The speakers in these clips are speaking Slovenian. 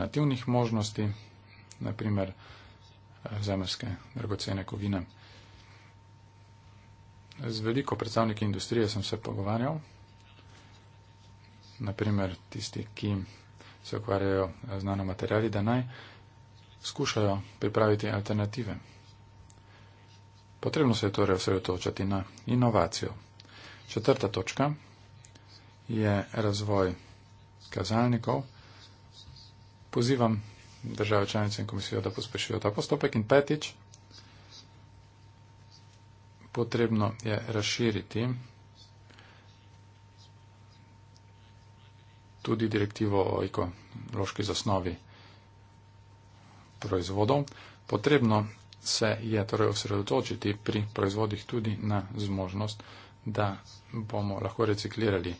alternativnih možnosti, naprimer eh, zemljske dragocene kovine. Z veliko predstavniki industrije sem se pogovarjal, naprimer tisti, ki se ukvarjajo z nano materijali, da naj skušajo pripraviti alternative. Potrebno se je torej osredotočati na inovacijo. Četrta točka je razvoj kazalnikov pozivam države članice in komisijo, da pospešijo ta postopek. In petič, potrebno je razširiti tudi direktivo o ekološki zasnovi proizvodov. Potrebno se je torej osredotočiti pri proizvodih tudi na zmožnost, da bomo lahko reciklirali uh,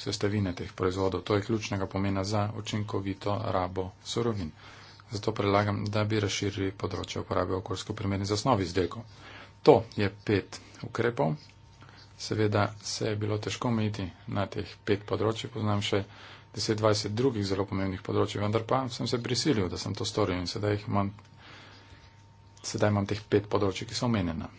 sestavine teh proizvodov. To je ključnega pomena za učinkovito rabo surovin. Zato predlagam, da bi razširili področje uporabe okoljsko primernih zasnov izdelkov. To je pet ukrepov. Seveda se je bilo težko omejiti na teh pet področji, poznam še 10-20 drugih zelo pomembnih področji, vendar pa sem se prisilil, da sem to storil in sedaj imam, sedaj imam teh pet področji, ki so omenjena.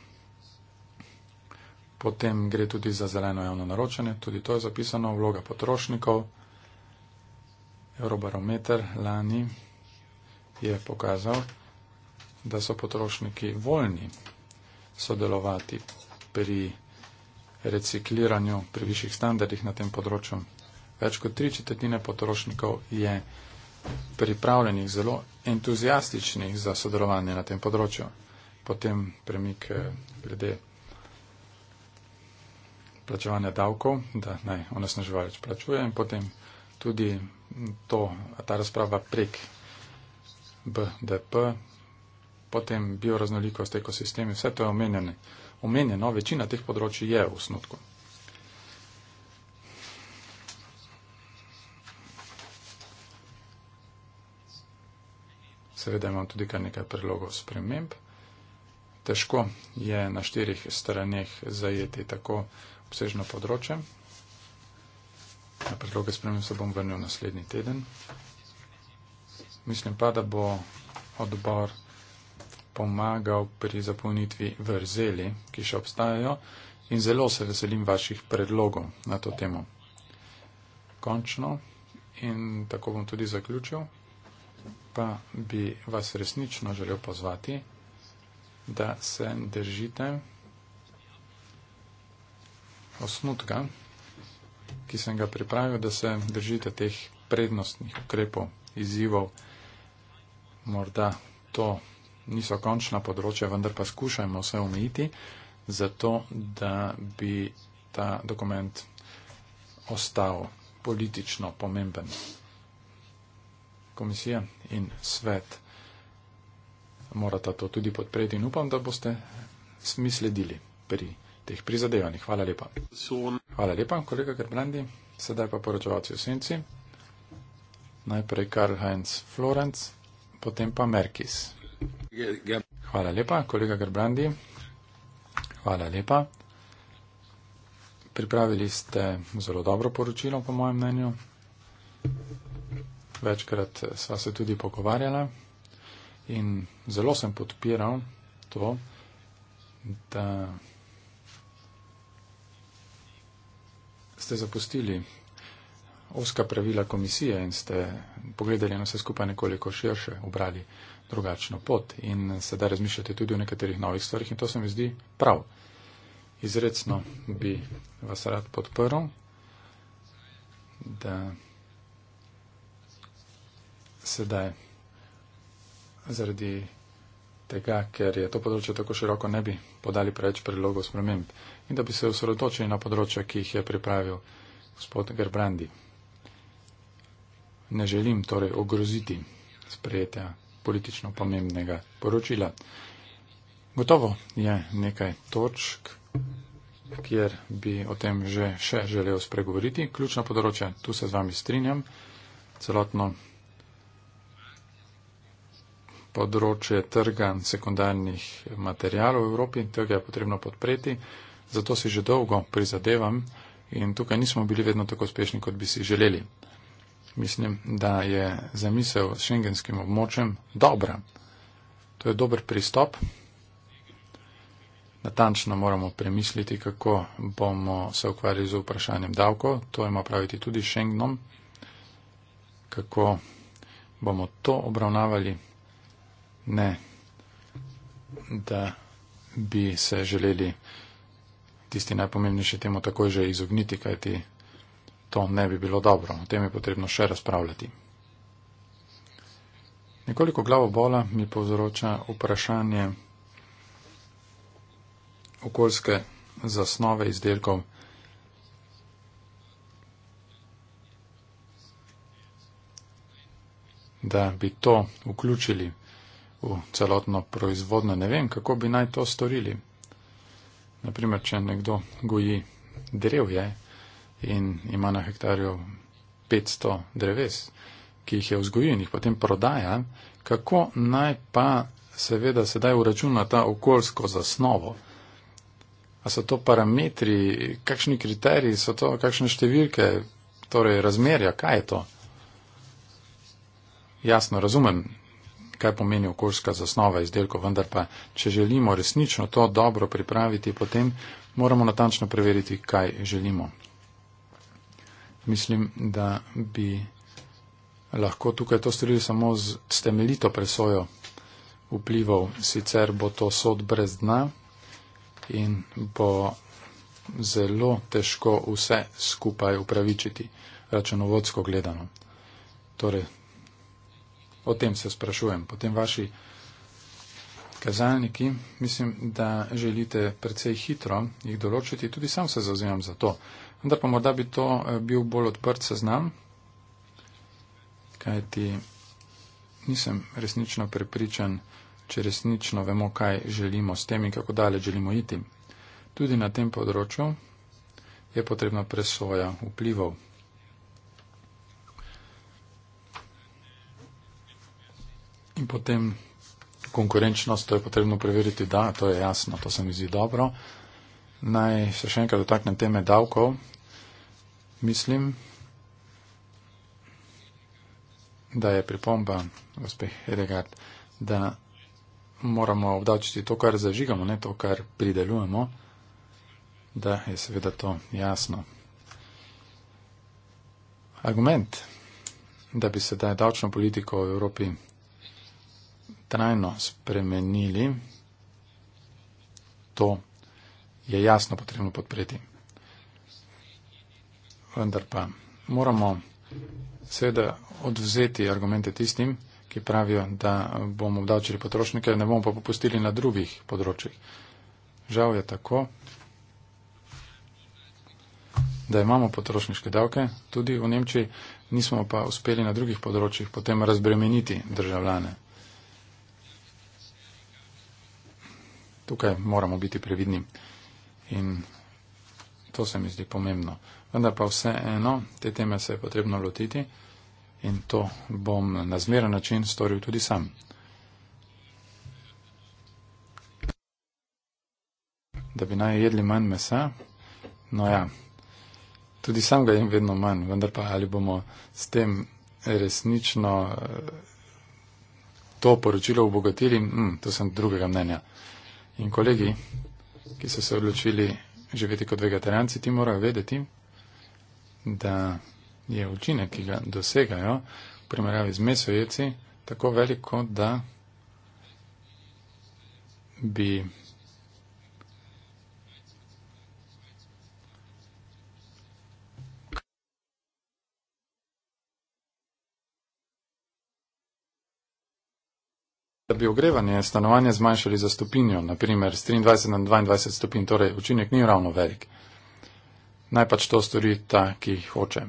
Potem gre tudi za zeleno javno naročanje, tudi to je zapisano, vloga potrošnikov. Eurobarometer lani je pokazal, da so potrošniki voljni sodelovati pri recikliranju pri višjih standardih na tem področju. Več kot tri četrtine potrošnikov je pripravljenih, zelo entuzijastičnih za sodelovanje na tem področju. Potem premik eh, glede plačevanja davkov, da naj onesnaževalec plačuje in potem tudi to, ta razprava prek BDP, potem bioraznolikost, ekosistemi, vse to je omenjeno. Omenjeno, večina teh področji je v snutku. Seveda imam tudi kar nekaj predlogov sprememb. Težko je na štirih straneh zajeti tako obsežno področje. Na predloge spremem se bom vrnil naslednji teden. Mislim pa, da bo odbor pomagal pri zapolnitvi vrzeli, ki še obstajajo in zelo se veselim vaših predlogov na to temo. Končno in tako bom tudi zaključil, pa bi vas resnično želel pozvati, da se držite osnutka, ki sem ga pripravil, da se držite teh prednostnih ukrepov, izzivov. Morda to niso končna področja, vendar pa skušajmo vse omejiti, zato da bi ta dokument ostal politično pomemben. Komisija in svet morata to tudi podpreti in upam, da boste smisledili pri teh prizadevanjih. Hvala lepa. Hvala lepa, kolega Gerbrandi. Sedaj pa poročevalci v senci. Najprej Karl Heinz Florenc, potem pa Merkis. Hvala lepa, kolega Gerbrandi. Hvala lepa. Pripravili ste zelo dobro poročilo, po mojem mnenju. Večkrat sva se tudi pogovarjala in zelo sem podpiral to, da ste zapustili oska pravila komisije in ste pogledali na vse skupaj nekoliko širše, obrali drugačno pot in sedaj razmišljate tudi o nekaterih novih stvarih in to se mi zdi prav. Izredno bi vas rad podprl, da sedaj zaradi tega, ker je to področje tako široko, ne bi podali preveč predlogov sprememb in da bi se osredotočili na področja, ki jih je pripravil gospod Gerbrandi. Ne želim torej ogroziti sprejetja politično pomembnega poročila. Gotovo je nekaj točk, kjer bi o tem že še želel spregovoriti. Ključno področje, tu se z vami strinjam, celotno področje trga sekundarnih materijalov v Evropi, tega je potrebno podpreti. Zato si že dolgo prizadevam in tukaj nismo bili vedno tako uspešni, kot bi si želeli. Mislim, da je zamisel s šengenskim območjem dobra. To je dober pristop. Natančno moramo premisliti, kako bomo se ukvarjali z vprašanjem davkov. To ima praviti tudi šengnom. Kako bomo to obravnavali? Ne, da bi se želeli tisti najpomembnejši temu takoj že izogniti, kajti to ne bi bilo dobro. O tem je potrebno še razpravljati. Nekoliko glavo bola mi povzroča vprašanje okoljske zasnove izdelkov. da bi to vključili v celotno proizvodno. Ne vem, kako bi naj to storili. Naprimer, če nekdo goji drevje in ima na hektarju 500 dreves, ki jih je vzgojil in jih potem prodaja, kako naj pa seveda sedaj uračuna ta okoljsko zasnovo? A so to parametri, kakšni kriteriji so to, kakšne številke, torej razmerja, kaj je to? Jasno, razumem, kaj pomeni okoljska zasnova izdelkov, vendar pa, če želimo resnično to dobro pripraviti, potem moramo natančno preveriti, kaj želimo. Mislim, da bi lahko tukaj to storili samo z temeljito presojo vplivov, sicer bo to sod brez dna in bo zelo težko vse skupaj upravičiti računovodsko gledano. Torej, O tem se sprašujem. Potem vaši kazalniki, mislim, da želite precej hitro jih določiti, tudi sam se zauzemam za to. Vendar pa morda bi to eh, bil bolj odprt seznam, kajti nisem resnično prepričan, če resnično vemo, kaj želimo s tem in kako dalje želimo iti. Tudi na tem področju je potrebna presoja vplivov. In potem konkurenčnost, to je potrebno preveriti, da, to je jasno, to se mi zdi dobro. Naj se še enkrat dotaknem teme davkov. Mislim, da je pripomba, gospod Hedegard, da moramo obdavčiti to, kar zažigamo, ne to, kar pridelujemo, da je seveda to jasno. Argument, da bi sedaj davčno politiko v Evropi trajno spremenili, to je jasno potrebno podpreti. Vendar pa moramo seveda odvzeti argumente tistim, ki pravijo, da bomo obdavčili potrošnike, ne bomo pa popustili na drugih področjih. Žal je tako, da imamo potrošniške davke, tudi v Nemčiji nismo pa uspeli na drugih področjih potem razbremeniti državljane. tukaj moramo biti previdni. In to se mi zdi pomembno. Vendar pa vse eno, te teme se je potrebno lotiti in to bom na zmeren način storil tudi sam. Da bi naj jedli manj mesa, no ja, tudi sam ga jem vedno manj, vendar pa ali bomo s tem resnično eh, to poročilo obogatili, hm, to sem drugega mnenja in kolegi, ki so se odločili živeti kot vegetarijanci, ti morajo vedeti, da je učinek, ki ga dosegajo v primerjavi z mesojeci, tako velik, kot da bi da bi ogrevanje stanovanja zmanjšali za stopinjo, naprimer z 23 na 22 stopinj, torej učinek ni ravno velik. Naj pač to stori ta, ki hoče.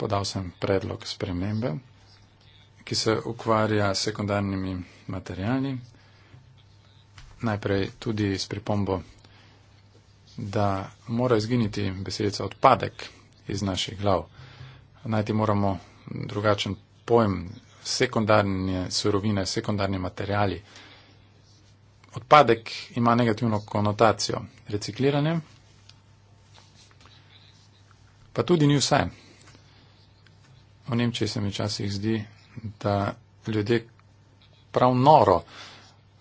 Podal sem predlog spremembe, ki se ukvarja s sekundarnimi materijali. Najprej tudi s pripombo, da mora izginiti besedica odpadek iz naših glav. Najti moramo drugačen pojem sekundarne surovine, sekundarni materijali. Odpadek ima negativno konotacijo. Recikliranje pa tudi ni vse. V Nemčiji se mi včasih zdi, da ljudje prav noro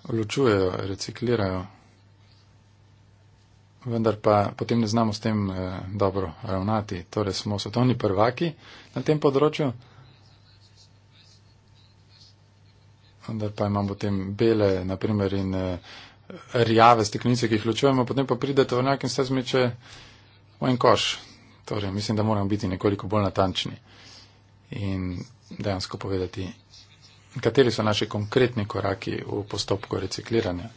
ločujejo, reciklirajo, vendar pa potem ne znamo s tem eh, dobro ravnati. Torej smo svetovni prvaki na tem področju. vendar pa imamo potem bele naprimer, in eh, rjave steklenice, ki jih ločujemo, potem pa pride tovornjak in se zmeče v en koš. Torej, mislim, da moramo biti nekoliko bolj natančni in dejansko povedati, kateri so naši konkretni koraki v postopku recikliranja.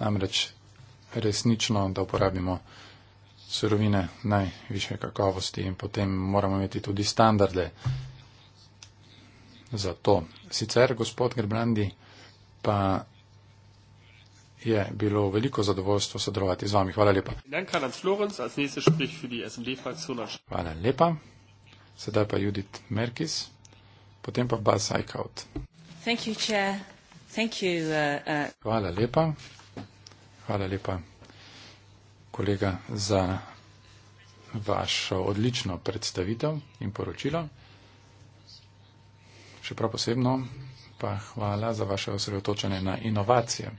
Namreč resnično, da uporabimo surovine najvišje kakovosti in potem moramo imeti tudi standarde za to. Sicer, gospod Gerbrandi, pa je bilo veliko zadovoljstvo sodelovati z vami. Hvala lepa. Hvala lepa. Sedaj pa Judith Merkis, potem pa Bas Eichhout. Uh, uh. Hvala lepa. Hvala lepa, kolega, za vašo odlično predstavitev in poročilo še prav posebno pa hvala za vaše osredotočanje na inovacije.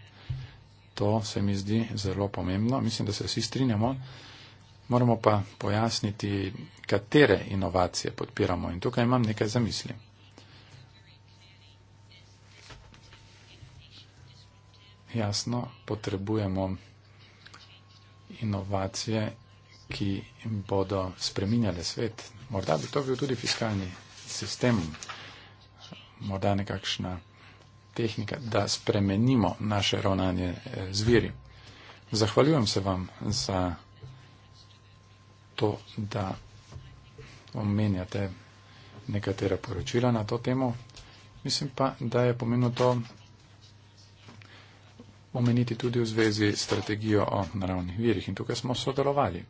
To se mi zdi zelo pomembno. Mislim, da se vsi strinjamo. Moramo pa pojasniti, katere inovacije podpiramo. In tukaj imam nekaj za misli. Jasno, potrebujemo inovacije, ki bodo spreminjale svet. Morda bi to bil tudi fiskalni sistem morda nekakšna tehnika, da spremenimo naše ravnanje eh, z viri. Zahvaljujem se vam za to, da omenjate nekatera poročila na to temo. Mislim pa, da je pomenilo to omeniti tudi v zvezi s strategijo o naravnih virih in tukaj smo sodelovali.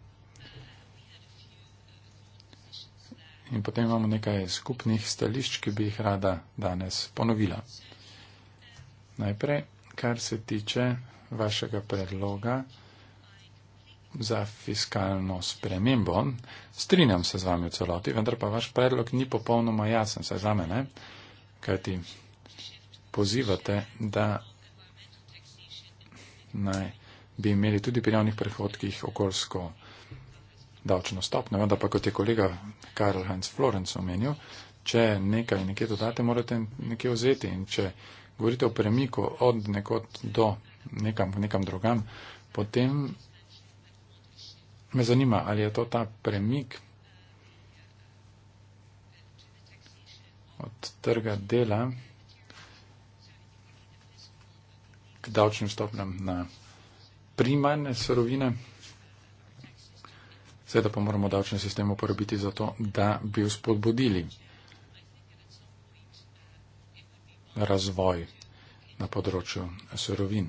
in potem imamo nekaj skupnih stališč, ki bi jih rada danes ponovila. Najprej, kar se tiče vašega predloga za fiskalno spremembo, strinjam se z vami v celoti, vendar pa vaš predlog ni popolnoma jasen, saj za mene, kajti pozivate, da naj bi imeli tudi pri javnih prehodkih okoljsko davčno stopno. Vendar pa kot je kolega Karl Heinz Florence omenil, če nekaj nekje dodate, morate nekje vzeti in če govorite o premiku od nekod do nekam, nekam drugam, potem me zanima, ali je to ta premik od trga dela k davčnim stopnjam na primarne sorovine Seveda pa moramo davčni sistem uporabiti za to, da bi vzpodbudili razvoj na področju surovin.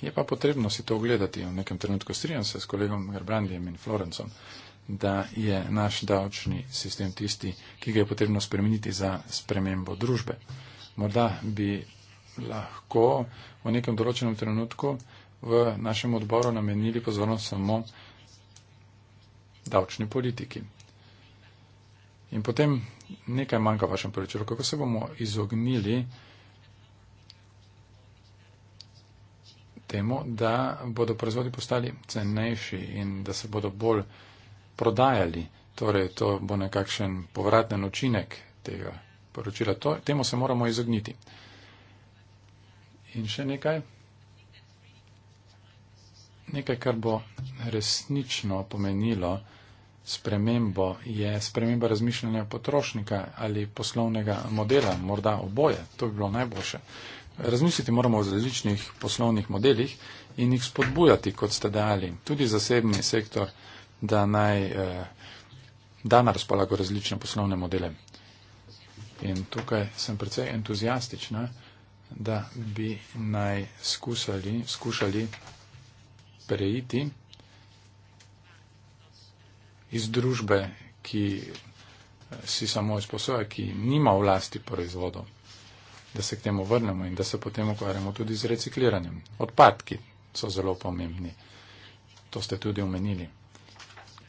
Je pa potrebno si to ogledati. V nekem trenutku strinjam se s kolegom Gerbrandijem in Florencom, da je naš davčni sistem tisti, ki ga je potrebno spremeniti za spremembo družbe. Morda bi lahko v nekem določenem trenutku v našem odboru namenili pozornost samo davčni politiki. In potem nekaj manjka v vašem poročilu, kako se bomo izognili temu, da bodo proizvodi postali cenejši in da se bodo bolj prodajali. Torej, to bo nekakšen povraten učinek tega poročila. To, temu se moramo izogniti. In še nekaj nekaj, kar bo resnično pomenilo spremembo, je sprememba razmišljanja potrošnika ali poslovnega modela, morda oboje, to bi bilo najboljše. Razmisliti moramo o različnih poslovnih modelih in jih spodbujati, kot ste dali, tudi zasebni sektor, da naj eh, da na razpolago različne poslovne modele. In tukaj sem precej entuzijastična, da bi naj skusali, skušali prejiti iz družbe, ki eh, si samo izposoja, ki nima vlasti proizvodov, da se k temu vrnemo in da se potem ukvarjamo tudi z recikliranjem. Odpadki so zelo pomembni. To ste tudi omenili.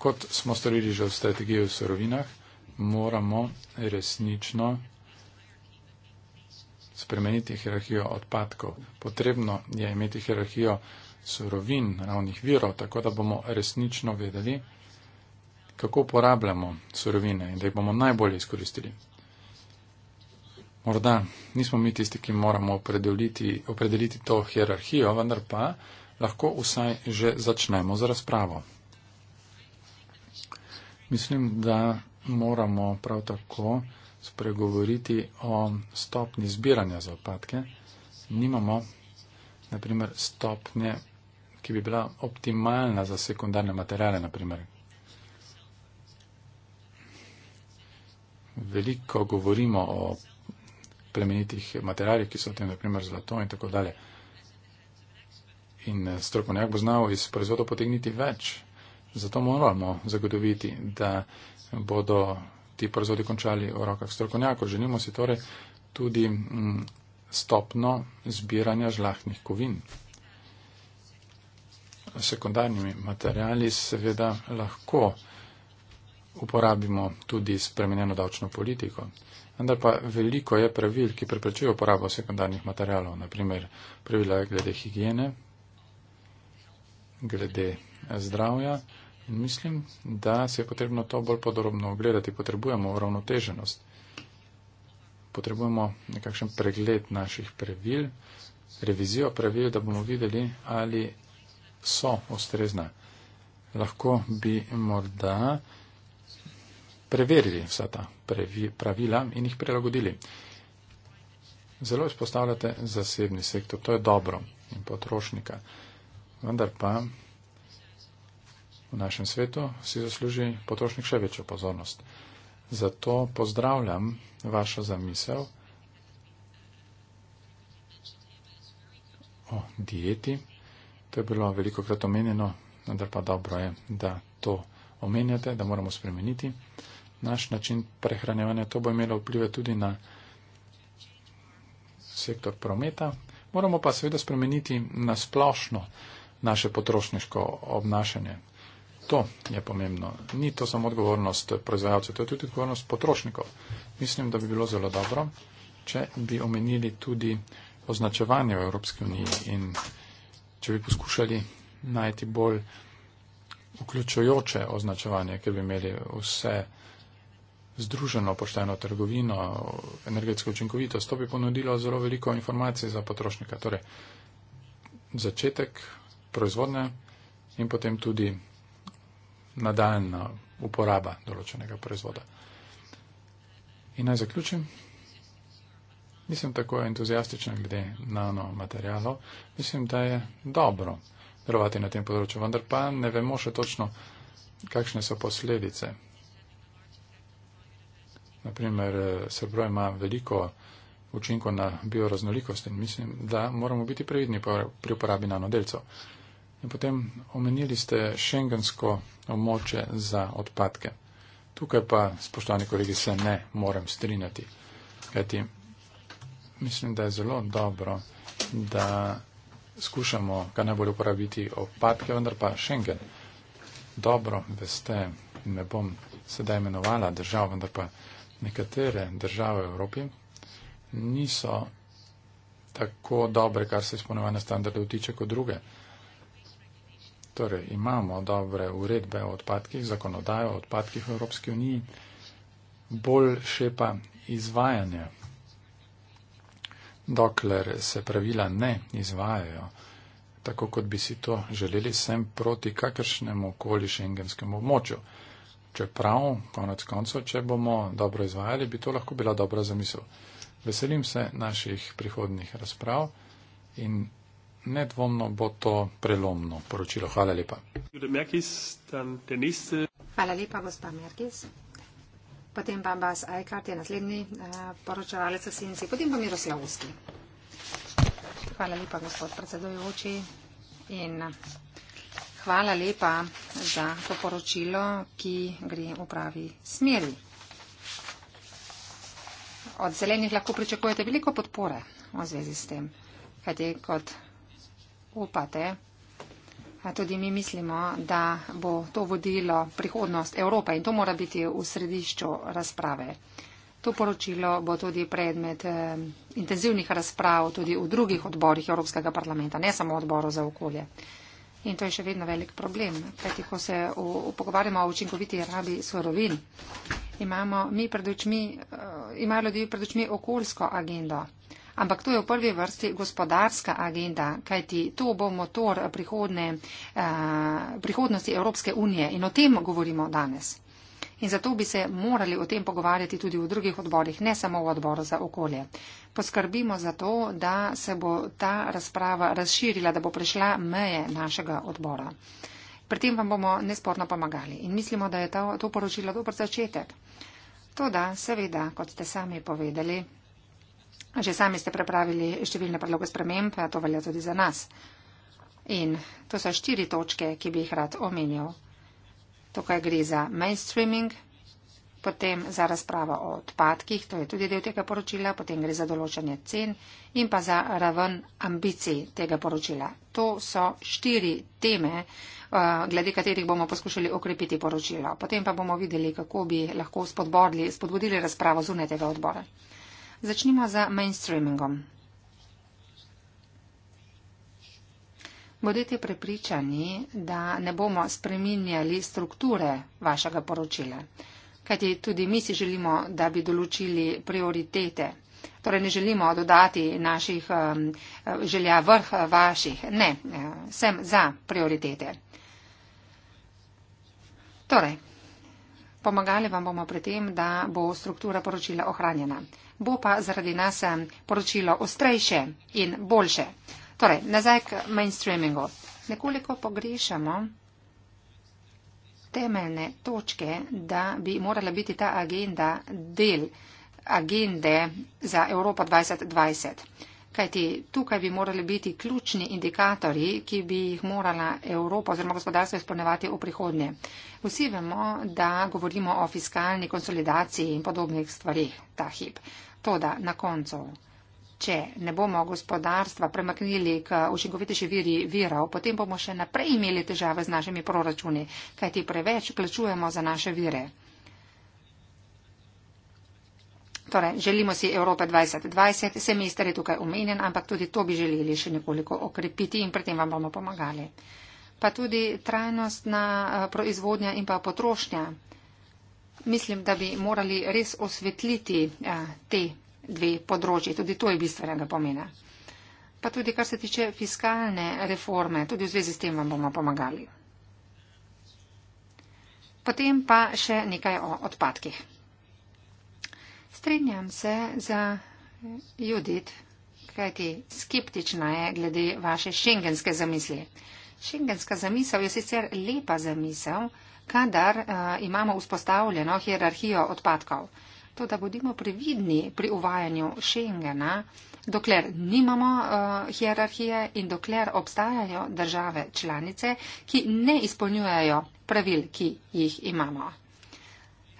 Kot smo storili že v strategiji o sorovinah, moramo resnično spremeniti hierarhijo odpadkov. Potrebno je imeti hierarhijo surovin, naravnih virov, tako da bomo resnično vedeli, kako uporabljamo surovine in da jih bomo najbolje izkoristili. Morda nismo mi tisti, ki moramo opredeliti, opredeliti to hierarhijo, vendar pa lahko vsaj že začnemo z razpravo. Mislim, da moramo prav tako spregovoriti o stopni zbiranja za odpadke. Nimamo, naprimer, stopnje ki bi bila optimalna za sekundarne materijale, naprimer. Veliko govorimo o premenitih materijalih, ki so v tem, naprimer, zlato in tako dalje. In eh, strokovnjak bo znal iz proizvodov potegniti več. Zato moramo zagotoviti, da bodo ti proizvodi končali v rokah strokovnjakov. Želimo si torej tudi mm, stopno zbiranja žlahnih kovin sekundarnimi materijali seveda lahko uporabimo tudi spremenjeno davčno politiko. Vendar pa veliko je pravil, ki preprečujejo uporabo sekundarnih materijalov, naprimer pravila glede higiene, glede zdravja. In mislim, da se je potrebno to bolj podrobno ogledati. Potrebujemo uravnoteženost. Potrebujemo nekakšen pregled naših pravil, revizijo pravil, da bomo videli, ali so ustrezna. Lahko bi morda preverili vsa ta pravila in jih prilagodili. Zelo izpostavljate zasebni sektor, to je dobro in potrošnika. Vendar pa v našem svetu si zasluži potrošnik še večjo pozornost. Zato pozdravljam vašo zamisel o dieti To je bilo veliko krat omenjeno, vendar pa dobro je, da to omenjate, da moramo spremeniti. Naš način prehranjevanja to bo imelo vplive tudi na sektor prometa. Moramo pa seveda spremeniti na splošno naše potrošniško obnašanje. To je pomembno. Ni to samo odgovornost proizvajalcev, to je tudi odgovornost potrošnikov. Mislim, da bi bilo zelo dobro, če bi omenili tudi označevanje v Evropski uniji in če bi poskušali najti bolj vključujoče označevanje, ker bi imeli vse združeno pošteno trgovino, energetsko učinkovitost, to bi ponudilo zelo veliko informacij za potrošnika. Torej, začetek proizvodnje in potem tudi nadaljna uporaba določenega proizvoda. In naj zaključim nisem tako entuzijastičen glede nanomaterijalov, mislim, da je dobro delovati na tem področju, vendar pa ne vemo še točno, kakšne so posledice. Naprimer, srbroj ima veliko učinko na bioraznolikost in mislim, da moramo biti previdni pri uporabi nanodelcev. In potem omenili ste šengensko območje za odpadke. Tukaj pa, spoštovani kolegi, se ne morem strinjati. Kajti mislim, da je zelo dobro, da skušamo, kar najbolj uporabiti opatke, vendar pa Schengen. Dobro, veste, ne bom sedaj imenovala držav, vendar pa nekatere države v Evropi niso tako dobre, kar se izpolnjevanja standardov tiče kot druge. Torej, imamo dobre uredbe o odpadkih, zakonodajo o odpadkih v Evropski uniji, bolj še pa izvajanje dokler se pravila ne izvajajo, tako kot bi si to želeli, sem proti kakršnemu koli šengenskemu območju. Čeprav, konec koncev, če bomo dobro izvajali, bi to lahko bila dobra zamisel. Veselim se naših prihodnih razprav in nedvomno bo to prelomno poročilo. Hvala lepa. Hvala lepa, gospa Merkis. Potem pa Bas Ajkart je naslednji eh, poročevalec Sinci. Potem pa Miroslav Uski. Hvala lepa, gospod predsedujoči. In eh, hvala lepa za to poročilo, ki gre v pravi smeri. Od zelenih lahko pričakujete veliko podpore v zvezi s tem, kajti kot upate, Tudi mi mislimo, da bo to vodilo prihodnost Evrope in to mora biti v središču razprave. To poročilo bo tudi predmet eh, intenzivnih razprav tudi v drugih odborih Evropskega parlamenta, ne samo odboru za okolje. In to je še vedno velik problem, kajti ko se pogovarjamo o učinkoviti rabi surovin, eh, imajo ljudje pred očmi okoljsko agendo ampak to je v prvi vrsti gospodarska agenda, kajti to bo motor prihodne, eh, prihodnosti Evropske unije in o tem govorimo danes. In zato bi se morali o tem pogovarjati tudi v drugih odborih, ne samo v odboru za okolje. Poskrbimo za to, da se bo ta razprava razširila, da bo prešla meje našega odbora. Pri tem vam bomo nesporno pomagali in mislimo, da je to, to poročilo dober začetek. To da, seveda, kot ste sami povedali, Že sami ste prepravili številne predloge sprememb, a to velja tudi za nas. In to so štiri točke, ki bi jih rad omenil. Tukaj gre za mainstreaming, potem za razpravo o odpadkih, to je tudi del tega poročila, potem gre za določanje cen in pa za raven ambicij tega poročila. To so štiri teme, eh, glede katerih bomo poskušali okrepiti poročilo. Potem pa bomo videli, kako bi lahko spodbudili razpravo zunaj tega odbora. Začnimo z mainstreamingom. Bodite prepričani, da ne bomo spreminjali strukture vašega poročila, kajti tudi mi si želimo, da bi določili prioritete. Torej ne želimo dodati naših um, uh, želja vrh uh, vaših. Ne, uh, sem za prioritete. Torej, Pomagali vam bomo pri tem, da bo struktura poročila ohranjena. Bo pa zaradi nas eh, poročilo ostrejše in boljše. Torej, nazaj k mainstreamingu. Nekoliko pogrešamo temeljne točke, da bi morala biti ta agenda del agende za Evropo 2020. Kajti tukaj bi morali biti ključni indikatorji, ki bi jih morala Evropa oziroma gospodarstvo izpolnevati v prihodnje. Vsi vemo, da govorimo o fiskalni konsolidaciji in podobnih stvarih ta hip. Toda na koncu, če ne bomo gospodarstva premaknili k učinkovitejši viri virov, potem bomo še naprej imeli težave z našimi proračuni, kajti preveč plačujemo za naše vire. Torej, želimo si Evrope 2020, semester je tukaj omenjen, ampak tudi to bi želeli še nekoliko okrepiti in pri tem vam bomo pomagali. Pa tudi trajnostna eh, proizvodnja in pa potrošnja. Mislim, da bi morali res osvetliti eh, te dve področje, tudi to je bistvenega pomena. Pa tudi, kar se tiče fiskalne reforme, tudi v zvezi s tem vam bomo pomagali. Potem pa še nekaj o odpadkih. Strenjam se za Judit, kajti skeptična je glede vaše šengenske zamisli. Šengenska zamisel je sicer lepa zamisel, kadar uh, imamo vzpostavljeno hierarhijo odpadkov. To, da bodimo previdni pri uvajanju šengena, dokler nimamo uh, hierarhije in dokler obstajajo države članice, ki ne izpolnjujejo pravil, ki jih imamo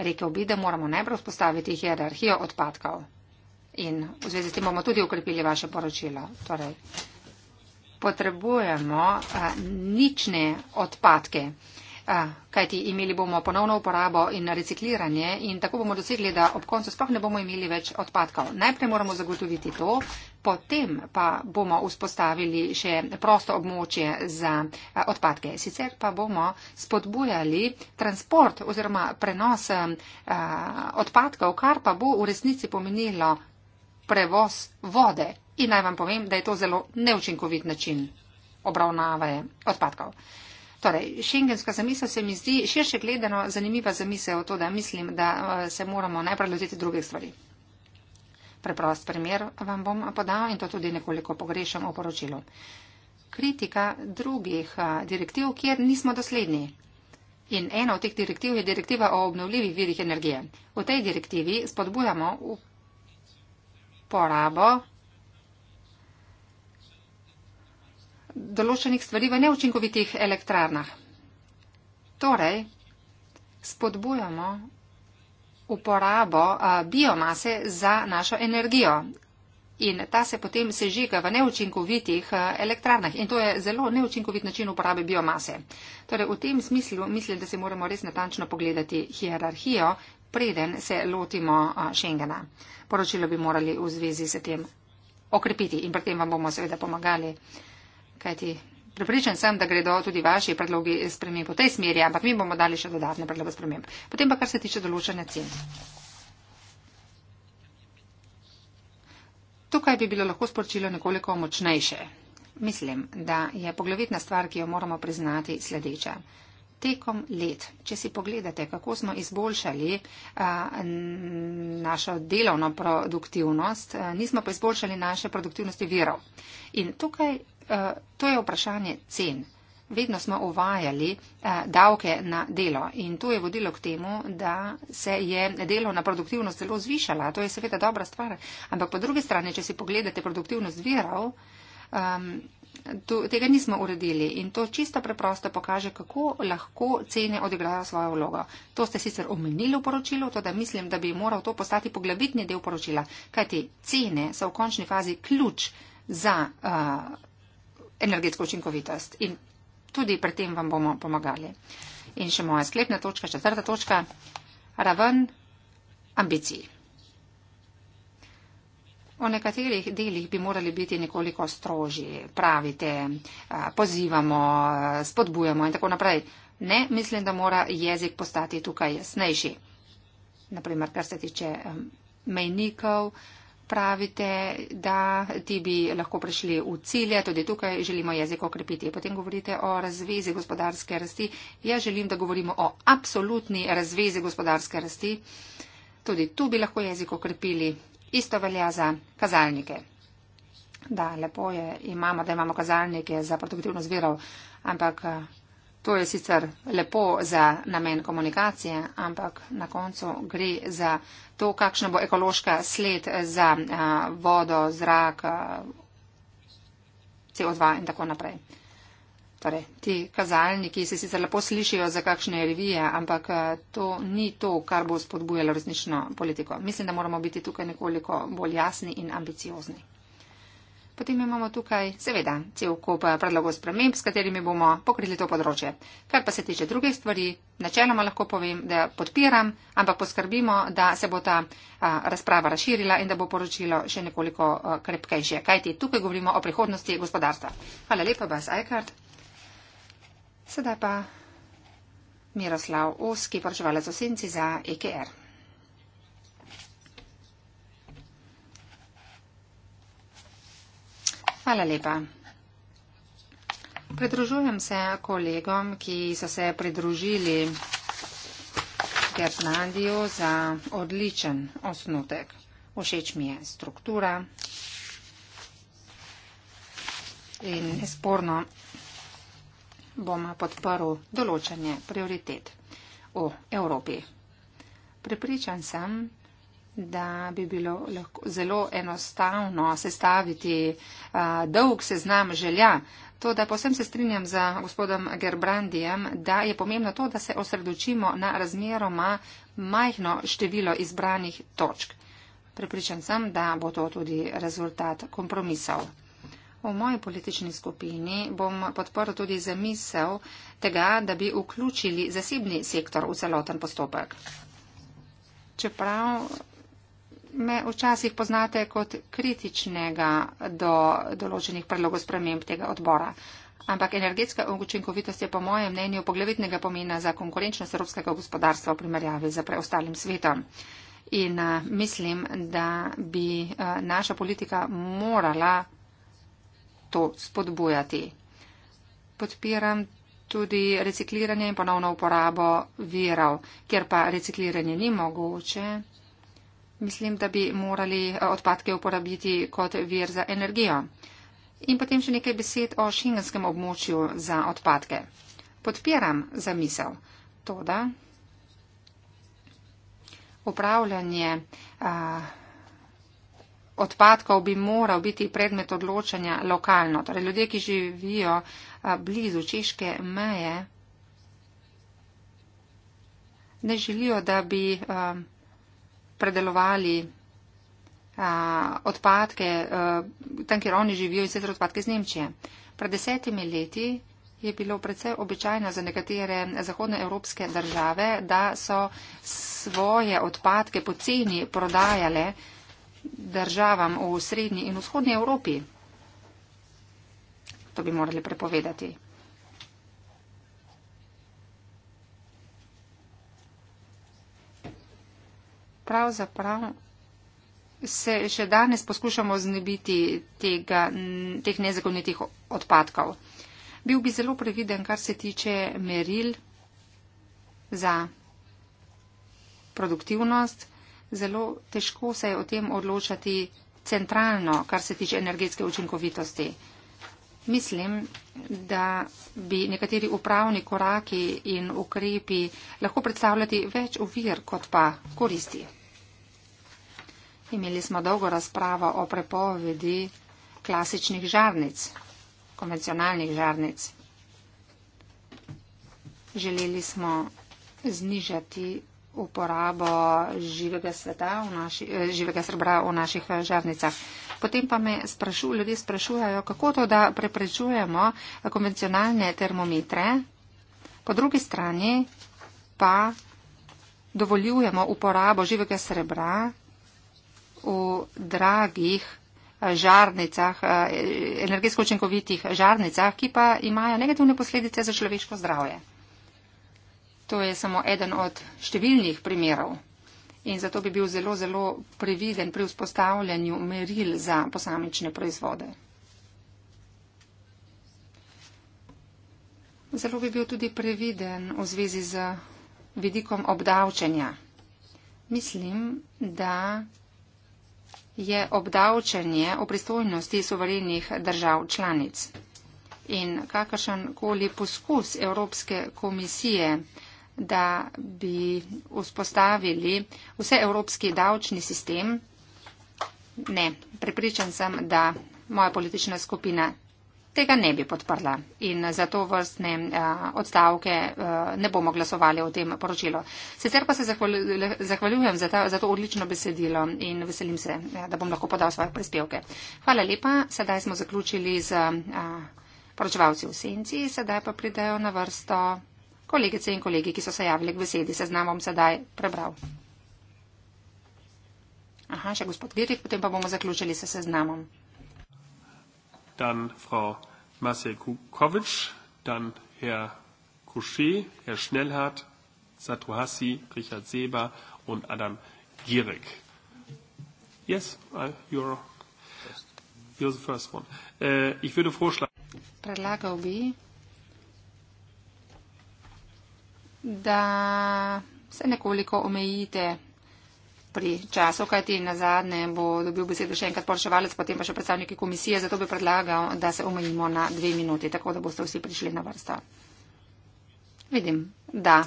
rekel bi, da moramo najprej vzpostaviti hierarhijo odpadkov. In v zvezi s tem bomo tudi ukrepili vaše poročilo. Torej, potrebujemo a, eh, nične odpadke. A, kajti imeli bomo ponovno uporabo in recikliranje in tako bomo dosegli, da ob koncu sploh ne bomo imeli več odpadkov. Najprej moramo zagotoviti to, potem pa bomo vzpostavili še prosto območje za odpadke. Sicer pa bomo spodbujali transport oziroma prenos odpadkov, kar pa bo v resnici pomenilo prevoz vode. In naj vam povem, da je to zelo neučinkovit način obravnave odpadkov. Torej, šengenska zamisel se mi zdi širše gledano zanimiva zamisel v to, da mislim, da eh, se moramo najprej loziti drugih stvari. Preprost primer vam bom podal in to tudi nekoliko pogrešam v poročilu. Kritika drugih eh, direktiv, kjer nismo dosledni. In ena od teh direktiv je direktiva o obnovljivih virih energije. V tej direktivi spodbujamo porabo določenih stvari v neučinkovitih elektrarnah. Torej, spodbujamo uporabo biomase za našo energijo in ta se potem sežiga v neučinkovitih elektrarnah in to je zelo neučinkovit način uporabe biomase. Torej, v tem smislu mislim, da se moramo res natančno pogledati hierarhijo, preden se lotimo Schengena. Poročilo bi morali v zvezi s tem okrepiti in pri tem vam bomo seveda pomagali kajti prepričan sem, da gredo tudi vaši predlogi sprememb v tej smeri, ampak mi bomo dali še dodatne predloge sprememb. Potem pa kar se tiče določene cen. Tukaj bi bilo lahko sporočilo nekoliko močnejše. Mislim, da je poglavitna stvar, ki jo moramo priznati, sledeča. Tekom let, če si pogledate, kako smo izboljšali a, našo delovno produktivnost, a, nismo pa izboljšali naše produktivnosti virov. In tukaj Eh, to je vprašanje cen. Vedno smo uvajali eh, davke na delo in to je vodilo k temu, da se je delovna produktivnost zelo zvišala. To je seveda dobra stvar. Ampak po drugi strani, če si pogledate produktivnost virov, um, to, tega nismo uredili in to čisto preprosto pokaže, kako lahko cene odigrajo svojo vlogo. To ste sicer omenili v poročilu, to da mislim, da bi moral to postati poglavitni del poročila, kajti cene so v končni fazi ključ za. Uh, energetsko učinkovitost. In tudi pri tem vam bomo pomagali. In še moja sklepna točka, četrta točka, raven ambicij. O nekaterih delih bi morali biti nekoliko strožji, pravite, pozivamo, spodbujamo in tako naprej. Ne, mislim, da mora jezik postati tukaj jasnejši. Naprimer, kar se tiče mejnikov, pravite, da ti bi lahko prišli v cilje, tudi tukaj želimo jezik okrepiti. Potem govorite o razvezi gospodarske rasti. Jaz želim, da govorimo o absolutni razvezi gospodarske rasti. Tudi tu bi lahko jezik okrepili. Isto velja za kazalnike. Da, lepo je, imamo, da imamo kazalnike za produktivnost virov, ampak To je sicer lepo za namen komunikacije, ampak na koncu gre za to, kakšna bo ekološka sled za vodo, zrak, CO2 in tako naprej. Torej, ti kazalniki se sicer lepo slišijo za kakšne revije, ampak to ni to, kar bo spodbujalo resnično politiko. Mislim, da moramo biti tukaj nekoliko bolj jasni in ambiciozni. Potem imamo tukaj, seveda, cel kup eh, predlogov sprememb, s katerimi bomo pokrili to področje. Kar pa se tiče drugih stvari, načeloma lahko povem, da podpiram, ampak poskrbimo, da se bo ta a, eh, razprava razširila in da bo poročilo še nekoliko a, eh, krepkejše. Kajti tukaj govorimo o prihodnosti gospodarstva. Hvala lepa, Bas Eikart. Sedaj pa Miroslav Uski, poročevalec osinci za EKR. Hvala lepa. Pridružujem se kolegom, ki so se pridružili Gernadiju za odličen osnutek. Ošeč mi je struktura in sporno bom podprl določanje prioritet v Evropi. Pripričan sem, da bi bilo lahko zelo enostavno sestaviti a, dolg seznam želja. To, da posem se strinjam z gospodom Gerbrandijem, da je pomembno to, da se osredočimo na razmeroma majhno število izbranih točk. Pripričan sem, da bo to tudi rezultat kompromisov. V moji politični skupini bom podprl tudi zamisel tega, da bi vključili zasebni sektor v celoten postopek. Čeprav me včasih poznate kot kritičnega do določenih predlogov sprememb tega odbora. Ampak energetska učinkovitost je po mojem mnenju poglavitnega pomena za konkurenčnost evropskega gospodarstva v primerjavi z preostalim svetom. In a, eh, mislim, da bi a, eh, naša politika morala to spodbujati. Podpiram tudi recikliranje in ponovno uporabo virov, kjer pa recikliranje ni mogoče. Mislim, da bi morali eh, odpadke uporabiti kot vir za energijo. In potem še nekaj besed o šengenskem območju za odpadke. Podpiram zamisel to, da upravljanje a, eh, odpadkov bi moral biti predmet odločanja lokalno. Torej, ljudje, ki živijo a, eh, blizu češke meje, ne želijo, da bi. A, predelovali a, odpadke, a, tam, kjer oni živijo in sicer odpadke z Nemčije. Pred desetimi leti je bilo predvsej običajno za nekatere zahodnoevropske države, da so svoje odpadke poceni prodajale državam v srednji in vzhodnji Evropi. To bi morali prepovedati. pravzaprav se še danes poskušamo znebiti tega, teh nezakonitih odpadkov. Bil bi zelo previden, kar se tiče meril za produktivnost. Zelo težko se je o tem odločati centralno, kar se tiče energetske učinkovitosti. Mislim, da bi nekateri upravni koraki in ukrepi lahko predstavljati več ovir kot pa koristi. Imeli smo dolgo razpravo o prepovedi klasičnih žarnic, konvencionalnih žarnic. Želeli smo znižati uporabo živega, sveta v naši, eh, živega srebra v naših eh, žarnicah. Potem pa me sprašu, ljudje sprašujejo, kako to, da preprečujemo konvencionalne termometre, po drugi strani pa dovoljujemo uporabo živega srebra v dragih eh, žarnicah, eh, energetsko učinkovitih žarnicah, ki pa imajo negativne posledice za človeško zdravje. To je samo eden od številnih primerov in zato bi bil zelo, zelo previden pri vzpostavljanju meril za posamične proizvode. Zelo bi bil tudi previden v zvezi z vidikom obdavčenja. Mislim, da je obdavčenje v pristojnosti suverenih držav članic. In kakršen koli poskus Evropske komisije, da bi vzpostavili vse evropski davčni sistem, ne, prepričan sem, da moja politična skupina tega ne bi podprla in za to vrstne eh, odstavke eh, ne bomo glasovali o tem poročilu. Sicer pa se zahvaljujem za, ta, za to odlično besedilo in veselim se, eh, da bom lahko podal svoje prispevke. Hvala lepa, sedaj smo zaključili z poročevalci v senci, sedaj pa pridejo na vrsto kolegice in kolegi, ki so se javili k besedi. Seznam bom sedaj prebral. Aha, še gospod Girik, potem pa bomo zaključili se seznamom dann Frau Masekukovic, dann Herr Couchet, Herr Schnellhardt, Satuhassi, Richard Seber und Adam Gierig. Yes, you're, you're the first one. Äh, ich würde vorschlagen. Predlagal bi, da se nekoliko omejite pri času, kajti na zadnje bo dobil besedo še enkrat poročevalec, potem pa še predstavniki komisije, zato bi predlagal, da se omejimo na dve minuti, tako da boste vsi prišli na vrsto. Vidim, da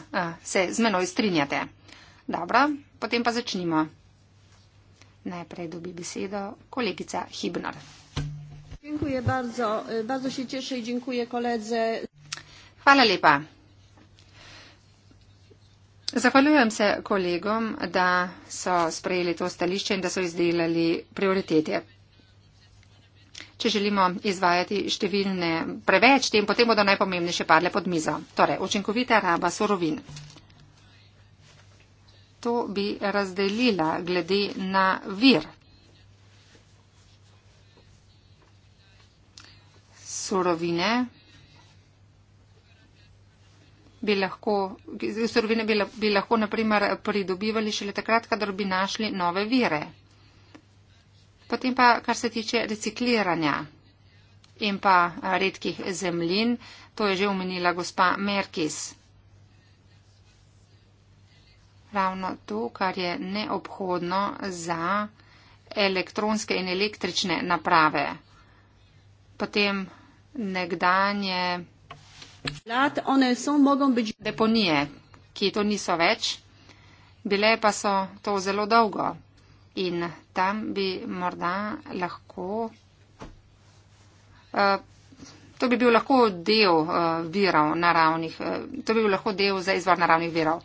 se z menoj strinjate. Dobro, potem pa začnimo. Najprej dobi besedo kolegica Hibnar. Dziękuję bardzo, e, bardzo się cieszę i dziękuję koledze. Hvala lepa. Zahvaljujem se kolegom, da so sprejeli to stališče in da so izdelali prioritete. Če želimo izvajati številne preveč tem, potem bodo najpomembnejše padle pod mizo. Torej, učinkovita raba surovin. To bi razdelila glede na vir. Surovine bi lahko, surovine bi, la, bi lahko, naprimer, pridobivali šele takrat, kadar bi našli nove vire. Potem pa, kar se tiče recikliranja in pa redkih zemljin, to je že omenila gospa Merkis. Ravno to, kar je neobhodno za elektronske in električne naprave. Potem nekdanje deponije, ki to niso več, bile pa so to zelo dolgo in tam bi morda lahko. Uh, To bi bil lahko del uh, virov naravnih, uh, to bi bil lahko del za izvor naravnih virov.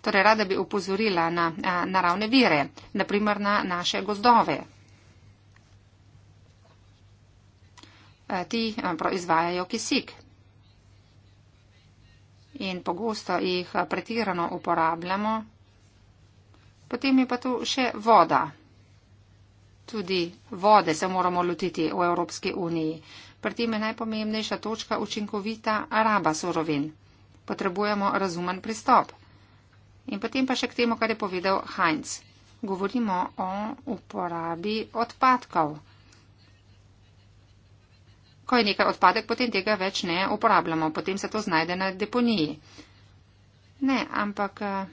Torej, rada bi upozorila na uh, naravne vire, naprimer na naše gozdove. Uh, ti uh, izvajajo kisik. Uh, in pogosto jih eh, pretirano uporabljamo. Potem je pa tu še voda. Tudi vode se moramo lotiti v Evropski uniji. Pri tem je najpomembnejša točka učinkovita raba sorovin. Potrebujemo razumen pristop. In potem pa še k temu, kar je povedal Heinz. Govorimo o uporabi odpadkov ko je nekaj odpadek, potem tega več ne uporabljamo, potem se to znajde na deponiji. Ne, ampak eh,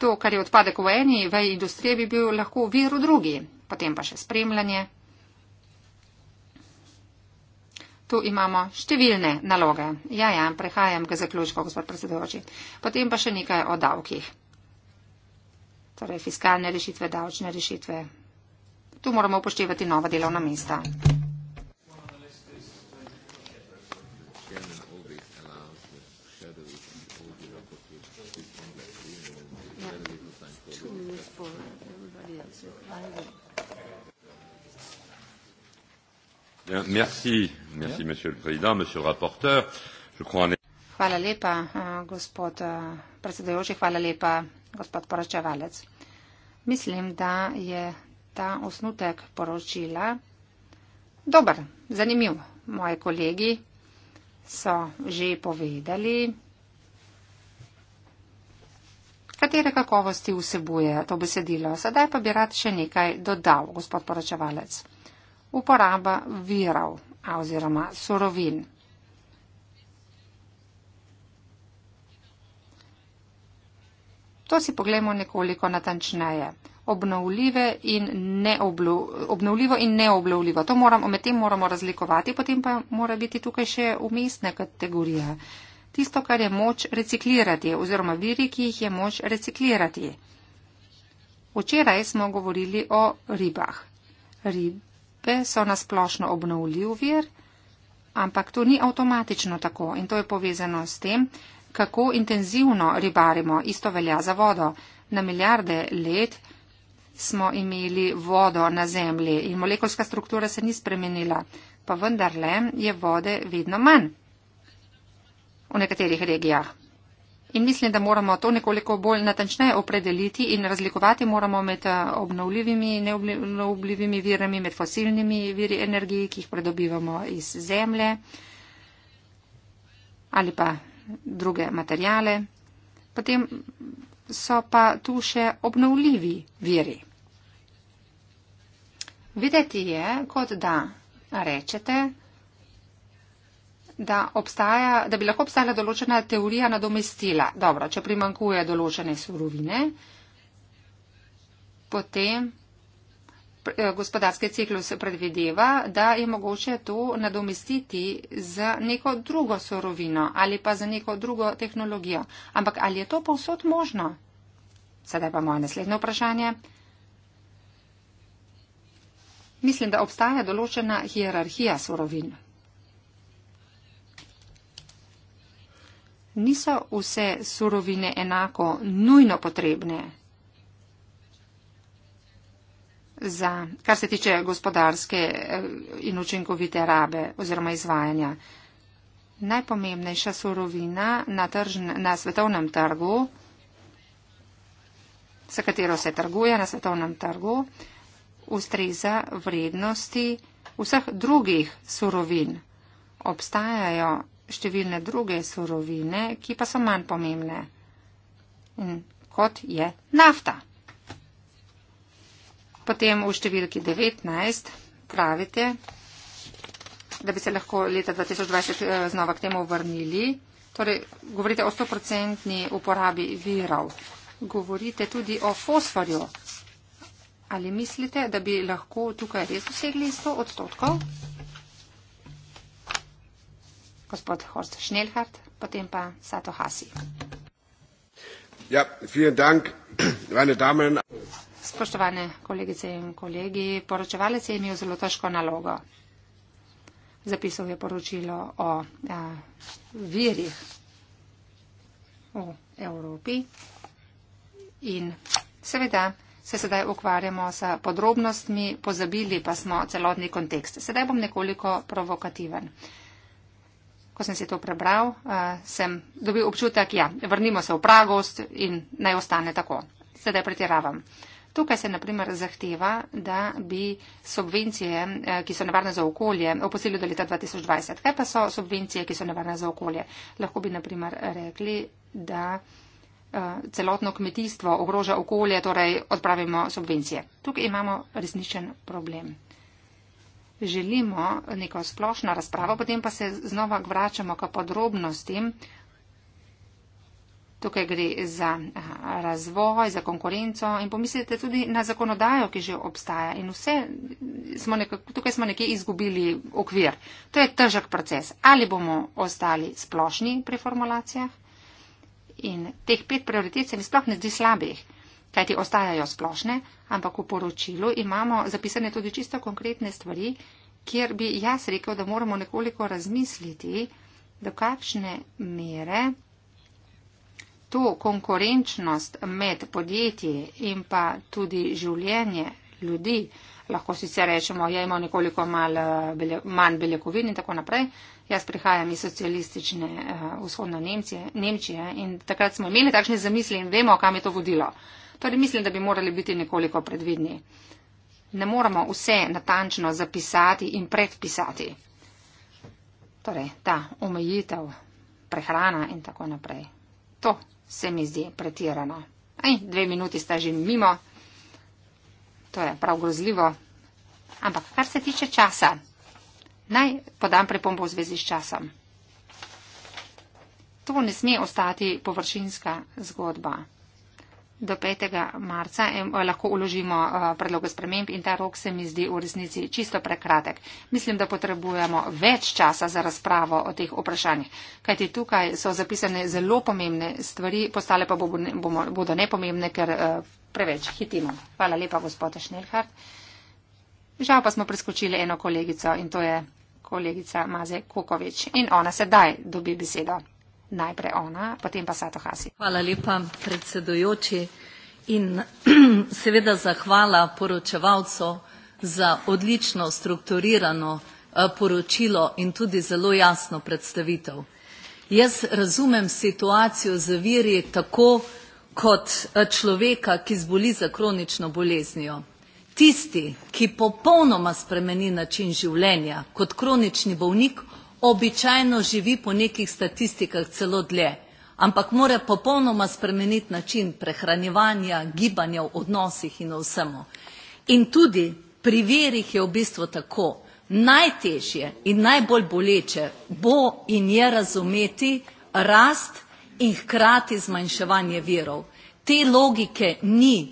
to, kar je odpadek v eni, v industriji bi bil lahko vir v drugi, potem pa še spremljanje. Tu imamo številne naloge. Ja, ja, prehajam k zaključku, gospod predsedujoči. Potem pa še nekaj o davkih. Torej, fiskalne rešitve, davčne rešitve. Tu moramo upoštevati nova delovna mesta. Merci, merci monsieur le président, monsieur le rapporteur. Je crois en... Hvala lepa, eh, gospod eh, predsedujoči, hvala lepa, gospod poročevalec. Mislim, da je ta osnutek poročila dober, zanimiv. Moje kolegi so že povedali, Katere kakovosti vsebuje to besedilo? Sedaj pa bi rad še nekaj dodal, gospod poročevalec. Uporaba virov oziroma surovin. To si pogledamo nekoliko natančneje. Obnovljive in neoblo, obnovljivo in neobnovljivo. To moram, med tem moramo razlikovati, potem pa mora biti tukaj še umestna kategorija tisto, kar je moč reciklirati oziroma viri, ki jih je moč reciklirati. Včeraj smo govorili o ribah. Ribe so nasplošno obnovljiv vir, ampak to ni avtomatično tako in to je povezano s tem, kako intenzivno ribarimo. Isto velja za vodo. Na milijarde let smo imeli vodo na zemlji in molekulska struktura se ni spremenila, pa vendarle je vode vedno manj v nekaterih regijah. In mislim, da moramo to nekoliko bolj natančneje opredeliti in razlikovati moramo med eh, obnovljivimi in neobnovljivimi virami, med fosilnimi viri energiji, ki jih predobivamo iz zemlje ali pa druge materijale. Potem so pa tu še obnovljivi viri. Videti je, kot da rečete, da, obstaja, da bi lahko obstajala določena teorija nadomestila. Dobro, če primankuje določene surovine, potem eh, gospodarski ciklus predvideva, da je mogoče to nadomestiti z neko drugo surovino ali pa z neko drugo tehnologijo. Ampak ali je to povsod možno? Sedaj pa moje naslednje vprašanje. Mislim, da obstaja določena hierarhija surovin. niso vse surovine enako nujno potrebne. Za, kar se tiče gospodarske eh, in učinkovite rabe oziroma izvajanja. Najpomembnejša surovina na, tržn, na svetovnem trgu, s katero se trguje na svetovnem trgu, ustreza vrednosti vseh drugih surovin. Obstajajo številne druge surovine, ki pa so manj pomembne, in kot je nafta. Potem v številki 19 pravite, da bi se lahko leta 2020 eh, znova k temu vrnili. Torej, govorite o 100-procentni uporabi virov. Govorite tudi o fosforju. Ali mislite, da bi lahko tukaj res dosegli 100 odstotkov? gospod Horst Schnellhardt, potem pa Sato Hasi. Ja, dank, meine Damen. Spoštovane kolegice in kolegi, poročevalec je imel zelo težko nalogo. Zapisal je poročilo o a, virih v Evropi in seveda se sedaj ukvarjamo s podrobnostmi, pozabili pa smo celotni kontekst. Sedaj bom nekoliko provokativen ko sem si to prebral, eh, sem dobil občutek, ja, vrnimo se v pragost in naj ostane tako. Sedaj pretiravam. Tukaj se naprimer zahteva, da bi subvencije, eh, ki so nevarne za okolje, opustili do leta 2020. Kaj pa so subvencije, ki so nevarne za okolje? Lahko bi naprimer rekli, da eh, celotno kmetijstvo ogroža okolje, torej odpravimo subvencije. Tukaj imamo resničen problem želimo neko splošno razpravo, potem pa se znova vračamo k podrobnostim. Tukaj gre za razvoj, za konkurenco in pomislite tudi na zakonodajo, ki že obstaja. In vse, smo nekako, tukaj smo nekje izgubili okvir. To je težak proces. Ali bomo ostali splošni pri formulacijah? In teh pet prioritet se mi sploh ne zdi slabih kajti ostajajo splošne, ampak v poročilu imamo zapisane tudi čisto konkretne stvari, kjer bi jaz rekel, da moramo nekoliko razmisliti, do kakšne mere to konkurenčnost med podjetji in pa tudi življenje ljudi, lahko sicer rečemo, ja imamo nekoliko mal, eh, bele, manj beljakovin in tako naprej, jaz prihajam iz socialistične uh, eh, vzhodno Nemčije, Nemčije in takrat smo imeli takšne zamisli in vemo, kam je to vodilo. Uh, Torej mislim, da bi morali biti nekoliko predvidni. Ne moramo vse natančno zapisati in predpisati. Torej, ta omejitev, prehrana in tako naprej. To se mi zdi pretirano. Ej, dve minuti sta že mimo. To je prav grozljivo. Ampak kar se tiče časa, naj podam pripombo v zvezi s časom. To ne sme ostati površinska zgodba do 5. marca eh, lahko uložimo eh, predloge sprememb in ta rok se mi zdi v resnici čisto prekratek. Mislim, da potrebujemo več časa za razpravo o teh vprašanjih, kajti tukaj so zapisane zelo pomembne stvari, postale pa bodo nepomembne, ker eh, preveč hitimo. Hvala lepa, gospod Šnelhard. Žal pa smo preskočili eno kolegico in to je kolegica Maze Kukovič in ona sedaj dobi besedo najprej ona, potem pa Sato Hasi. Hvala lepa, predsedujoči. In seveda zahvala poročevalcu za odlično strukturirano eh, poročilo in tudi zelo jasno predstavitev. Jaz razumem situacijo z viri tako kot eh, človeka, ki zboli za kronično boleznijo. Tisti, ki popolnoma spremeni način življenja kot kronični bolnik, običajno živi po nekih statistikah celo dlje, ampak mora popolnoma spremeniti način prehranjevanja, gibanja v odnosih in vsemu. In tudi pri verih je v bistvu tako, najtežje in najbolj boleče bo in je razumeti rast in hkrati zmanjševanje verov. Te logike ni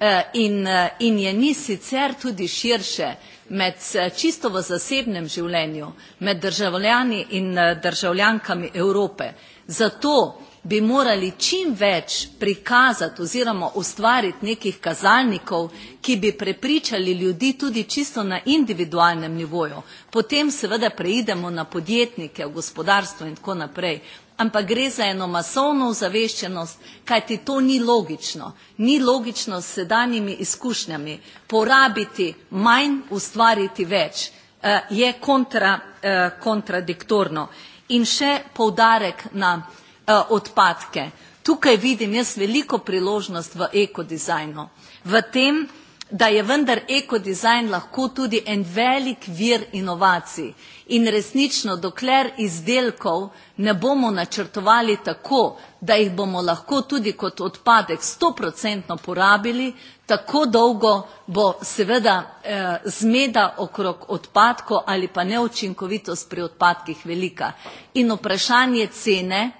eh, in, eh, in je ni sicer tudi širše med eh, čisto v zasebnem življenju, med državljani in eh, državljankami Evrope. Zato bi morali čim več prikazati oziroma ustvariti nekih kazalnikov, ki bi prepričali ljudi tudi čisto na individualnem nivoju. Potem seveda preidemo na podjetnike, v gospodarstvo in tako naprej ampak gre za eno masovno ozaveščenost, kajti to ni logično. Ni logično s sedanjimi izkušnjami porabiti manj, ustvariti več. Eh, je kontra, eh, kontradiktorno. In še poudarek na eh, odpadke. Tukaj vidim jaz veliko priložnost v ekodizajnu. V tem, da je vendar ekodizajn lahko tudi en velik vir inovacij. In resnično, dokler izdelkov ne bomo načrtovali tako, da jih bomo lahko tudi kot odpadek stoprocentno porabili, tako dolgo bo seveda eh, zmeda okrog odpadkov ali pa neučinkovitost pri odpadkih velika. In vprašanje cene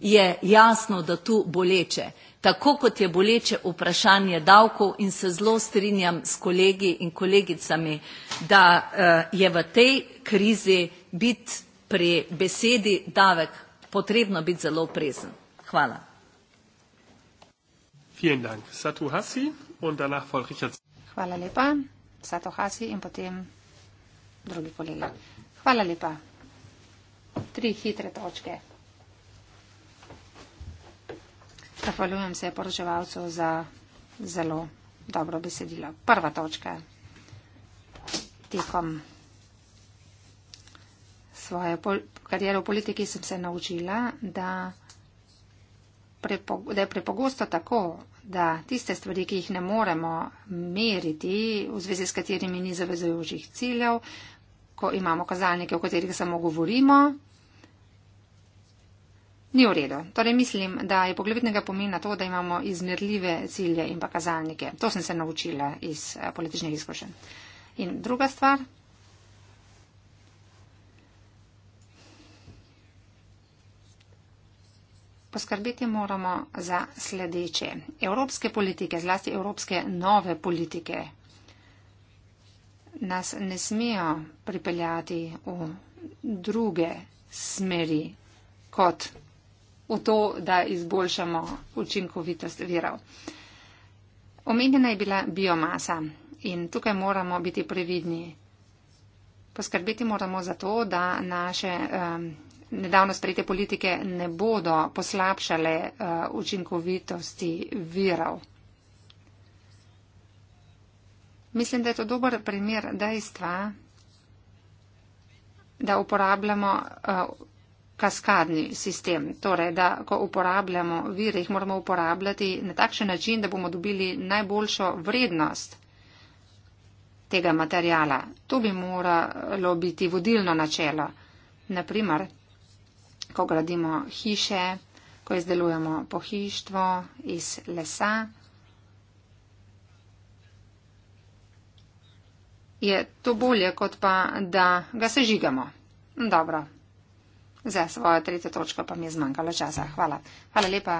je jasno, da tu boleče tako kot je boleče vprašanje davkov in se zelo strinjam s kolegi in kolegicami, da eh, je v tej krizi biti pri besedi davek potrebno biti zelo prezen. Hvala. Hvala lepa. Sato Hasi in potem drugi kolegi. Hvala lepa. Tri hitre točke. Zahvaljujem se poročevalcu za zelo dobro besedilo. Prva točka tekom svoje karijere v politiki sem se naučila, da, prepo, da je prepogosto tako, da tiste stvari, ki jih ne moremo meriti, v zvezi s katerimi ni zavezujočih ciljev, ko imamo kazalnike, o katerih samo govorimo, Ni v redu. Torej mislim, da je poglavitnega pomena to, da imamo izmerljive cilje in pa kazalnike. To sem se naučila iz eh, političnih izkušenj. In druga stvar. Poskrbeti moramo za sledeče. Evropske politike, zlasti evropske nove politike, nas ne smijo pripeljati v druge smeri kot v to, da izboljšamo učinkovitost virov. Omenjena je bila biomasa in tukaj moramo biti previdni. Poskrbeti moramo za to, da naše um, nedavno sprejete politike ne bodo poslabšale uh, učinkovitosti virov. Mislim, da je to dober primer dejstva, da uporabljamo uh, kaskadni sistem. Torej, da ko uporabljamo vire, jih moramo uporabljati na takšen način, da bomo dobili najboljšo vrednost tega materijala. To bi moralo biti vodilno načelo. Naprimer, ko gradimo hiše, ko izdelujemo pohištvo iz lesa, je to bolje, kot pa, da ga sežigamo. Dobro. Za svojo tretjo točko pa mi je zmanjkalo časa. Hvala. Hvala lepa,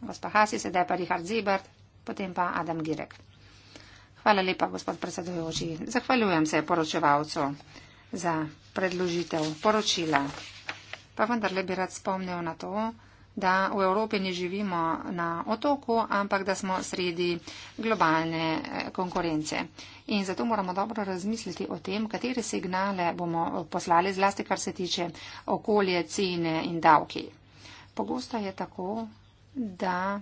gospod Hasi, sedaj pa Richard Zibert, potem pa Adam Girek. Hvala lepa, gospod predsedujoči. Zahvaljujem se poročevalcu za predložitev poročila. Pa vendarle bi rad spomnil na to, da v Evropi ne živimo na otoku, ampak da smo sredi globalne eh, konkurence. In zato moramo dobro razmisliti o tem, katere signale bomo eh, poslali zlasti, kar se tiče okolje, cene in davki. Pogosto je tako, da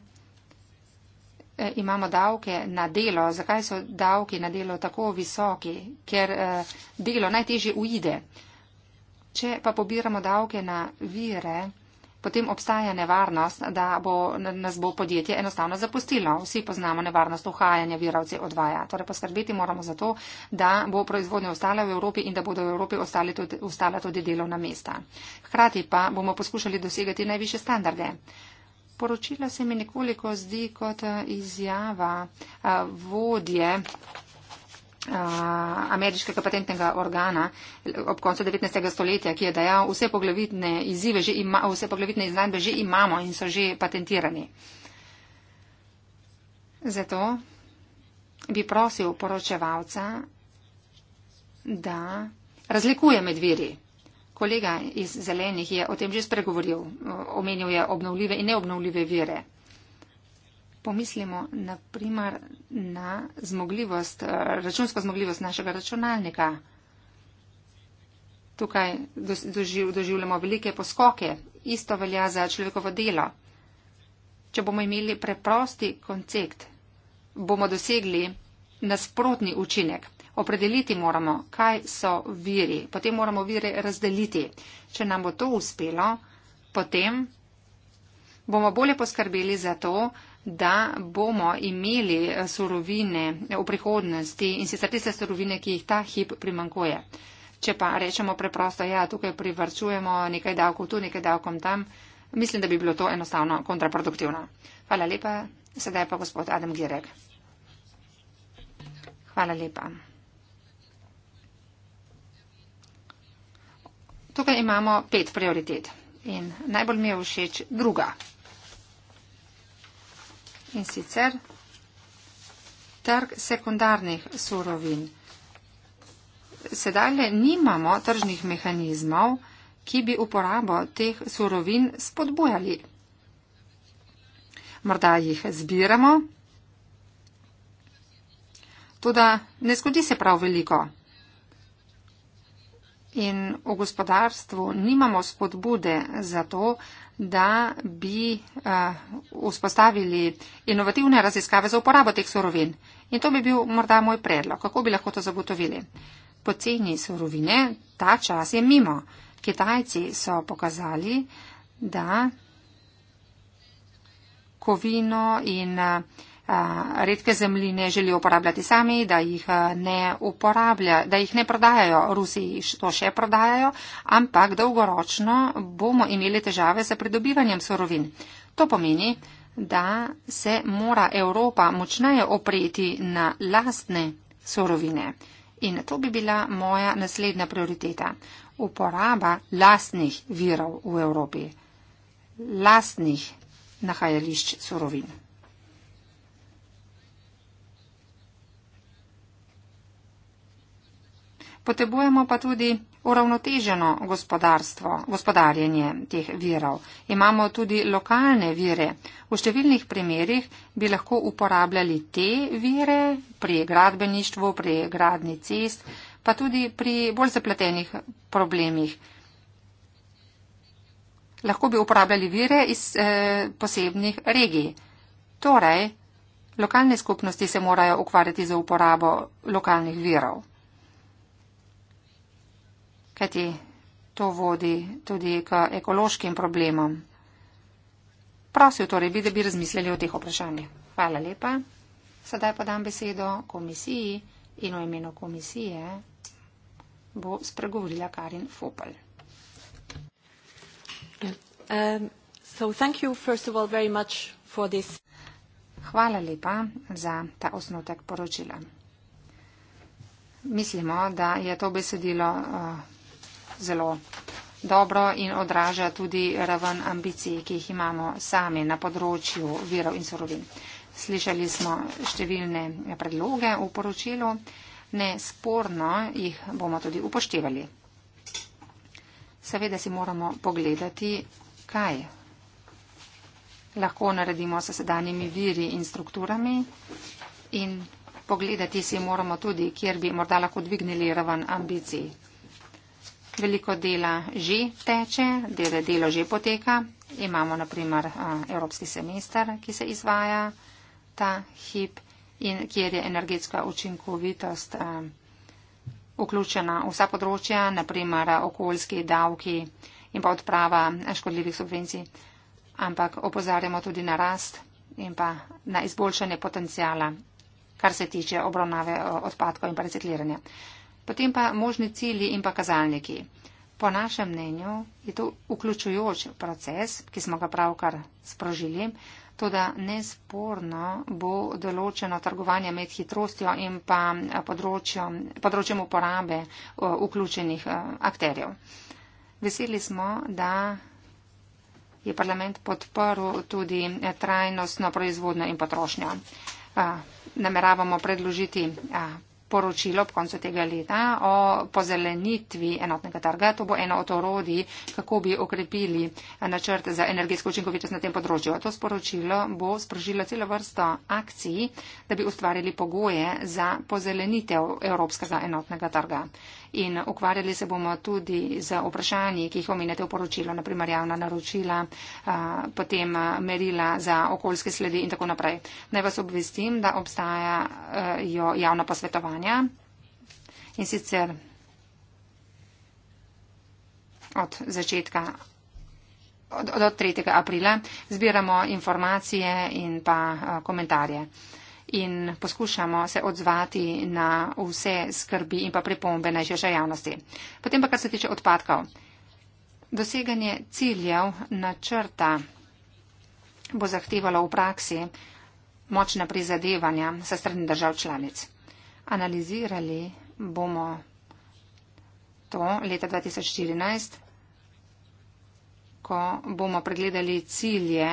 eh, imamo davke na delo. Zakaj so davki na delo tako visoki? Ker delo najtežje ujde. Če pa pobiramo davke na vire, potem obstaja nevarnost, da bo, nas bo podjetje enostavno zapustilo. Vsi poznamo nevarnost uhajanja virov CO2. Ja. Torej poskrbeti moramo za to, da bo proizvodnja ostala v Evropi in da bodo v Evropi tudi, ostala tudi delovna mesta. Hkrati pa bomo poskušali dosegati najviše standarde. Poročilo se mi nekoliko zdi kot eh, izjava eh, vodje ameriškega patentnega organa ob koncu 19. stoletja, ki je dejal, vse poglavitne izzive, že ima, vse poglavitne iznajdbe že imamo in so že patentirani. Zato bi prosil poročevalca, da razlikuje med viri. Kolega iz zelenih je o tem že spregovoril, omenil je obnovljive in neobnovljive vire pomislimo naprimer na zmogljivost, eh, računsko zmogljivost našega računalnika. Tukaj doživ, doživljamo velike poskoke. Isto velja za človekovo delo. Če bomo imeli preprosti koncept, bomo dosegli nasprotni učinek. Opredeliti moramo, kaj so viri. Potem moramo vire razdeliti. Če nam bo to uspelo, potem bomo bolje poskrbeli za to, da bomo imeli sorovine v prihodnosti in sicer tiste sorovine, ki jih ta hip primankuje. Če pa rečemo preprosto, ja, tukaj privrčujemo nekaj davkov tu, nekaj davkom tam, mislim, da bi bilo to enostavno kontraproduktivno. Hvala lepa. Sedaj pa gospod Adam Girek. Hvala lepa. Tukaj imamo pet prioritet in najbolj mi je všeč druga in sicer trg sekundarnih surovin. Sedaj le nimamo tržnih mehanizmov, ki bi uporabo teh surovin spodbujali. Morda jih zbiramo, tudi ne zgodi se prav veliko. In v gospodarstvu nimamo spodbude za to, da bi uh, vzpostavili inovativne raziskave za uporabo teh surovin. In to bi bil morda moj predlog, kako bi lahko to zagotovili. Poceni surovine, ta čas je mimo. Kitajci so pokazali, da kovino in uh, Eh, redke zemljine želijo uporabljati sami, da jih eh, ne uporablja, da jih ne prodajajo. Rusi to še prodajajo, ampak dolgoročno bomo imeli težave s pridobivanjem sorovin. To pomeni, da se mora Evropa močneje opreti na lastne sorovine. In to bi bila moja naslednja prioriteta. Uporaba lastnih virov v Evropi. Lastnih nahajališč surovin. Potrebujemo pa tudi uravnoteženo gospodarstvo, gospodarjenje teh virov. Imamo tudi lokalne vire. V številnih primerjih bi lahko uporabljali te vire pri gradbeništvu, pri gradni cest, pa tudi pri bolj zapletenih problemih. Lahko bi uporabljali vire iz eh, posebnih regij. Torej, lokalne skupnosti se morajo ukvarjati z uporabo lokalnih virov kajti to vodi tudi k ekološkim problemom. Prosil torej bi, da bi razmislili o teh vprašanjih. Hvala lepa. Sedaj podam besedo komisiji in v imenu komisije bo spregovorila Karin Fopel. Um, so, Hvala lepa za ta osnotek poročila. Mislimo, da je to besedilo uh, zelo dobro in odraža tudi raven ambicij, ki jih imamo sami na področju virov in surovin. Slišali smo številne predloge v poročilu, nesporno jih bomo tudi upoštevali. Seveda si moramo pogledati, kaj lahko naredimo s sedanjimi viri in strukturami in pogledati si moramo tudi, kjer bi morda lahko dvignili raven ambicij veliko dela že teče, del, delo že poteka. Imamo naprimer evropski semester, ki se izvaja ta hip in kjer je energetska učinkovitost vključena vsa področja, naprimer okoljski davki in pa odprava škodljivih subvencij. Ampak opozarjamo tudi na rast in pa na izboljšanje potencijala, kar se tiče obravnave odpadkov in pa recikliranja. Potem pa možni cilji in pa kazalniki. Po našem mnenju je to vključujoč proces, ki smo ga pravkar sprožili, tudi nesporno bo določeno trgovanje med hitrostjo in pa področjem, področjem uporabe vključenih e, akterjev. Veseli smo, da je parlament podporil tudi e, trajnostno proizvodno in potrošnjo. E, nameravamo predložiti poročilo ob koncu tega leta o pozelenitvi enotnega trga. To bo eno od orodij, kako bi okrepili načrt za energetsko učinkovitost na tem področju. To sporočilo bo sprožilo celo vrsto akcij, da bi ustvarili pogoje za pozelenitev evropskega enotnega trga in ukvarjali se bomo tudi z vprašanji, ki jih omenjate v poročilu, naprimer javna naročila, potem merila za okoljske sledi in tako naprej. Naj vas obvestim, da obstajajo javna posvetovanja in sicer od začetka. Do 3. aprila zbiramo informacije in pa komentarje in poskušamo se odzvati na vse skrbi in pa pripombe najširše javnosti. Potem pa, kar se tiče odpadkov. Doseganje ciljev načrta bo zahtevalo v praksi močna prizadevanja sa strani držav članic. Analizirali bomo to leta 2014, ko bomo pregledali cilje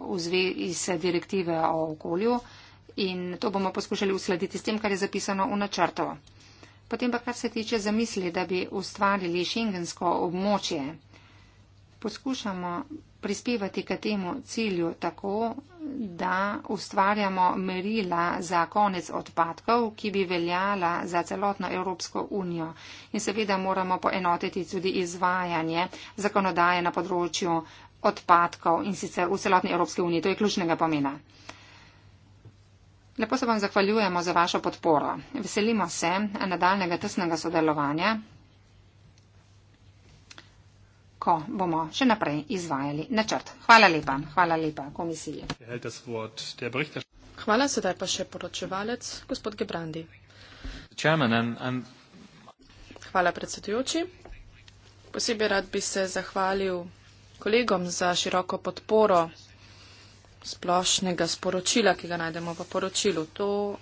v zvezi s direktive o okolju in to bomo poskušali uslediti s tem, kar je zapisano v načrtu. Potem pa, kar se tiče zamisli, da bi ustvarili šengensko območje, poskušamo prispevati k temu cilju tako, da ustvarjamo merila za konec odpadkov, ki bi veljala za celotno Evropsko unijo. In seveda moramo poenotiti tudi izvajanje zakonodaje na področju odpadkov in sicer v celotni Evropski uniji. To je ključnega pomena. Lepo se vam zahvaljujemo za vašo podporo. Veselimo se nadaljnega tesnega sodelovanja, ko bomo še naprej izvajali načrt. Hvala lepa. Hvala lepa komisiji. Hvala sedaj pa še poročevalec, gospod Gebrandi. Hvala predsedujoči. Posebej rad bi se zahvalil kolegom za široko podporo splošnega sporočila, ki ga najdemo v poročilu. To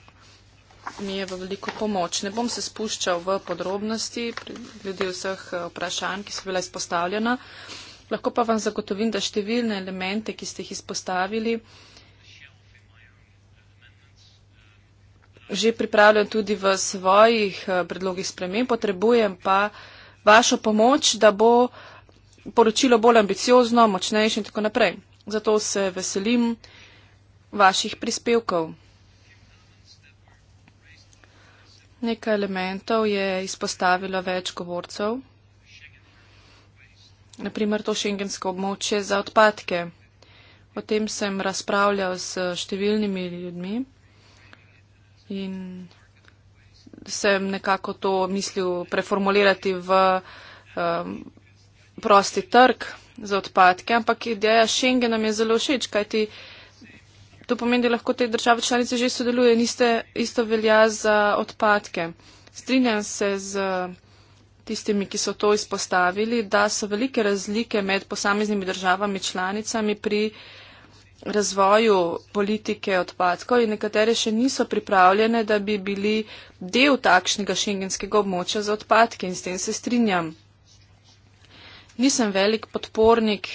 mi je v veliko pomoč. Ne bom se spuščal v podrobnosti glede vseh eh, vprašanj, ki so bila izpostavljena. Lahko pa vam zagotovim, da številne elemente, ki ste jih izpostavili, že pripravljam tudi v svojih eh, predlogih sprememb, potrebujem pa vašo pomoč, da bo poročilo bolj ambiciozno, močnejše in tako naprej zato se veselim vaših prispevkov. Nekaj elementov je izpostavilo več govorcev, naprimer to šengensko območje za odpadke. O tem sem razpravljal s številnimi ljudmi in sem nekako to mislil preformulirati v um, prosti trg, za odpadke, ampak ideja Schengena mi je zelo všeč, kajti to pomeni, da lahko te države članice že sodeluje in isto velja za odpadke. Strinjam se z tistimi, ki so to izpostavili, da so velike razlike med posameznimi državami članicami pri razvoju politike odpadkov in nekatere še niso pripravljene, da bi bili del takšnega šengenskega območja za odpadke in s tem se strinjam nisem velik podpornik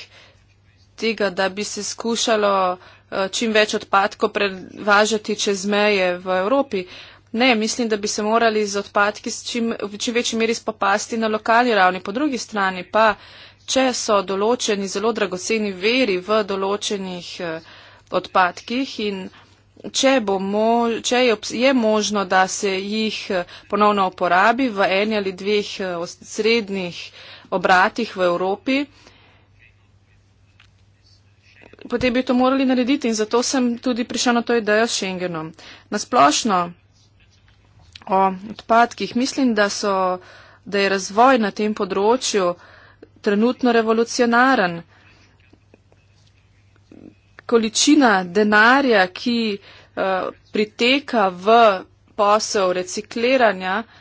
tega, da bi se skušalo eh, čim več odpadkov prevažati čez meje v Evropi. Ne, mislim, da bi se morali z odpadki čim, v čim večji meri spopasti na lokalni ravni. Po drugi strani pa, če so določeni zelo dragoceni veri v določenih eh, odpadkih in če, mo, če je, je možno, da se jih eh, ponovno uporabi v eni ali dveh srednjih obratih v Evropi. Potem bi to morali narediti in zato sem tudi prišel na to idejo s Schengenom. Nasplošno o odpadkih mislim, da, so, da je razvoj na tem področju trenutno revolucionaren. Količina denarja, ki uh, priteka v posel recikliranja, uh,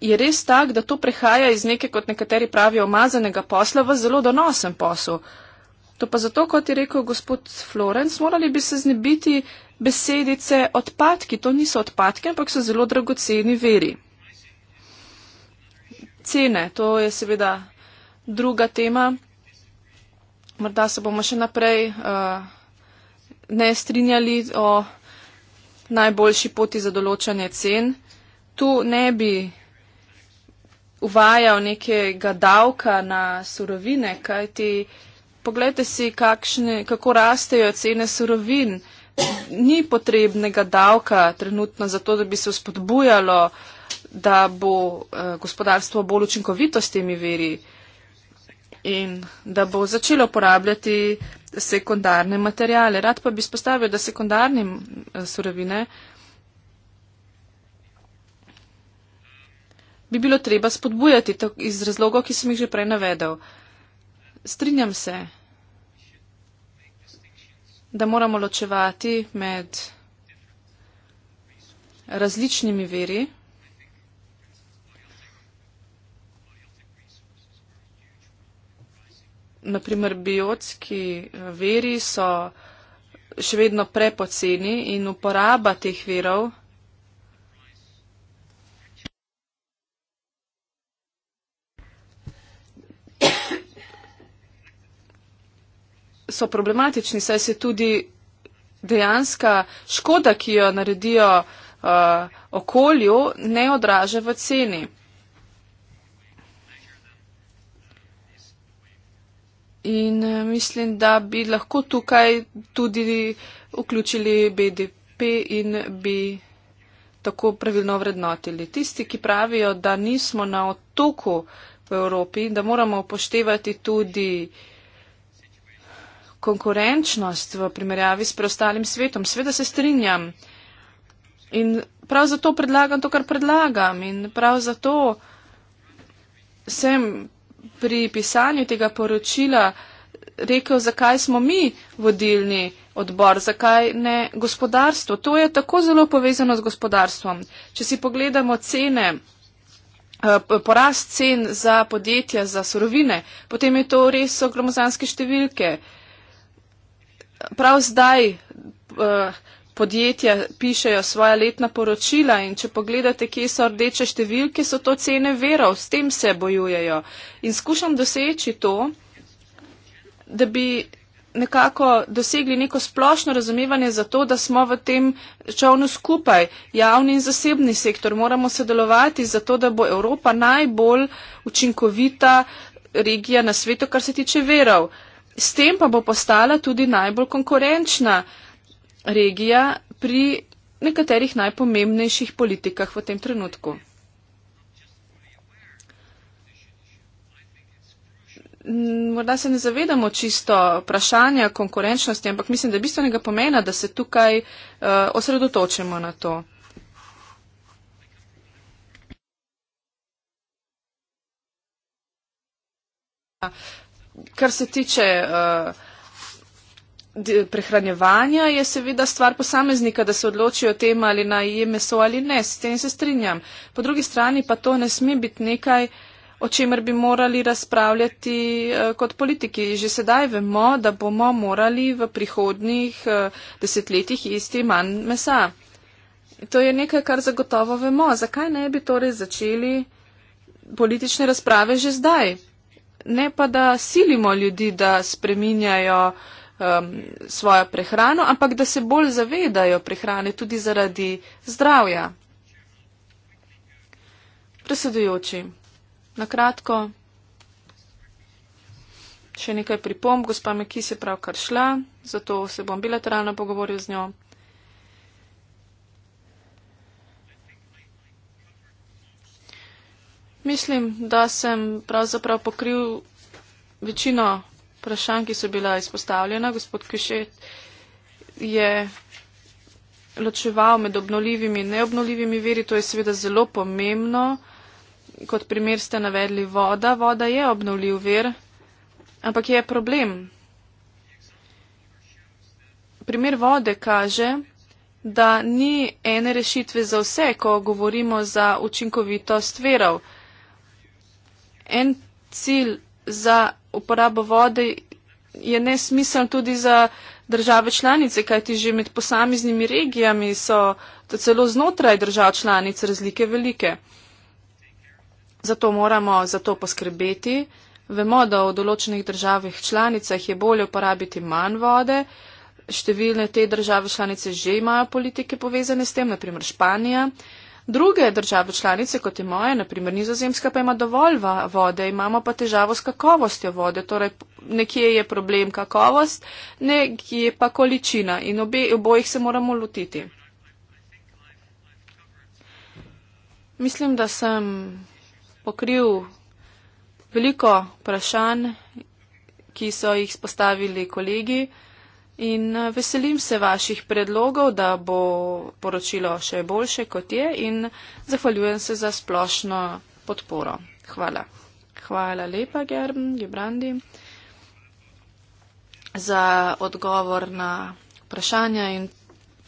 je res tak, da to prehaja iz neke, kot nekateri pravijo, umazanega posla v zelo donosen posel. To pa zato, kot je rekel gospod Florenc, morali bi se znebiti besedice odpadki. To niso odpadke, ampak so zelo dragoceni veri. Cene, to je seveda druga tema. Morda se bomo še naprej uh, ne strinjali o najboljši poti za določanje cen. Tu ne bi uvajal nekega davka na surovine, kajti pogledajte si, kakšne, kako rastejo cene surovin. Ni potrebnega davka trenutno za to, da bi se spodbujalo, da bo eh, gospodarstvo bolj učinkovito s temi veri in da bo začelo uporabljati sekundarne materijale. Rad pa bi spostavil, da sekundarne eh, surovine bi bilo treba spodbujati iz razlogov, ki sem jih že prej navedel. Strinjam se, da moramo ločevati med različnimi veri Naprimer, biotski eh, veri so še vedno prepoceni in uporaba teh verov so problematični, saj se tudi dejanska škoda, ki jo naredijo uh, okolju, ne odraža v ceni. In uh, mislim, da bi lahko tukaj tudi vključili BDP in bi tako pravilno vrednotili. Tisti, ki pravijo, da nismo na otoku v Evropi in da moramo upoštevati tudi uh, konkurenčnost v primerjavi s preostalim svetom. Sveda se strinjam. In prav zato predlagam to, kar predlagam. In prav zato sem pri pisanju tega poročila rekel, zakaj smo mi vodilni odbor, zakaj ne gospodarstvo. To je tako zelo povezano z gospodarstvom. Če si pogledamo cene, eh, porast cen za podjetja, za surovine, potem je to res ogromozanske številke prav zdaj uh, podjetja pišejo svoja letna poročila in če pogledate, kje so rdeče številke, so to cene verov, s tem se bojujejo. In skušam doseči to, da bi nekako dosegli neko splošno razumevanje za to, da smo v tem čovnu skupaj, javni in zasebni sektor, moramo sodelovati za to, da bo Evropa najbolj učinkovita regija na svetu, kar se tiče verov. Uh, s tem pa bo postala tudi najbolj konkurenčna regija pri nekaterih najpomembnejših politikah v tem trenutku. Morda se ne zavedamo čisto vprašanja konkurenčnosti, ampak mislim, da je bistvenega pomena, da se tukaj uh, osredotočimo na to. Uh, kar se tiče uh, prehranjevanja, je seveda stvar posameznika, da se odločijo tem, ali naj je meso ali ne. S tem se strinjam. Po drugi strani pa to ne sme biti nekaj, o čemer bi morali razpravljati uh, kot politiki. Že sedaj vemo, da bomo morali v prihodnih uh, eh, desetletjih jesti manj mesa. To je nekaj, kar zagotovo vemo. Zakaj ne bi torej začeli politične razprave že zdaj? ne pa da silimo ljudi, da spreminjajo um, svojo prehrano, ampak da se bolj zavedajo prehrane tudi zaradi zdravja. Presedujoči, na kratko, še nekaj pripomb, gospa Mekis je pravkar šla, zato se bom bilateralno pogovoril z njo. Mislim, da sem pravzaprav pokril večino vprašanj, ki so bila izpostavljena. Gospod Kišet je ločeval med obnoljivimi in neobnoljivimi veri. To je seveda zelo pomembno. Kot primer ste navedli voda. Voda je obnoljiv ver, ampak je problem. Primer vode kaže, da ni ene rešitve za vse, ko govorimo za učinkovitost verov en cilj za uporabo vode je nesmisel tudi za države članice, kajti že med posameznimi regijami so celo znotraj držav članic razlike velike. Zato moramo za to poskrbeti. Vemo, da v določenih državah članicah je bolje uporabiti manj vode. Številne te države članice že imajo politike povezane s tem, naprimer Španija. Uh, Druge države članice, kot je moja, naprimer nizozemska, pa ima dovolj vode, imamo pa težavo s kakovostjo vode, torej nekje je problem kakovost, nekje pa količina in obe, obojih se moramo lotiti. Mislim, da sem pokril veliko vprašanj, ki so jih spostavili kolegi. In eh, veselim se vaših predlogov, da bo poročilo še boljše, kot je, in zahvaljujem se za splošno podporo. Hvala. Hvala lepa, Gerben, Gibrandi, za odgovor na vprašanja in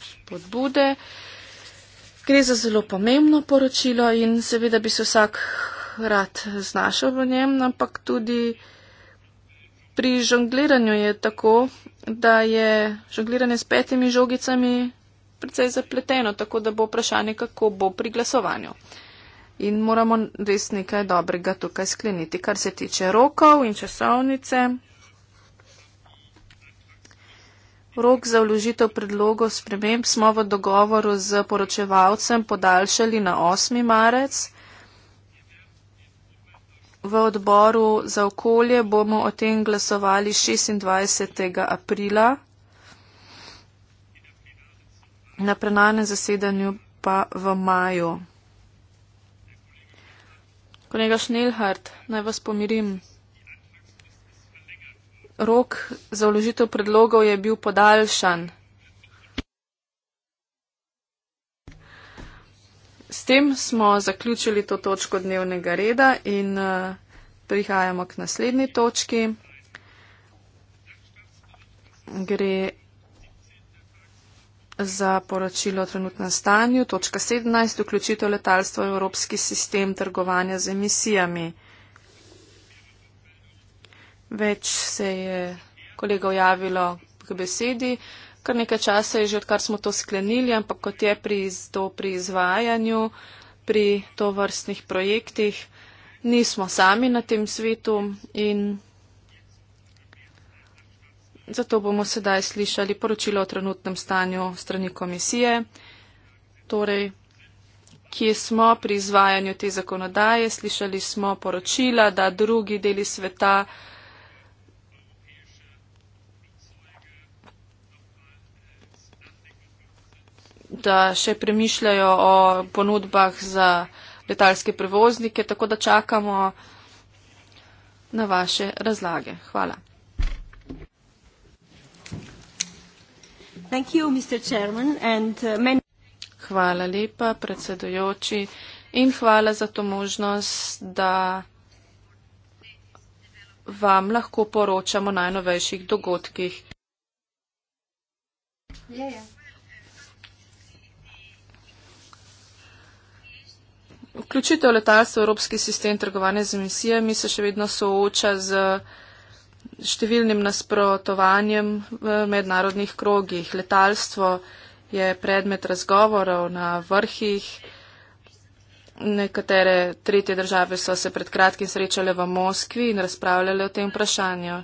spodbude. Gre za zelo pomembno poročilo in seveda bi se vsak rad znašel v njem, ampak tudi pri žongliranju je tako, da je žogliranje s petimi žogicami precej zapleteno, tako da bo vprašanje, kako bo pri glasovanju. In moramo res nekaj dobrega tukaj skleniti, kar se tiče rokov in časovnice. Rok za vložitev predlogov sprememb smo v dogovoru z poročevalcem podaljšali na 8. marec v odboru za okolje bomo o tem glasovali 26. aprila, na plenarnem zasedanju pa v maju. Kolega Šnelhart, naj vas pomirim. Rok za vložitev predlogov je bil podaljšan s tem smo zaključili to točko dnevnega reda in eh, prihajamo k naslednji točki. Gre za poročilo o trenutnem stanju. Točka 17. Vključitev letalstva v evropski sistem trgovanja z emisijami. Več se je kolega ujavilo k besedi. Uh, kar nekaj časa je že, odkar smo to sklenili, ampak kot je pri, to pri izvajanju, pri to vrstnih projektih, nismo sami na tem svetu in zato bomo sedaj slišali poročilo o trenutnem stanju strani komisije. Torej, Kje smo pri izvajanju te zakonodaje? Slišali smo poročila, da drugi deli sveta uh, da še premišljajo o ponudbah za letalske prevoznike, tako da čakamo na vaše razlage. Hvala. You, Chairman, and, uh, many... Hvala lepa, predsedujoči, in hvala za to možnost, da vam lahko poročamo najnovejših dogodkih. Yeah, yeah. Vključitev letalstva v evropski sistem trgovanja z emisijami se še vedno sooča z številnim nasprotovanjem v mednarodnih krogih. Letalstvo je predmet razgovorov na vrhih. Nekatere tretje države so se pred kratkim srečale v Moskvi in razpravljale o tem vprašanju.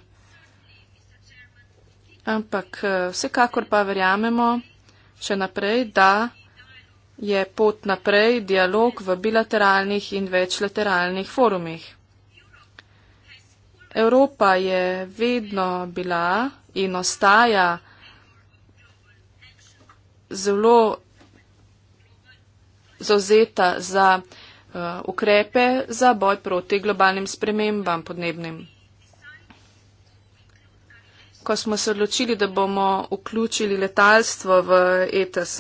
Ampak eh, vsekakor pa verjamemo še naprej, da je pot naprej dialog v bilateralnih in večlateralnih forumih. Evropa je vedno bila in ostaja zelo zozeta za uh, ukrepe za boj proti globalnim spremembam podnebnim ko smo se odločili, da bomo vključili letalstvo v ETS,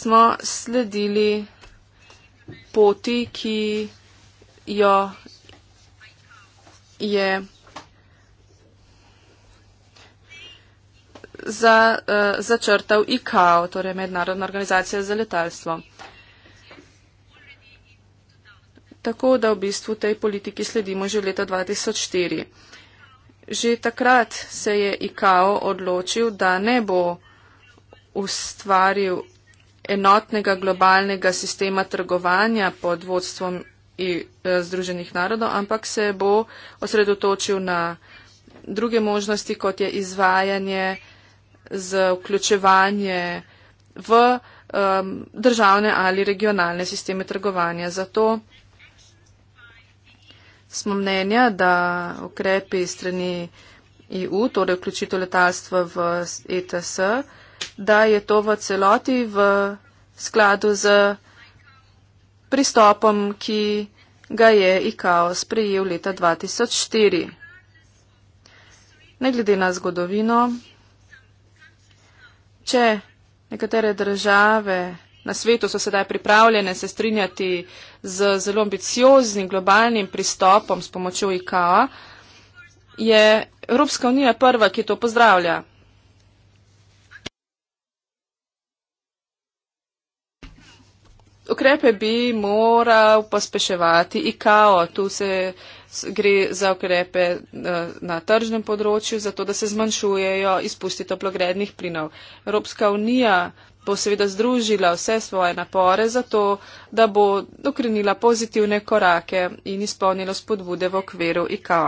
smo sledili poti, ki jo je za, uh, začrtal ICAO, torej Mednarodna organizacija za letalstvo. Tako da v bistvu tej politiki sledimo že leta 2004. Že takrat se je IKAO odločil, da ne bo ustvaril enotnega globalnega sistema trgovanja pod vodstvom eh, Združenih narodov, ampak se bo osredotočil na druge možnosti, kot je izvajanje z vključevanje v um, državne ali regionalne sisteme trgovanja. Zato smo mnenja, da ukrepi strani EU, torej vključitev letalstva v ETS, da je to v celoti v skladu z pristopom, ki ga je ICAO sprejel leta 2004. Ne glede na zgodovino, če nekatere države na svetu so sedaj pripravljene se strinjati z zelo ambicioznim globalnim pristopom s pomočjo IKA, je Evropska unija prva, ki to pozdravlja. Ukrepe bi moral pospeševati IKAO. Tu se gre za ukrepe eh, na tržnem področju, zato da se zmanjšujejo izpusti toplogrednih plinov. Evropska unija bo seveda združila vse svoje napore za to, da bo dokrenila pozitivne korake in izpolnila spodbude v okviru IKA.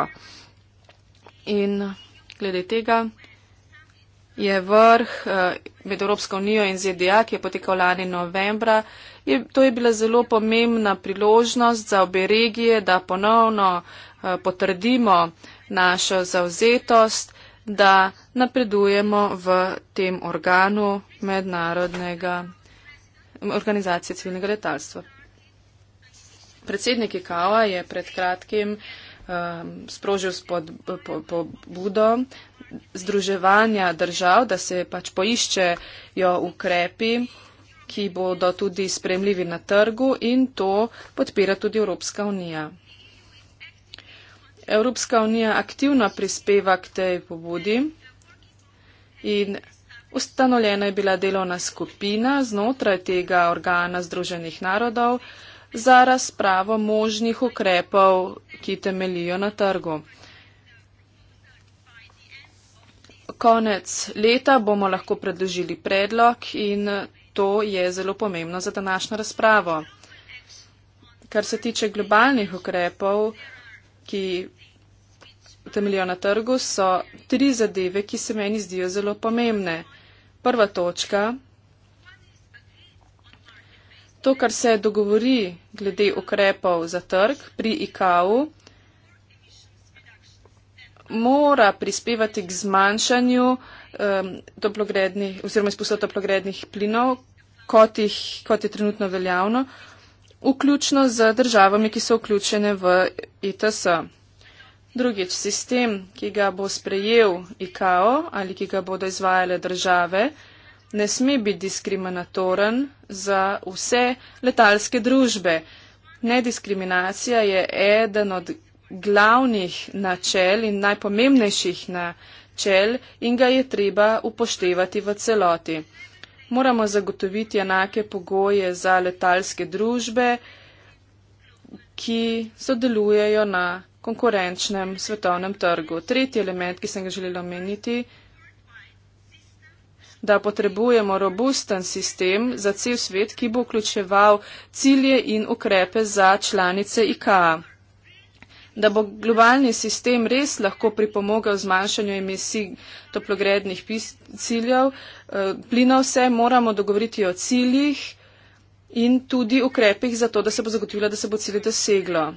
In glede tega je vrh eh, med Evropsko unijo in ZDA, ki je potekal lani novembra, je, to je bila zelo pomembna priložnost za obe regije, da ponovno eh, potrdimo našo zauzetost da napredujemo v tem organu mednarodnega organizacije civilnega letalstva. Predsednik IKAO-a je pred kratkim um, sprožil pobudo po, po združevanja držav, da se pač poiščejo ukrepi, ki bodo tudi spremljivi na trgu in to podpira tudi Evropska unija. Evropska unija aktivno prispeva k tej pobudi in ustanovljena je bila delovna skupina znotraj tega organa Združenih narodov za razpravo možnih ukrepov, ki temelijo na trgu. Konec leta bomo lahko predložili predlog in to je zelo pomembno za današnjo razpravo. Kar se tiče globalnih ukrepov, ki temeljijo na trgu, so tri zadeve, ki se meni zdijo zelo pomembne. Prva točka, to, kar se dogovori glede ukrepov za trg pri IKAU, mora prispevati k zmanjšanju um, toplogrednih oziroma izpustov toplogrednih plinov, kot, jih, kot je trenutno veljavno, vključno z državami, ki so vključene v ITS. Drugič, sistem, ki ga bo sprejel IKO ali ki ga bodo izvajale države, ne sme biti diskriminatoren za vse letalske družbe. Nediskriminacija je eden od glavnih načel in najpomembnejših načel in ga je treba upoštevati v celoti moramo zagotoviti enake pogoje za letalske družbe, ki sodelujejo na konkurenčnem svetovnem trgu. Tretji element, ki sem ga želela omeniti, da potrebujemo robusten sistem za cel svet, ki bo vključeval cilje in ukrepe za članice IKA da bo globalni sistem res lahko pripomogel zmanjšanju emisij toplogrednih ciljev, eh, plina vse, moramo dogovoriti o ciljih in tudi ukrepih za to, da se bo zagotovila, da se bo cilj doseglo.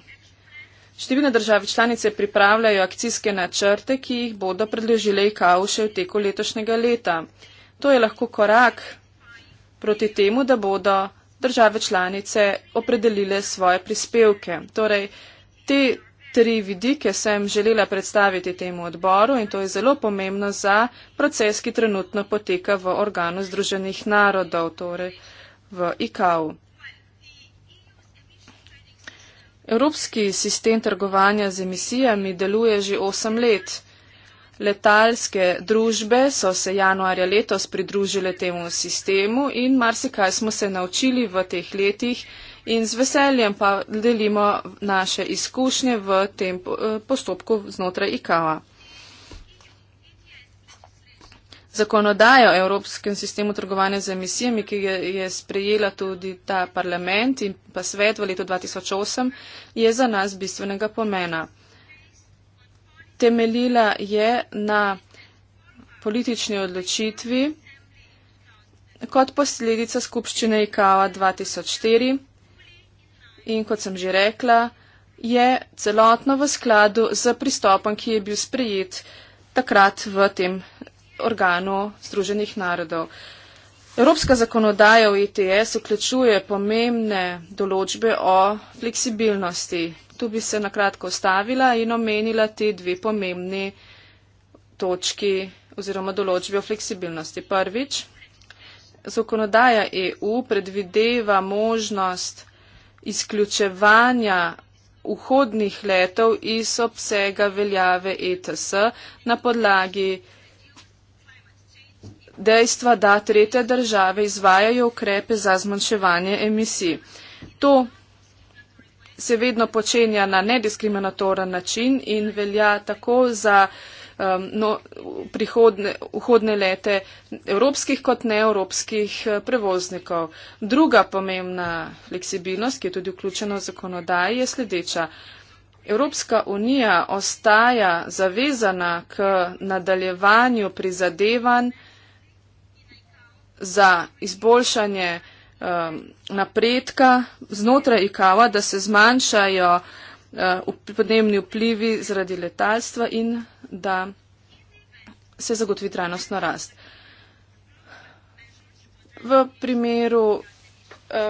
Številne države članice pripravljajo akcijske načrte, ki jih bodo predložile IKAO še v teku letošnjega leta. To je lahko korak proti temu, da bodo države članice opredelile svoje prispevke. Torej, te tri vidike sem želela predstaviti temu odboru in to je zelo pomembno za proces, ki trenutno poteka v organu Združenih narodov, torej v IKAU. Evropski sistem trgovanja z emisijami deluje že 8 let. Letalske družbe so se januarja letos pridružile temu sistemu in marsikaj smo se naučili v teh letih in z veseljem pa delimo naše izkušnje v tem eh, postopku znotraj IKAO-a. Zakonodajo o Evropskem sistemu trgovanja z emisijami, ki je, je sprejela tudi ta parlament in pa svet v letu 2008, je za nas bistvenega pomena. Temeljila je na politični odločitvi kot posledica skupščine IKAO 2004 in kot sem že rekla, je celotno v skladu z pristopom, ki je bil sprejet takrat v tem organu Združenih narodov. Evropska zakonodaja v ETS vključuje pomembne določbe o fleksibilnosti. Tu bi se nakratko ustavila in omenila te dve pomembni točki oziroma določbe o fleksibilnosti. Prvič, zakonodaja EU predvideva možnost izključevanja vhodnih letov iz obsega veljave ETS na podlagi dejstva, da tretje države izvajajo ukrepe za zmanjševanje emisij. To se vedno počenja na nediskriminatoren način in velja tako za um, no, prihodne, vhodne lete evropskih kot neevropskih eh, prevoznikov. Druga pomembna fleksibilnost, ki je tudi vključena v zakonodaji, je sledeča. Evropska unija ostaja zavezana k nadaljevanju prizadevanj za izboljšanje um, napredka znotraj IKAVA, da se zmanjšajo uh, uh, podnebni vplivi zaradi letalstva in da se zagotovi trajnostna rast. V primeru uh,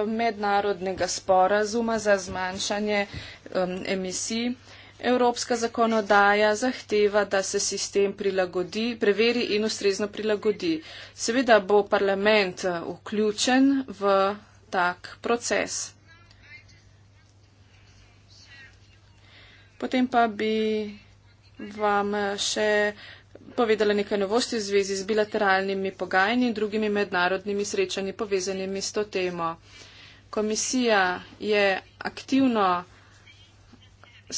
mednarodnega sporazuma za zmanjšanje um, emisij Evropska zakonodaja zahteva, da se sistem prilagodi, preveri in ustrezno prilagodi. Seveda bo parlament eh, vključen v tak proces. Potem pa bi vam še povedala nekaj novosti v zvezi z bilateralnimi pogajanji in drugimi mednarodnimi srečanji povezanimi s to temo. Komisija je aktivno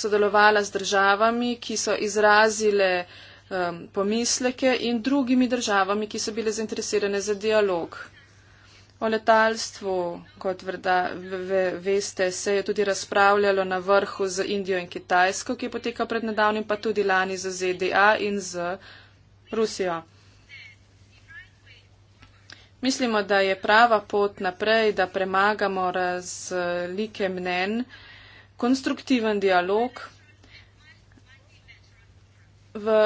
sodelovala z državami, ki so izrazile um, pomisleke in drugimi državami, ki so bile zainteresirane za dialog. O letalstvu, kot vrda, v, v, veste, se je tudi razpravljalo na vrhu z Indijo in Kitajsko, ki je potekal pred nedavnim, pa tudi lani z ZDA in z Rusijo. Mislimo, da je prava pot naprej, da premagamo razlike mnen, konstruktiven dialog v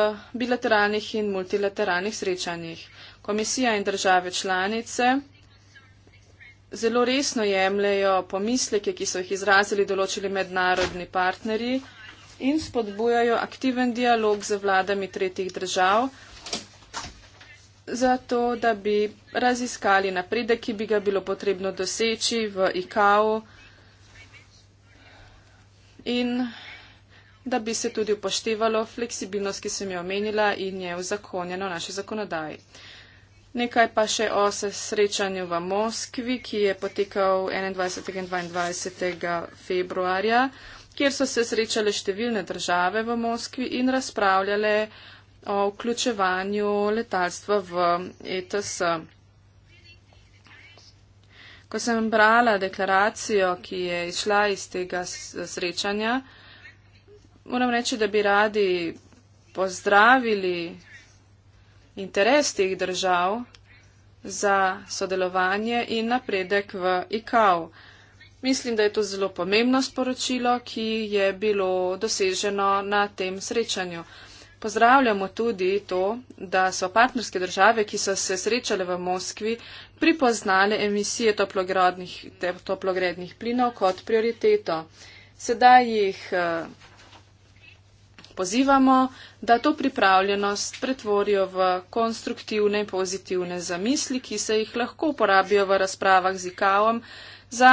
bilateralnih in multilateralnih srečanjih. Komisija in države članice zelo resno jemljajo pomisleke, ki so jih izrazili določili mednarodni partnerji in spodbujajo aktiven dialog z vladami tretjih držav, zato da bi raziskali napredek, ki bi ga bilo potrebno doseči v IKAU in da bi se tudi upoštevalo fleksibilnost, ki sem jo omenila in je v zakonjeno naši zakonodaji. Nekaj pa še o srečanju v Moskvi, ki je potekal 21. in 22. februarja, kjer so se srečale številne države v Moskvi in razpravljale o vključevanju letalstva v ETS. Ko sem brala deklaracijo, ki je išla iz tega srečanja, moram reči, da bi radi pozdravili interes teh držav za sodelovanje in napredek v IKAO. Mislim, da je to zelo pomembno sporočilo, ki je bilo doseženo na tem srečanju. Pozdravljamo tudi to, da so partnerske države, ki so se srečale v Moskvi, pripoznale emisije toplogrednih plinov kot prioriteto. Sedaj jih eh, pozivamo, da to pripravljenost pretvorijo v konstruktivne in pozitivne zamisli, ki se jih lahko uporabijo v razpravah z IKAOM za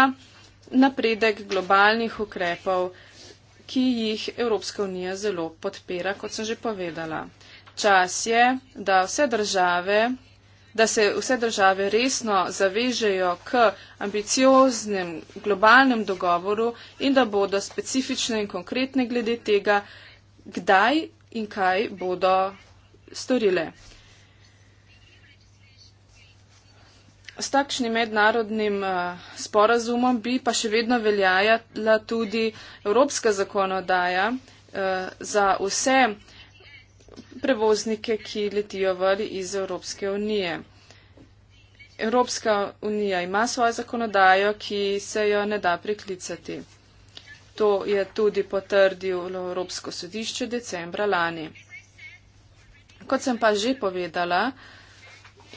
napredek globalnih ukrepov, ki jih Evropska unija zelo podpira, kot sem že povedala. Čas je, da vse države da se vse države resno zavežejo k ambicioznem globalnem dogovoru in da bodo specifične in konkretne glede tega kdaj in kaj bodo storile. S takšnim mednarodnim eh, sporazumom bi pa še vedno veljala tudi evropska zakonodaja eh, za vse prevoznike, ki letijo vali iz Evropske unije. Evropska unija ima svojo zakonodajo, ki se jo ne da priklicati. To je tudi potrdil Evropsko sodišče decembra lani. Kot sem pa že povedala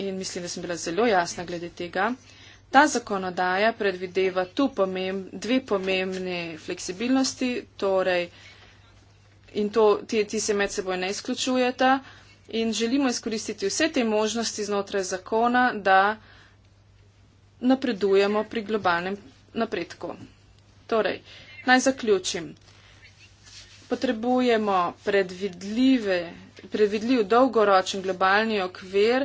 in mislim, da sem bila zelo jasna glede tega, ta zakonodaja predvideva tu pomemb dve pomembne fleksibilnosti, torej in to, ti, ti se med seboj ne izključujeta in želimo izkoristiti vse te možnosti znotraj zakona, da napredujemo pri globalnem napredku. Torej, Naj zaključim. Potrebujemo predvidljiv dolgoročen globalni okvir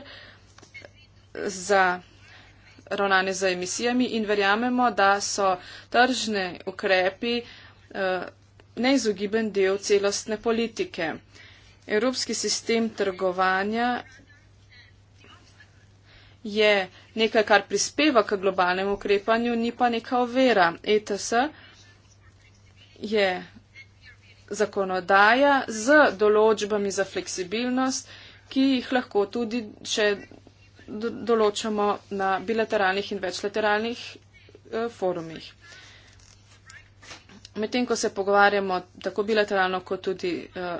za ravnanje za emisijami in verjamemo, da so tržne ukrepi eh, neizogiben del celostne politike. Evropski sistem trgovanja je nekaj, kar prispeva k globalnemu ukrepanju, ni pa neka ovira. ETS je zakonodaja z določbami za fleksibilnost, ki jih lahko tudi še določamo na bilateralnih in večlateralnih eh, forumih. Medtem, ko se pogovarjamo tako bilateralno kot tudi eh,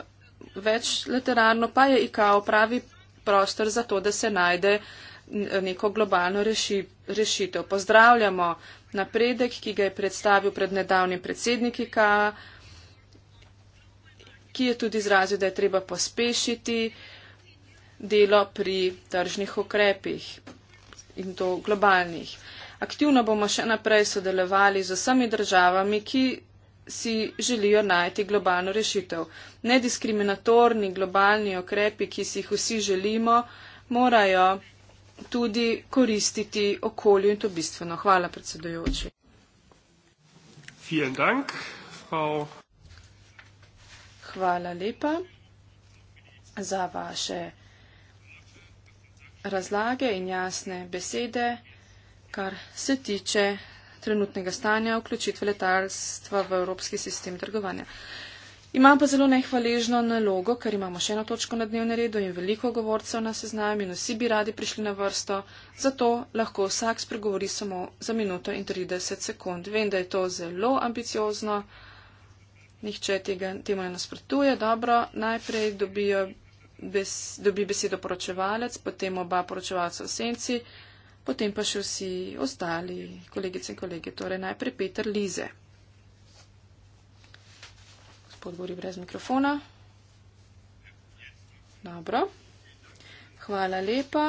večlateralno, pa je IKO pravi prostor za to, da se najde neko globalno reši, rešitev. Pozdravljamo napredek, ki ga je predstavil pred nedavnim predsednik IKA, ki je tudi izrazil, da je treba pospešiti delo pri tržnih ukrepih in to globalnih. Aktivno bomo še naprej sodelovali z vsemi državami, ki si želijo najti globalno rešitev. Nediskriminatorni globalni okrepi, ki si jih vsi želimo, morajo tudi koristiti okolju in to bistveno. Hvala, predsedujoči. Dank, Frau... Hvala lepa za vaše razlage in jasne besede, kar se tiče trenutnega stanja vključitve letalstva v Evropski sistem trgovanja. Imam pa zelo nehvaležno nalogo, ker imamo še eno točko na dnevnem redu in veliko govorcev na seznam in vsi bi radi prišli na vrsto, zato lahko vsak spregovori samo za minuto in 30 sekund. Vem, da je to zelo ambiciozno, nihče tega, temu ne nasprotuje. Dobro, najprej dobijo, bes, dobi besedo poročevalec, potem oba poročevalca v senci, potem pa še vsi ostali kolegice in kolege, torej najprej Peter Lize podvori brez mikrofona. Dobro. Hvala lepa,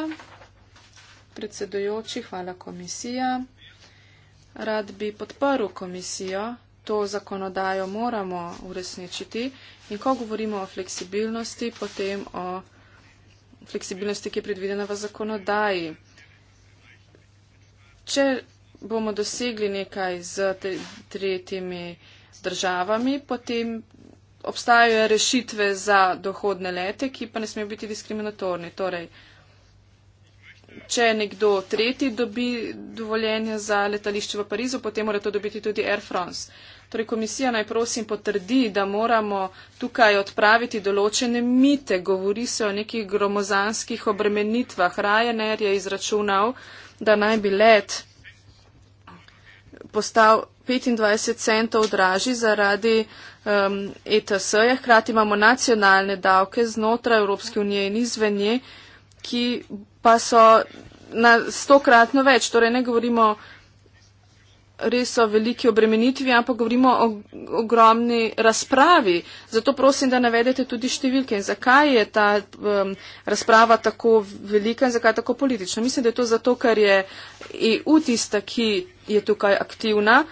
predsedujoči, hvala komisija. Rad bi podprl komisijo, to zakonodajo moramo uresničiti in ko govorimo o fleksibilnosti, potem o fleksibilnosti, ki je predvidena v zakonodaji. Če bomo dosegli nekaj z tretjimi. Te, državami, potem obstajajo rešitve za dohodne lete, ki pa ne smejo biti diskriminatorni. Torej, če nekdo tretji dobi dovoljenje za letališče v Parizu, potem mora to dobiti tudi Air France. Torej, komisija naj prosim potrdi, da moramo tukaj odpraviti določene mite. Govori se o nekih gromozanskih obremenitvah. Ryanair je izračunal, da naj bi let postal 25 centov dražji zaradi um, ETS-ja. Hkrati imamo nacionalne davke znotraj Evropske unije in izven nje, ki pa so na stokratno več. Torej ne govorimo res o veliki obremenitvi, ampak govorimo o ogromni razpravi. Zato prosim, da navedete tudi številke in zakaj je ta um, razprava tako velika in zakaj tako politična. Mislim, da je to zato, ker je EU tista, ki je tukaj aktivna.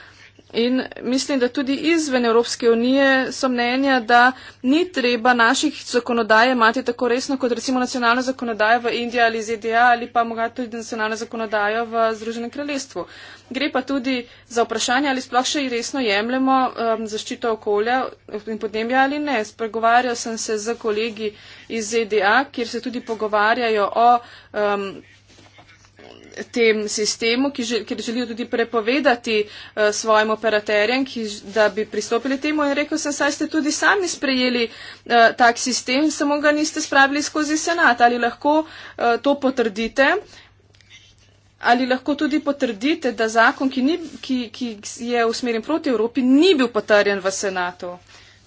In mislim, da tudi izven Evropske unije so mnenja, da ni treba naših zakonodaje imati tako resno kot recimo nacionalna zakonodaja v Indiji ali ZDA ali pa mogoče tudi nacionalna zakonodaja v Združenem kraljestvu. Gre pa tudi za vprašanje, ali sploh še resno jemljemo um, zaščito okolja in podnebja ali ne. Spregovarjal sem se z kolegi iz ZDA, kjer se tudi pogovarjajo o. Um, tem sistemu, ker žel, želijo tudi prepovedati uh, svojim operaterjem, ki, da bi pristopili temu. In rekel sem, saj ste tudi sami sprejeli uh, tak sistem, samo ga niste spravili skozi senat. Ali lahko uh, to potrdite? Ali lahko tudi potrdite, da zakon, ki, ni, ki, ki je usmerjen proti Evropi, ni bil potrjen v senatu?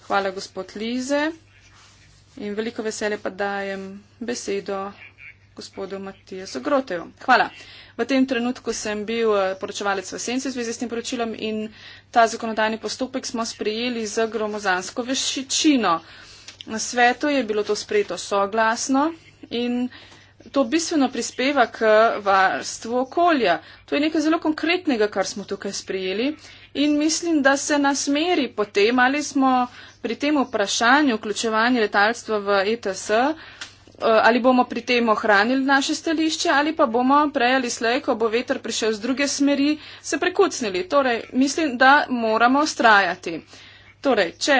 Hvala, gospod Lize. In veliko veselje pa dajem besedo gospodu Matijo Zagrotevu. Hvala. Uh, V tem trenutku sem bil eh, poročevalec v senci v zvezi s tem poročilom in ta zakonodajni postopek smo sprejeli z gromozansko vešičino. Na svetu je bilo to sprejeto soglasno in to bistveno prispeva k varstvu okolja. To je nekaj zelo konkretnega, kar smo tukaj sprejeli in mislim, da se nas meri potem, ali smo pri tem vprašanju vključevanja letalstva v ETS. Eh, ali bomo pri tem ohranili naše stališče ali pa bomo prej ali slej, ko bo veter prišel z druge smeri, se prekucnili. Torej, mislim, da moramo ustrajati. Torej, če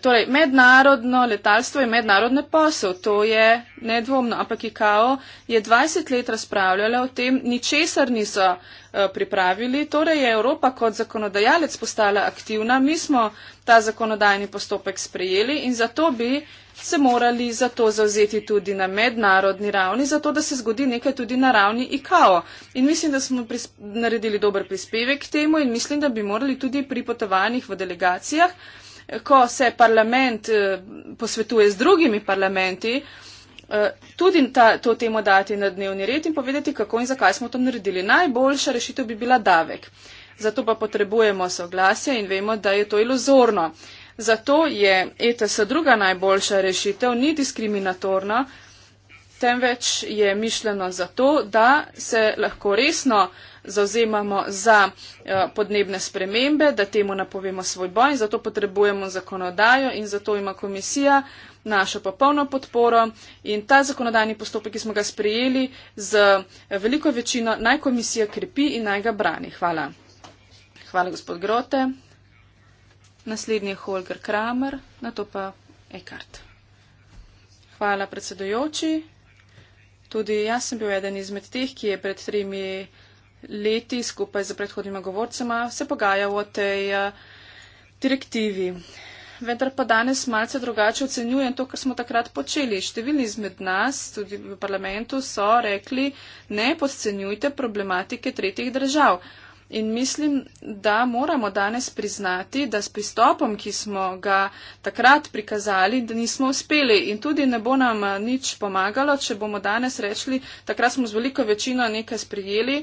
torej, mednarodno letalstvo je mednarodne posel, to je nedvomno, ampak IKAO je 20 let razpravljala o tem, ničesar niso uh, pripravili, torej je Evropa kot zakonodajalec postala aktivna, mi smo ta zakonodajni postopek sprejeli in zato bi se morali za to zauzeti tudi na mednarodni ravni, zato da se zgodi nekaj tudi na ravni IKAO. In mislim, da smo naredili dober prispevek k temu in mislim, da bi morali tudi pri potovanjih v delegacijah ko se parlament eh, posvetuje z drugimi parlamenti, eh, tudi ta, to temo dati na dnevni red in povedati, kako in zakaj smo to naredili. Najboljša rešitev bi bila davek. Zato pa potrebujemo soglasje in vemo, da je to iluzorno. Zato je ETS druga najboljša rešitev, ni diskriminatorna, temveč je mišljeno zato, da se lahko resno uh, zauzemamo za eh, podnebne spremembe, da temu napovemo svoj boj in zato potrebujemo zakonodajo in zato ima komisija našo popolno podporo in ta zakonodajni postopek, ki smo ga sprejeli, z eh, veliko večino naj komisija krepi in naj ga brani. Hvala. Hvala, gospod Grote. Naslednji je Holger Kramer, na to pa Eckart. Hvala, predsedojoči. Tudi jaz sem bil eden izmed teh, ki je pred tremi leti skupaj z predhodnima govorcema se pogajal o tej eh, direktivi. Vendar pa danes malce drugače ocenjujem to, kar smo takrat počeli. Številni izmed nas, tudi v parlamentu, so rekli, ne podcenjujte problematike tretjih držav. In mislim, da moramo danes priznati, da s pristopom, ki smo ga takrat prikazali, da nismo uspeli in tudi ne bo nam eh, nič pomagalo, če bomo danes rečli, takrat smo z veliko večino nekaj sprijeli,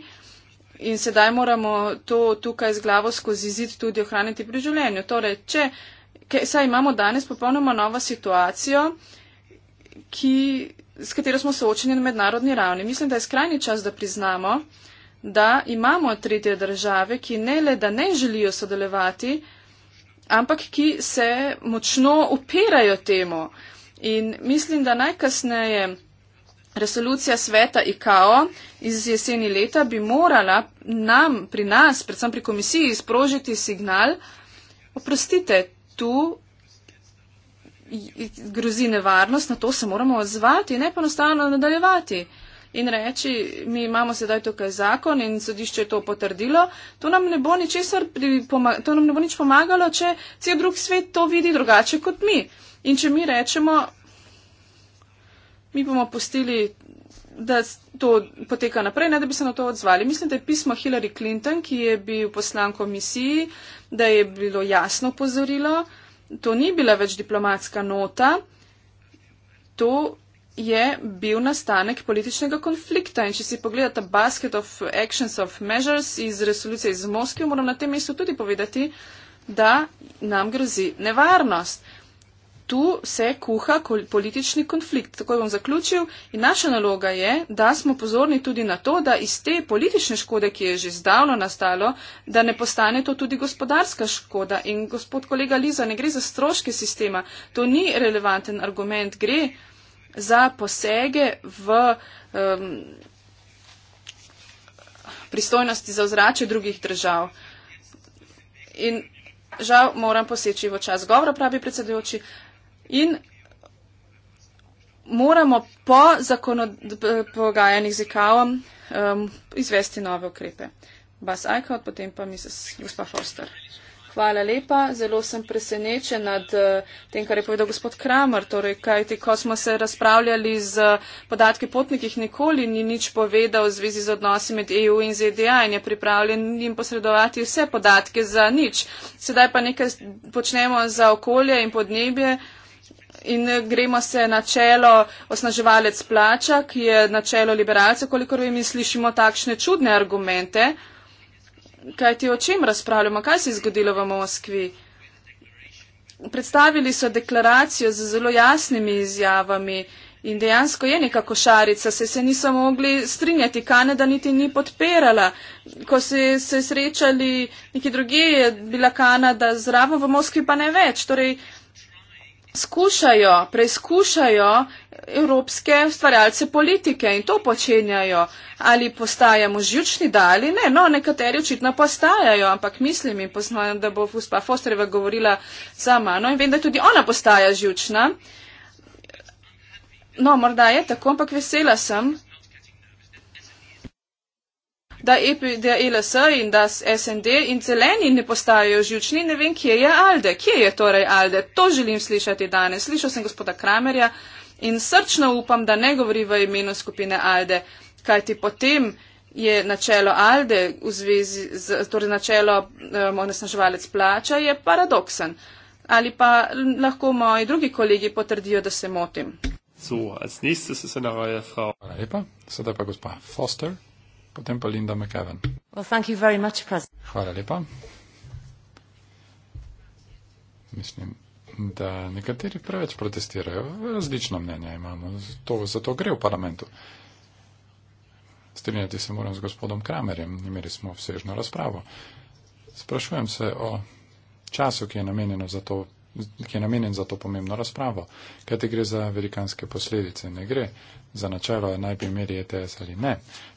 in sedaj moramo to tukaj z glavo skozi zid tudi ohraniti pri življenju. Torej, če, saj imamo danes popolnoma novo situacijo, ki, s katero smo soočeni na mednarodni ravni. Mislim, da je skrajni čas, da priznamo, da imamo tretje države, ki ne le, da ne želijo sodelovati, ampak ki se močno upirajo temu. In mislim, da najkasneje. Resolucija sveta IKO iz jeseni leta bi morala nam, pri nas, predvsem pri komisiji, sprožiti signal, oprostite, tu grozi nevarnost, na to se moramo odzvati, ne pa enostavno nadaljevati. In reči, mi imamo sedaj tukaj zakon in sodišče je to potrdilo, to nam ne bo, pri, to nam ne bo nič pomagalo, če cel drug svet to vidi drugače kot mi. In če mi rečemo, mi bomo pustili, da to poteka naprej, ne da bi se na to odzvali. Mislim, da je pismo Hillary Clinton, ki je bil poslan komisiji, da je bilo jasno pozorilo, to ni bila več diplomatska nota, to je bil nastanek političnega konflikta. In če si pogledate Basket of Actions of Measures iz resolucije iz Moskve, moram na tem mestu tudi povedati, da nam grozi nevarnost tu se kuha politični konflikt. Tako bom zaključil. In naša naloga je, da smo pozorni tudi na to, da iz te politične škode, ki je že zdavno nastalo, da ne postane to tudi gospodarska škoda. In gospod kolega Liza, ne gre za stroške sistema. To ni relevanten argument. Gre za posege v. Um, pristojnosti za ozračje drugih držav. In žal moram poseči v čas govora, pravi predsedujoči in moramo po pogajanjih z IKAO-om um, izvesti nove ukrepe. Bas Aikot, potem pa mi se gospa Foster. Hvala lepa, zelo sem presenečen nad uh, tem, kar je povedal gospod Kramer, torej kajti, ko smo se razpravljali z podatki potnikih, nikoli ni nič povedal v zvezi z odnosi med EU in ZDA in je pripravljen jim posredovati vse podatke za nič. Sedaj pa nekaj počnemo za okolje in podnebje in eh, gremo se na čelo osnaževalec plača, ki je na čelo liberalce, kolikor vem, mi slišimo takšne čudne argumente. Kaj ti o čem razpravljamo? Kaj se je zgodilo v Moskvi? Predstavili so deklaracijo z zelo jasnimi izjavami in dejansko je neka košarica, se se niso mogli strinjati, Kanada niti ni podpirala. Ko se se srečali neki drugi, je bila Kanada zraven, v Moskvi pa ne več. Torej, skušajo, preizkušajo evropske ustvarjalce politike in to počenjajo. Ali postajamo žjučni dali? Ne, no, nekateri očitno postajajo, ampak mislim in poznam, da bo Fuspa Fosterjeva govorila za mano in vem, da tudi ona postaja žjučna. No, morda je tako, ampak vesela sem da, EP, da LS in da SND in zeleni ne postajajo žilčni, ne vem, kje je Alde. Kje je torej Alde? To želim slišati danes. Slišal sem gospoda Kramerja in srčno upam, da ne govori v imenu skupine Alde, kajti potem je načelo Alde v zvezi z, torej načelo um, onesnaževalec plača, je paradoksen. Ali pa lahko moji drugi kolegi potrdijo, da se motim. So, als nächstes ist in der Reihe Frau. Hvala lepa, sedaj pa gospa Foster potem pa Linda McEwen. Well, thank you very much, Hvala lepa. Mislim, da nekateri preveč protestirajo. Različno mnenje imamo. Zato, zato gre v parlamentu. Strinjati se moram z gospodom Kramerjem. Imeli smo vsežno razpravo. Sprašujem se o času, ki je namenjeno za to ki je namenjen za to pomembno razpravo, kaj te gre za velikanske posledice. Ne gre za načelo, naj bi imeli ETS ali ne.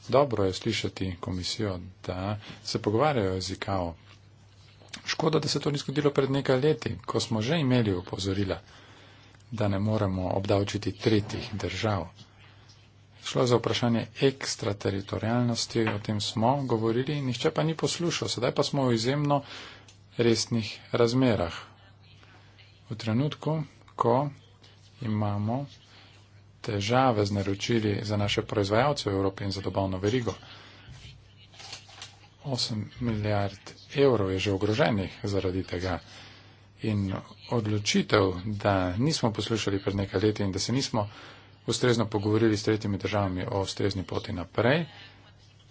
Dobro je slišati komisijo, da se pogovarjajo z IKO. Škoda, da se to ni zgodilo pred nekaj leti, ko smo že imeli upozorila, da ne moremo obdavčiti tretjih držav. Šlo je za vprašanje ekstrateritorijalnosti, o tem smo govorili in nihče pa ni poslušal. Sedaj pa smo v izjemno resnih razmerah. V trenutku, ko imamo težave z naročili za naše proizvajalce v Evropi in za dobavno verigo, 8 milijard evrov je že ogroženih zaradi tega. In odločitev, da nismo poslušali pred nekaj leti in da se nismo ustrezno pogovorili s tretjimi državami o ustrezni poti naprej,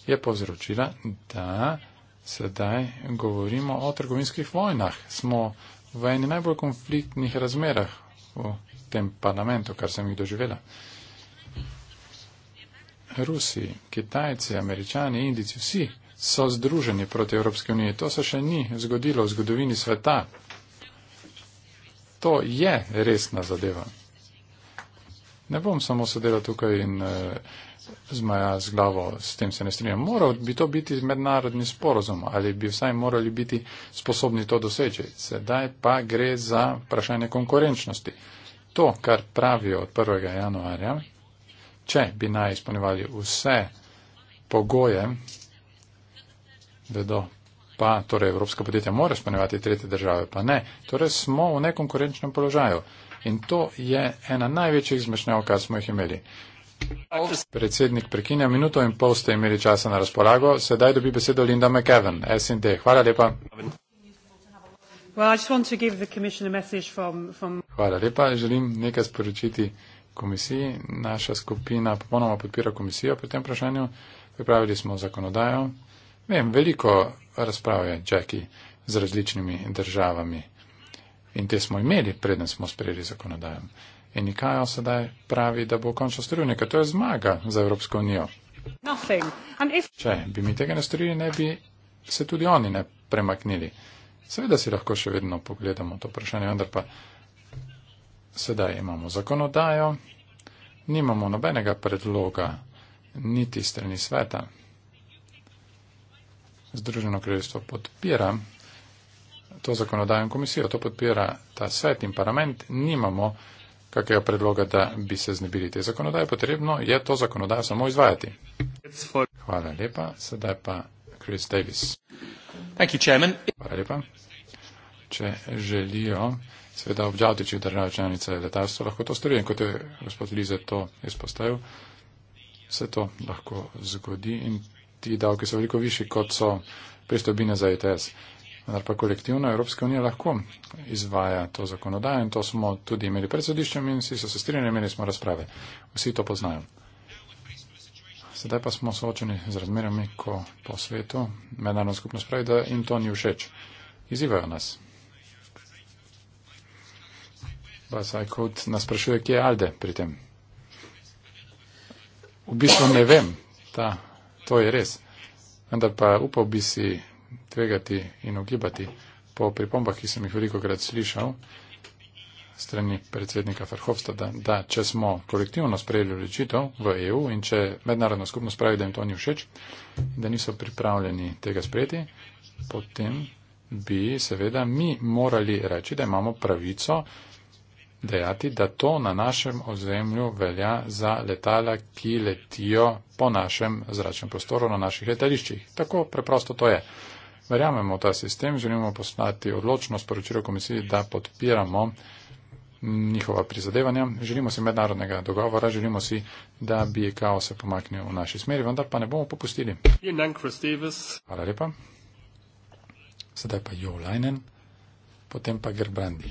je povzročila, da sedaj govorimo o trgovinskih vojnah. Smo v eni najbolj konfliktnih razmerah v tem parlamentu, kar sem jih doživela. Rusi, Kitajci, Američani, Indici, vsi so združeni proti Evropske unije. To se še ni zgodilo v zgodovini sveta. To je resna zadeva. Ne bom samo sedela tukaj in uh, zmaja z glavo, s tem se ne strinjam. Moral bi to biti mednarodni sporozum ali bi vsaj morali biti sposobni to doseči. Sedaj pa gre za vprašanje konkurenčnosti. To, kar pravijo od 1. januarja, če bi naj izpolnjevali vse pogoje, vedo pa, torej evropska podjetja morajo izpolnjevati tretje države, pa ne. Torej smo v nekonkurenčnem položaju. In to je ena največjih zmešnjav, kar smo jih imeli. Predsednik prekinja minuto in pol ste imeli časa na razpolago. Sedaj dobi besedo Linda McEwen, SND. Hvala lepa. Hvala lepa. Želim nekaj sporočiti komisiji. Naša skupina popolnoma podpira komisijo pri tem vprašanju. Pripravili smo zakonodajo. Vem, veliko razprav je Jackie z različnimi državami. In te smo imeli, preden smo sprejeli zakonodajo in Nikajo sedaj pravi, da bo končno storil nekaj. To je zmaga za Evropsko unijo. If... Če bi mi tega ne storili, ne bi se tudi oni ne premaknili. Seveda si lahko še vedno pogledamo to vprašanje, vendar pa sedaj imamo zakonodajo, nimamo nobenega predloga, niti strani sveta. Združeno kraljestvo podpira to zakonodajno komisijo, to podpira ta svet in parlament, nimamo kakega predloga, da bi se znebili te zakonodaje. Potrebno je to zakonodajo samo izvajati. Hvala lepa. Sedaj pa Chris Davis. Hvala lepa. Če želijo, seveda obdavčiti, če država članica je letalstvo, lahko to storijo in kot je gospod Lize to izpostavil, se to lahko zgodi in ti davki so veliko višji, kot so pristojbine za ETS. Vendar pa kolektivno Evropska unija lahko izvaja to zakonodajo in to smo tudi imeli pred sodiščem in vsi so se strinjali, imeli smo razprave. Vsi to poznajo. Sedaj pa smo soočeni z razmerami, ko po svetu mednarodna skupnost pravi, da jim to ni všeč. Izivajo nas. Vas aj kot nas sprašuje, kje je Alde pri tem. V bistvu ne vem, da to je res. Vendar pa upal bi si tvegati in ugibati po pripombah, ki sem jih veliko krat slišal strani predsednika Farhovsta, da, da če smo kolektivno sprejeli odločitev v EU in če mednarodna skupnost pravi, da jim to ni všeč in da niso pripravljeni tega sprejeti, potem bi seveda mi morali reči, da imamo pravico dejati, da to na našem ozemlju velja za letala, ki letijo po našem zračnem prostoru na naših letališčih. Tako preprosto to je verjamemo v ta sistem, želimo poslati odločno sporočilo komisiji, da podpiramo njihova prizadevanja. Želimo si mednarodnega dogovora, želimo si, da bi kaos se pomaknil v naši smeri, vendar pa ne bomo popustili. Hvala lepa. Sedaj pa Jo Leinen, potem pa Gerbrandi.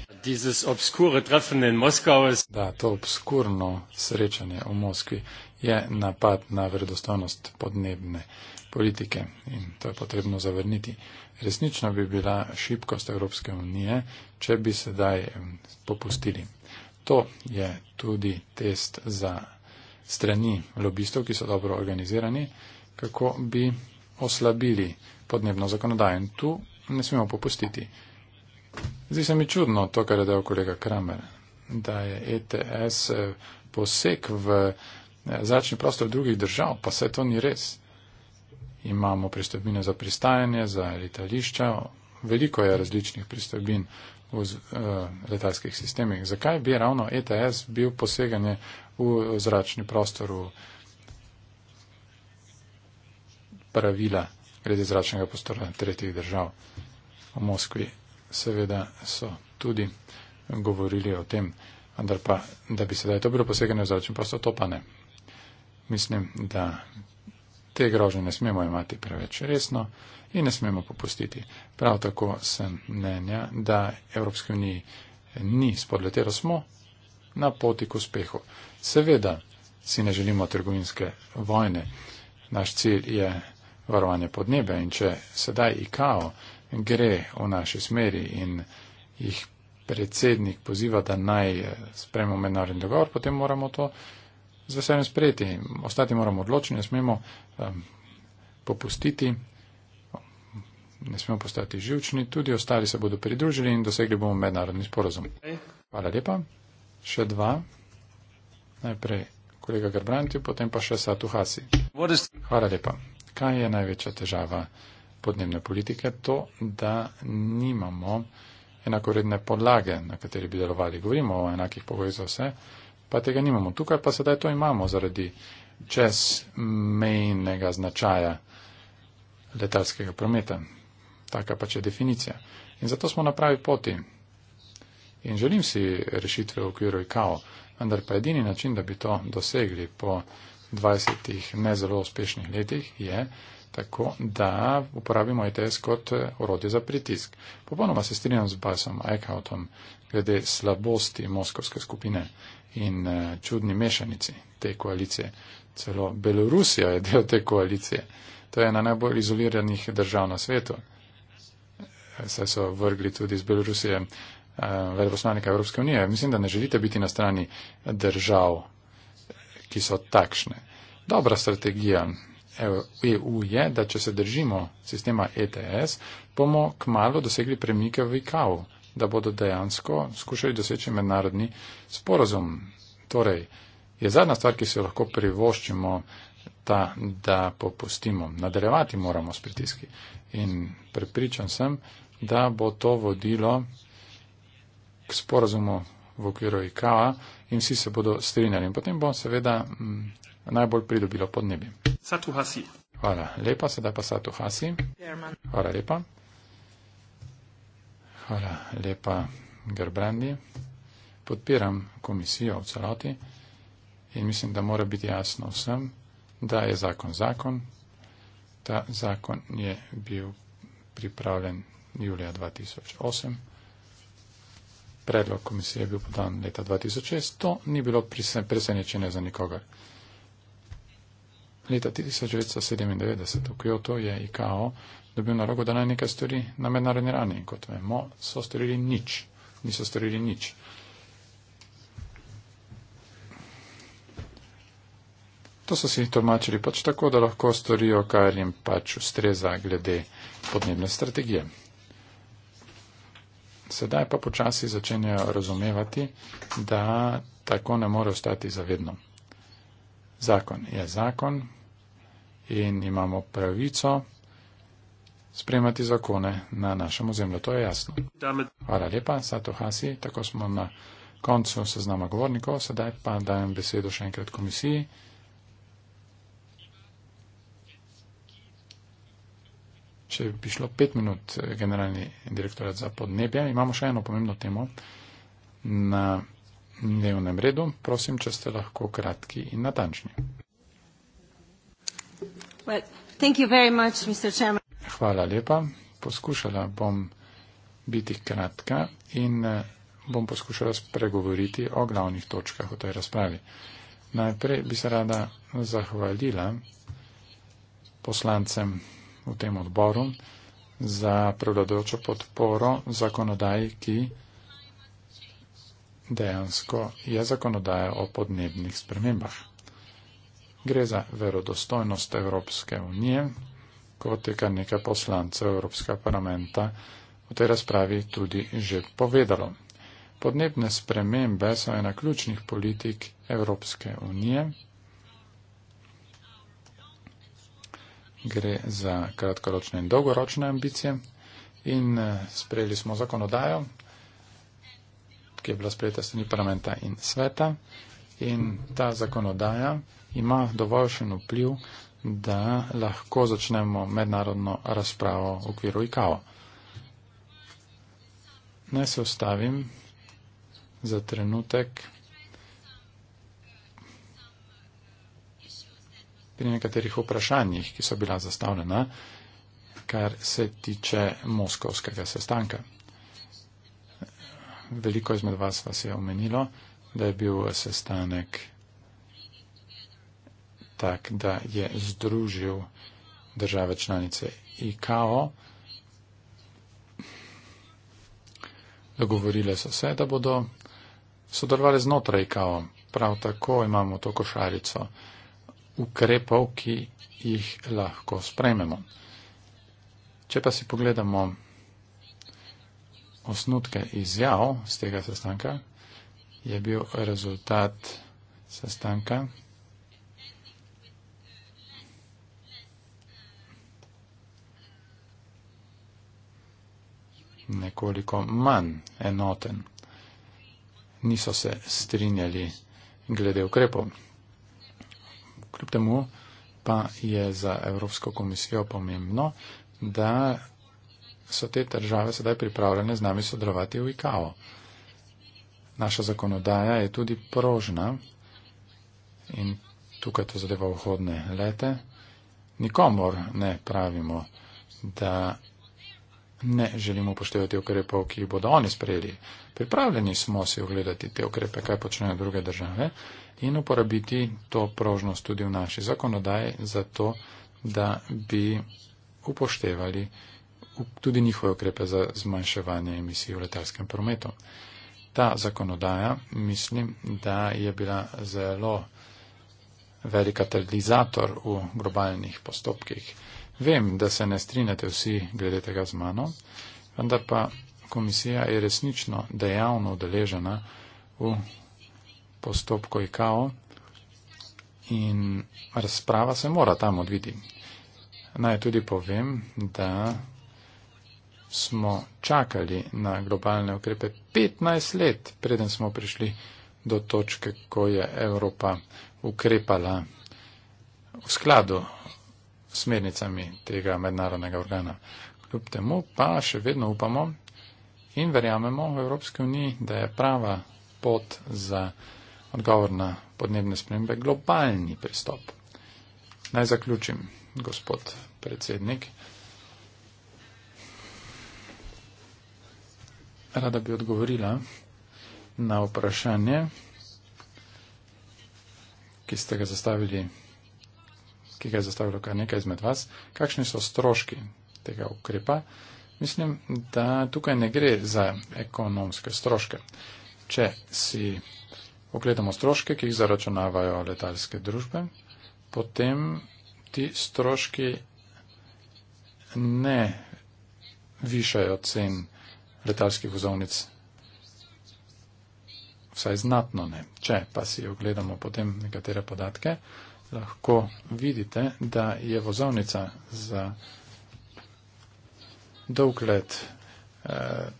Da, to obskurno srečanje v Moskvi je napad na verodostojnost podnebne politike in to je potrebno zavrniti. Resnično bi bila šibkost Evropske unije, če bi sedaj popustili. To je tudi test za strani lobistov, ki so dobro organizirani, kako bi oslabili podnebno zakonodajo in tu ne smemo popustiti. Zdi se mi čudno to, kar je dejal kolega Kramer, da je ETS eh, poseg v eh, zračni prostor drugih držav, pa vse to ni res imamo pristojbine za pristajanje, za letališča, veliko je različnih pristojbin v uh, letalskih sistemih. Zakaj bi ravno ETS bil poseganje v zračni prostor v pravila glede zračnega prostora tretjih držav v Moskvi? Seveda so tudi govorili o tem, vendar pa, da bi sedaj to bilo poseganje v zračni prostor, to pa ne. Mislim, da te grožnje ne smemo imati preveč resno in ne smemo popustiti. Prav tako sem mnenja, da Evropske unije ni spodletelo, smo na poti k uspehu. Seveda si ne želimo trgovinske vojne. Naš cilj je varovanje podnebja in če sedaj IKAO gre v naši smeri in jih predsednik poziva, da naj sprejmemo mednarodni dogovor, potem moramo to z veseljem sprejeti. Ostati moramo odločni, ne smemo popustiti, ne smemo postati živčni, tudi ostali se bodo pridružili in dosegli bomo mednarodni sporozum. Hvala lepa. Še dva. Najprej kolega Garbrantju, potem pa še Satu Hasi. Hvala lepa. Kaj je največja težava podnebne politike? To, da nimamo enakovredne podlage, na kateri bi delovali. Govorimo o enakih pogojih za vse, pa tega nimamo. Tukaj pa sedaj to imamo zaradi čez mejnega značaja letalskega prometa. Taka pač je definicija. In zato smo na pravi poti. In želim si rešitve v okviru IKAO, vendar pa edini način, da bi to dosegli po 20 ne zelo uspešnih letih, je tako, da uporabimo ETS kot orodje za pritisk. Popolnoma se strinjam z Basom Eckhoutom glede slabosti Moskovske skupine in eh, čudni mešanici te koalicije celo Belorusija je del te koalicije. To je ena najbolj izoliranih držav na svetu. Saj so vrgli tudi iz Belorusije eh, veleposlanika Evropske unije. Mislim, da ne želite biti na strani držav, ki so takšne. Dobra strategija EU eh, e je, da če se držimo sistema ETS, bomo kmalo dosegli premike v IKAV, da bodo dejansko skušali doseči mednarodni sporozum. Torej, je zadnja stvar, ki se lahko privoščimo, ta, da popustimo. Nadaljevati moramo s pritiski. In prepričan sem, da bo to vodilo k sporazumu v okviru IKA in vsi se bodo strinjali. In potem bo seveda m, mm, najbolj pridobilo podnebje. Hvala lepa, sedaj pa Satu Hasi. Hvala lepa. Hvala lepa, Gerbrandi. Podpiram komisijo v celoti. In mislim, da mora biti jasno vsem, da je zakon zakon. Ta zakon je bil pripravljen julija 2008. Predlog komisije je bil podan leta 2006. To ni bilo presenečenje za nikogar. Leta 1997 v Kyoto je IKO dobil nalogo, da naj nekaj stori na mednarodni rani. Kot vemo, so storili nič. Niso storili nič. To so si tolmačili pač tako, da lahko storijo, kar jim pač ustreza glede podnebne strategije. Sedaj pa počasi začenjajo razumevati, da tako ne more ostati zavedno. Zakon je zakon in imamo pravico spremati zakone na našem ozemlju. To je jasno. Hvala lepa, Sato Hasi. Tako smo na koncu seznama govornikov. Sedaj pa dajem besedo še enkrat komisiji. Če bi šlo pet minut eh, generalni direktorat za podnebje, imamo še eno pomembno temo na dnevnem redu. Prosim, če ste lahko kratki in natančni. Well, much, Hvala lepa. Poskušala bom biti kratka in eh, bom poskušala spregovoriti o glavnih točkah v tej razpravi. Najprej bi se rada zahvalila poslancem v tem odboru za prevladojočo podporo zakonodaji, ki dejansko je zakonodaja o podnebnih spremembah. Gre za verodostojnost Evropske unije, kot je kar nekaj poslancev Evropskega parlamenta v tej razpravi tudi že povedalo. Podnebne spremembe so ena ključnih politik Evropske unije. gre za kratkoročne in dolgoročne ambicije. In eh, sprejeli smo zakonodajo, ki je bila sprejeta strani parlamenta in sveta. In ta zakonodaja ima dovoljšen vpliv, da lahko začnemo mednarodno razpravo v okviru IKAO. Naj se ostavim za trenutek pri nekaterih vprašanjih, ki so bila zastavljena, kar se tiče moskovskega sestanka. Veliko izmed vas vas je omenilo, da je bil sestanek tak, da je združil države članice IKO. Dogovorile so se, da bodo sodelovali znotraj IKO. Prav tako imamo to košarico ukrepov, ki jih lahko sprejmemo. Če pa si pogledamo osnutke izjav z tega sestanka, je bil rezultat sestanka. nekoliko manj enoten. Niso se strinjali glede ukrepov kljub temu pa je za Evropsko komisijo pomembno, da so te države sedaj pripravljene z nami sodelovati v ICAO. Naša zakonodaja je tudi prožna in tukaj to zadeva vhodne lete. Nikomor ne pravimo, da ne želimo upoštevati ukrepov, ki jih bodo oni sprejeli. Pripravljeni smo si ogledati te ukrepe, kaj počnejo druge države in uporabiti to prožnost tudi v naši zakonodaji, zato da bi upoštevali tudi njihove ukrepe za zmanjševanje emisij v letalskem prometu. Ta zakonodaja, mislim, da je bila zelo velik katalizator v globalnih postopkih. Vem, da se ne strinjate vsi glede tega z mano, vendar pa komisija je resnično dejavno udeležena v postopku IKO in razprava se mora tam odviti. Naj tudi povem, da smo čakali na globalne ukrepe 15 let, preden smo prišli do točke, ko je Evropa ukrepala v skladu smernicami tega mednarodnega organa. Kljub temu pa še vedno upamo in verjamemo v Evropski uniji, da je prava pot za odgovor na podnebne spremembe globalni pristop. Naj zaključim, gospod predsednik. Rada bi odgovorila na vprašanje, ki ste ga zastavili ki ga je zastavilo kar nekaj izmed vas, kakšni so stroški tega ukrepa. Mislim, da tukaj ne gre za ekonomske stroške. Če si ogledamo stroške, ki jih zaračunavajo letalske družbe, potem ti stroški ne višajo cen letalskih vozovnic. Vsaj znatno ne. Če pa si ogledamo potem nekatere podatke, lahko vidite, da je vozovnica za dolg let eh,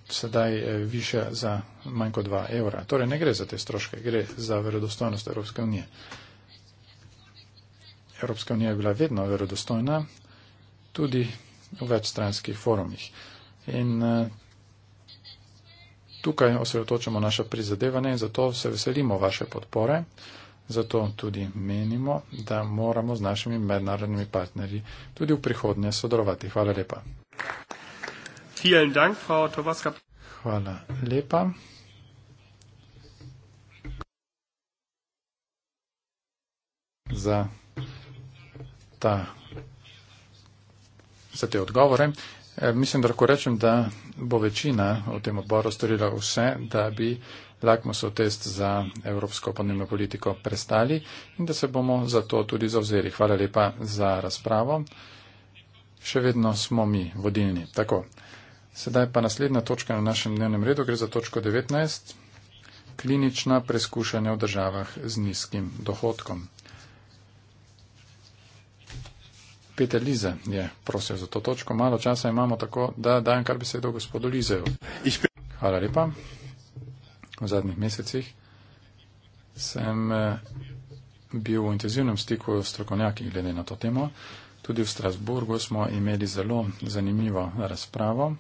sedaj eh, više za manj kot 2 evra. Torej ne gre za te stroške, gre za verodostojnost Evropske unije. Evropska unija je bila vedno verodostojna, tudi v večstranskih forumih. In eh, tukaj osredotočamo naše prizadevanje in zato se veselimo vaše podpore. Zato tudi menimo, da moramo z našimi mednarodnimi partnerji tudi v prihodnje sodelovati. Hvala lepa. Dank, Hvala lepa. Za, ta, za te odgovore. E, mislim, da lahko rečem, da bo večina v tem odboru storila vse, da bi lakmusov test za evropsko podnebno politiko prestali in da se bomo za to tudi zauzeli. Hvala lepa za razpravo. Še vedno smo mi vodilni. Tako. Sedaj pa naslednja točka na našem dnevnem redu gre za točko 19. Klinična preskušanja v državah z nizkim dohodkom. Peter Lize je prosil za to točko. Malo časa imamo tako, da dajem kar besedo gospodu Lizeju. Hvala lepa v zadnjih mesecih, sem eh, bil v intenzivnem stiku s strokovnjaki glede na to temo. Tudi v Strasburgu smo imeli zelo zanimivo razpravo,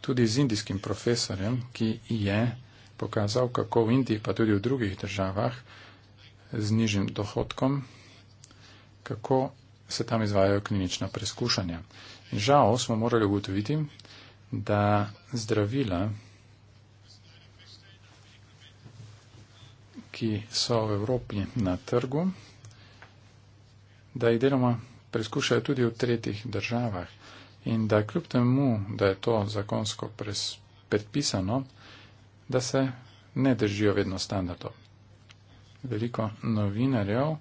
tudi z indijskim profesorjem, ki je pokazal, kako v Indiji, pa tudi v drugih državah z nižjim dohodkom, kako se tam izvajajo klinična preskušanja. In žal smo morali ugotoviti, da zdravila ki so v Evropi na trgu, da jih deloma preskušajo tudi v tretjih državah in da kljub temu, da je to zakonsko predpisano, da se ne držijo vedno standardov. Veliko novinarjev,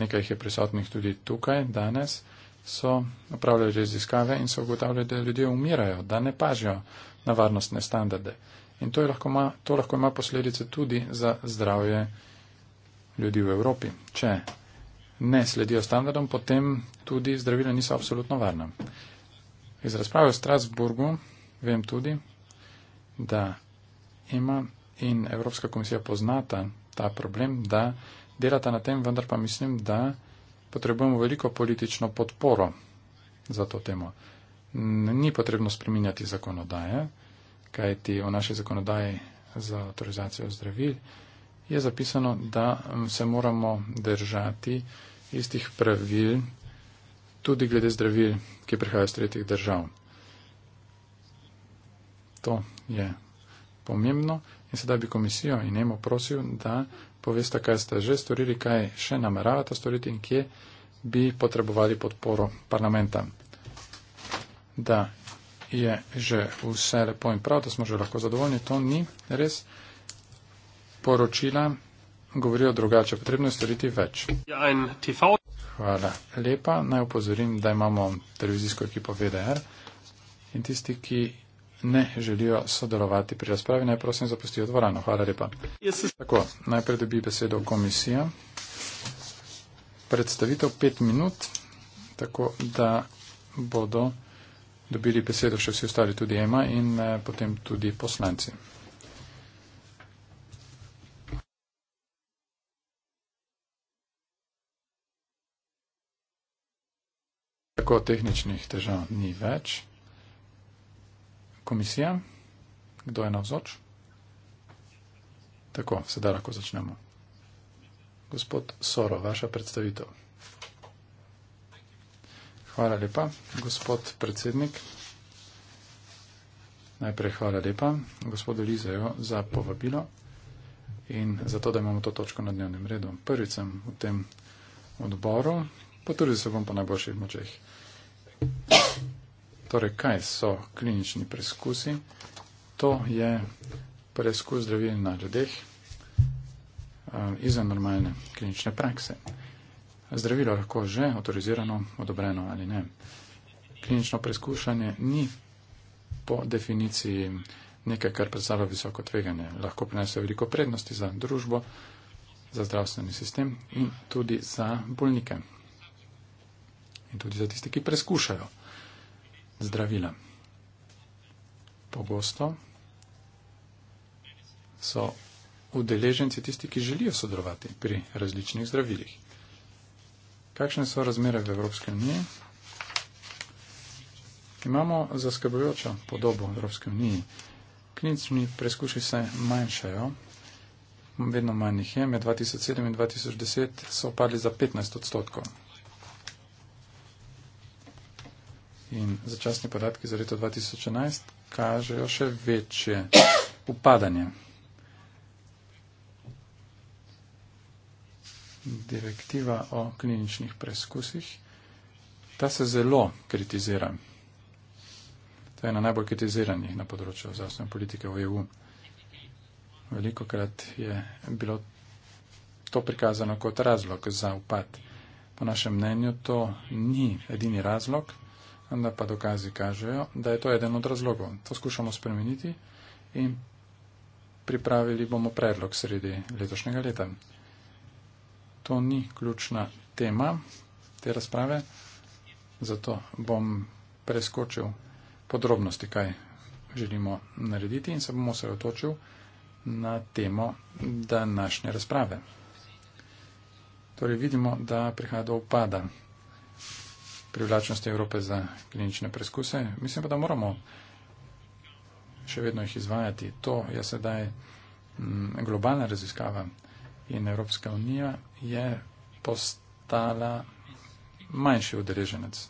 nekaj jih je prisotnih tudi tukaj danes, so opravljali raziskave in so ugotavljali, da ljudje umirajo, da ne pažijo na varnostne standarde. In to, lahko ima, to lahko ima posledice tudi za zdravje ljudi v Evropi. Če ne sledijo standardom, potem tudi zdravila niso absolutno varna. Iz razprave v Strasburgu vem tudi, da ima in Evropska komisija poznata ta problem, da delata na tem, vendar pa mislim, da potrebujemo veliko politično podporo za to temo. Ni potrebno spreminjati zakonodaje kajti v naši zakonodaji za autorizacijo zdravil je zapisano, da se moramo držati istih pravil tudi glede zdravil, ki prihajajo iz tretjih držav. To je pomembno in sedaj bi komisijo in njemu prosil, da povesta, kaj ste že storili, kaj še nameravate storiti in kje bi potrebovali podporo parlamenta. Da je že vse lepo in prav, da smo že lahko zadovoljni. To ni res. Poročila govorijo drugače. Potrebno je storiti več. Hvala lepa. Naj upozorim, da imamo televizijsko ekipo VDR in tisti, ki ne želijo sodelovati pri razpravi, naj prosim zapustijo dvorano. Hvala lepa. Tako, najprej dobi besedo komisija. Predstavitev pet minut, tako da bodo dobili besedo še vsi ostali, tudi Ema in eh, potem tudi poslanci. Tako tehničnih težav ni več. Komisija, kdo je navzoč? Tako, sedaj lahko začnemo. Gospod Soro, vaša predstavitev. Hvala lepa, gospod predsednik. Najprej hvala lepa gospodu Lizajo za povabilo in za to, da imamo to točko na dnevnem redu. Prvič sem v tem odboru, potrudil se bom po najboljših močeh. Torej, kaj so klinični preizkusi? To je preizkus zdravil na ljudeh eh, izven normalne klinične prakse zdravilo lahko že autorizirano, odobreno ali ne. Klinično preizkušanje ni po definiciji nekaj, kar predstavlja visoko tveganje. Lahko prinese veliko prednosti za družbo, za zdravstveni sistem in tudi za bolnike. In tudi za tiste, ki preizkušajo zdravila. Pogosto so udeleženci tisti, ki želijo sodelovati pri različnih zdravilih. Kakšne so razmere v Evropske unije? Imamo zaskrbujočo podobo v Evropske unije. Klinični preskuši se manjšajo, vedno manj jih je, med 2007 in 2010 so padli za 15 odstotkov. In začasni podatki za leto 2011 kažejo še večje upadanje. direktiva o kliničnih preskusih, ta se zelo kritizira. To je ena najbolj kritiziranih na področju zdravstvene politike v EU. Veliko krat je bilo to prikazano kot razlog za upad. Po našem mnenju to ni edini razlog, vendar pa dokazi kažejo, da je to eden od razlogov. To skušamo spremeniti in pripravili bomo predlog sredi letošnjega leta to ni ključna tema te razprave, zato bom preskočil podrobnosti, kaj želimo narediti in se bom osredotočil na temo današnje razprave. Torej vidimo, da prihaja do upada privlačnosti Evrope za klinične preskuse. Mislim pa, da moramo še vedno jih izvajati. To je sedaj mm, globalna raziskava in Evropska unija je postala manjši udeleženec.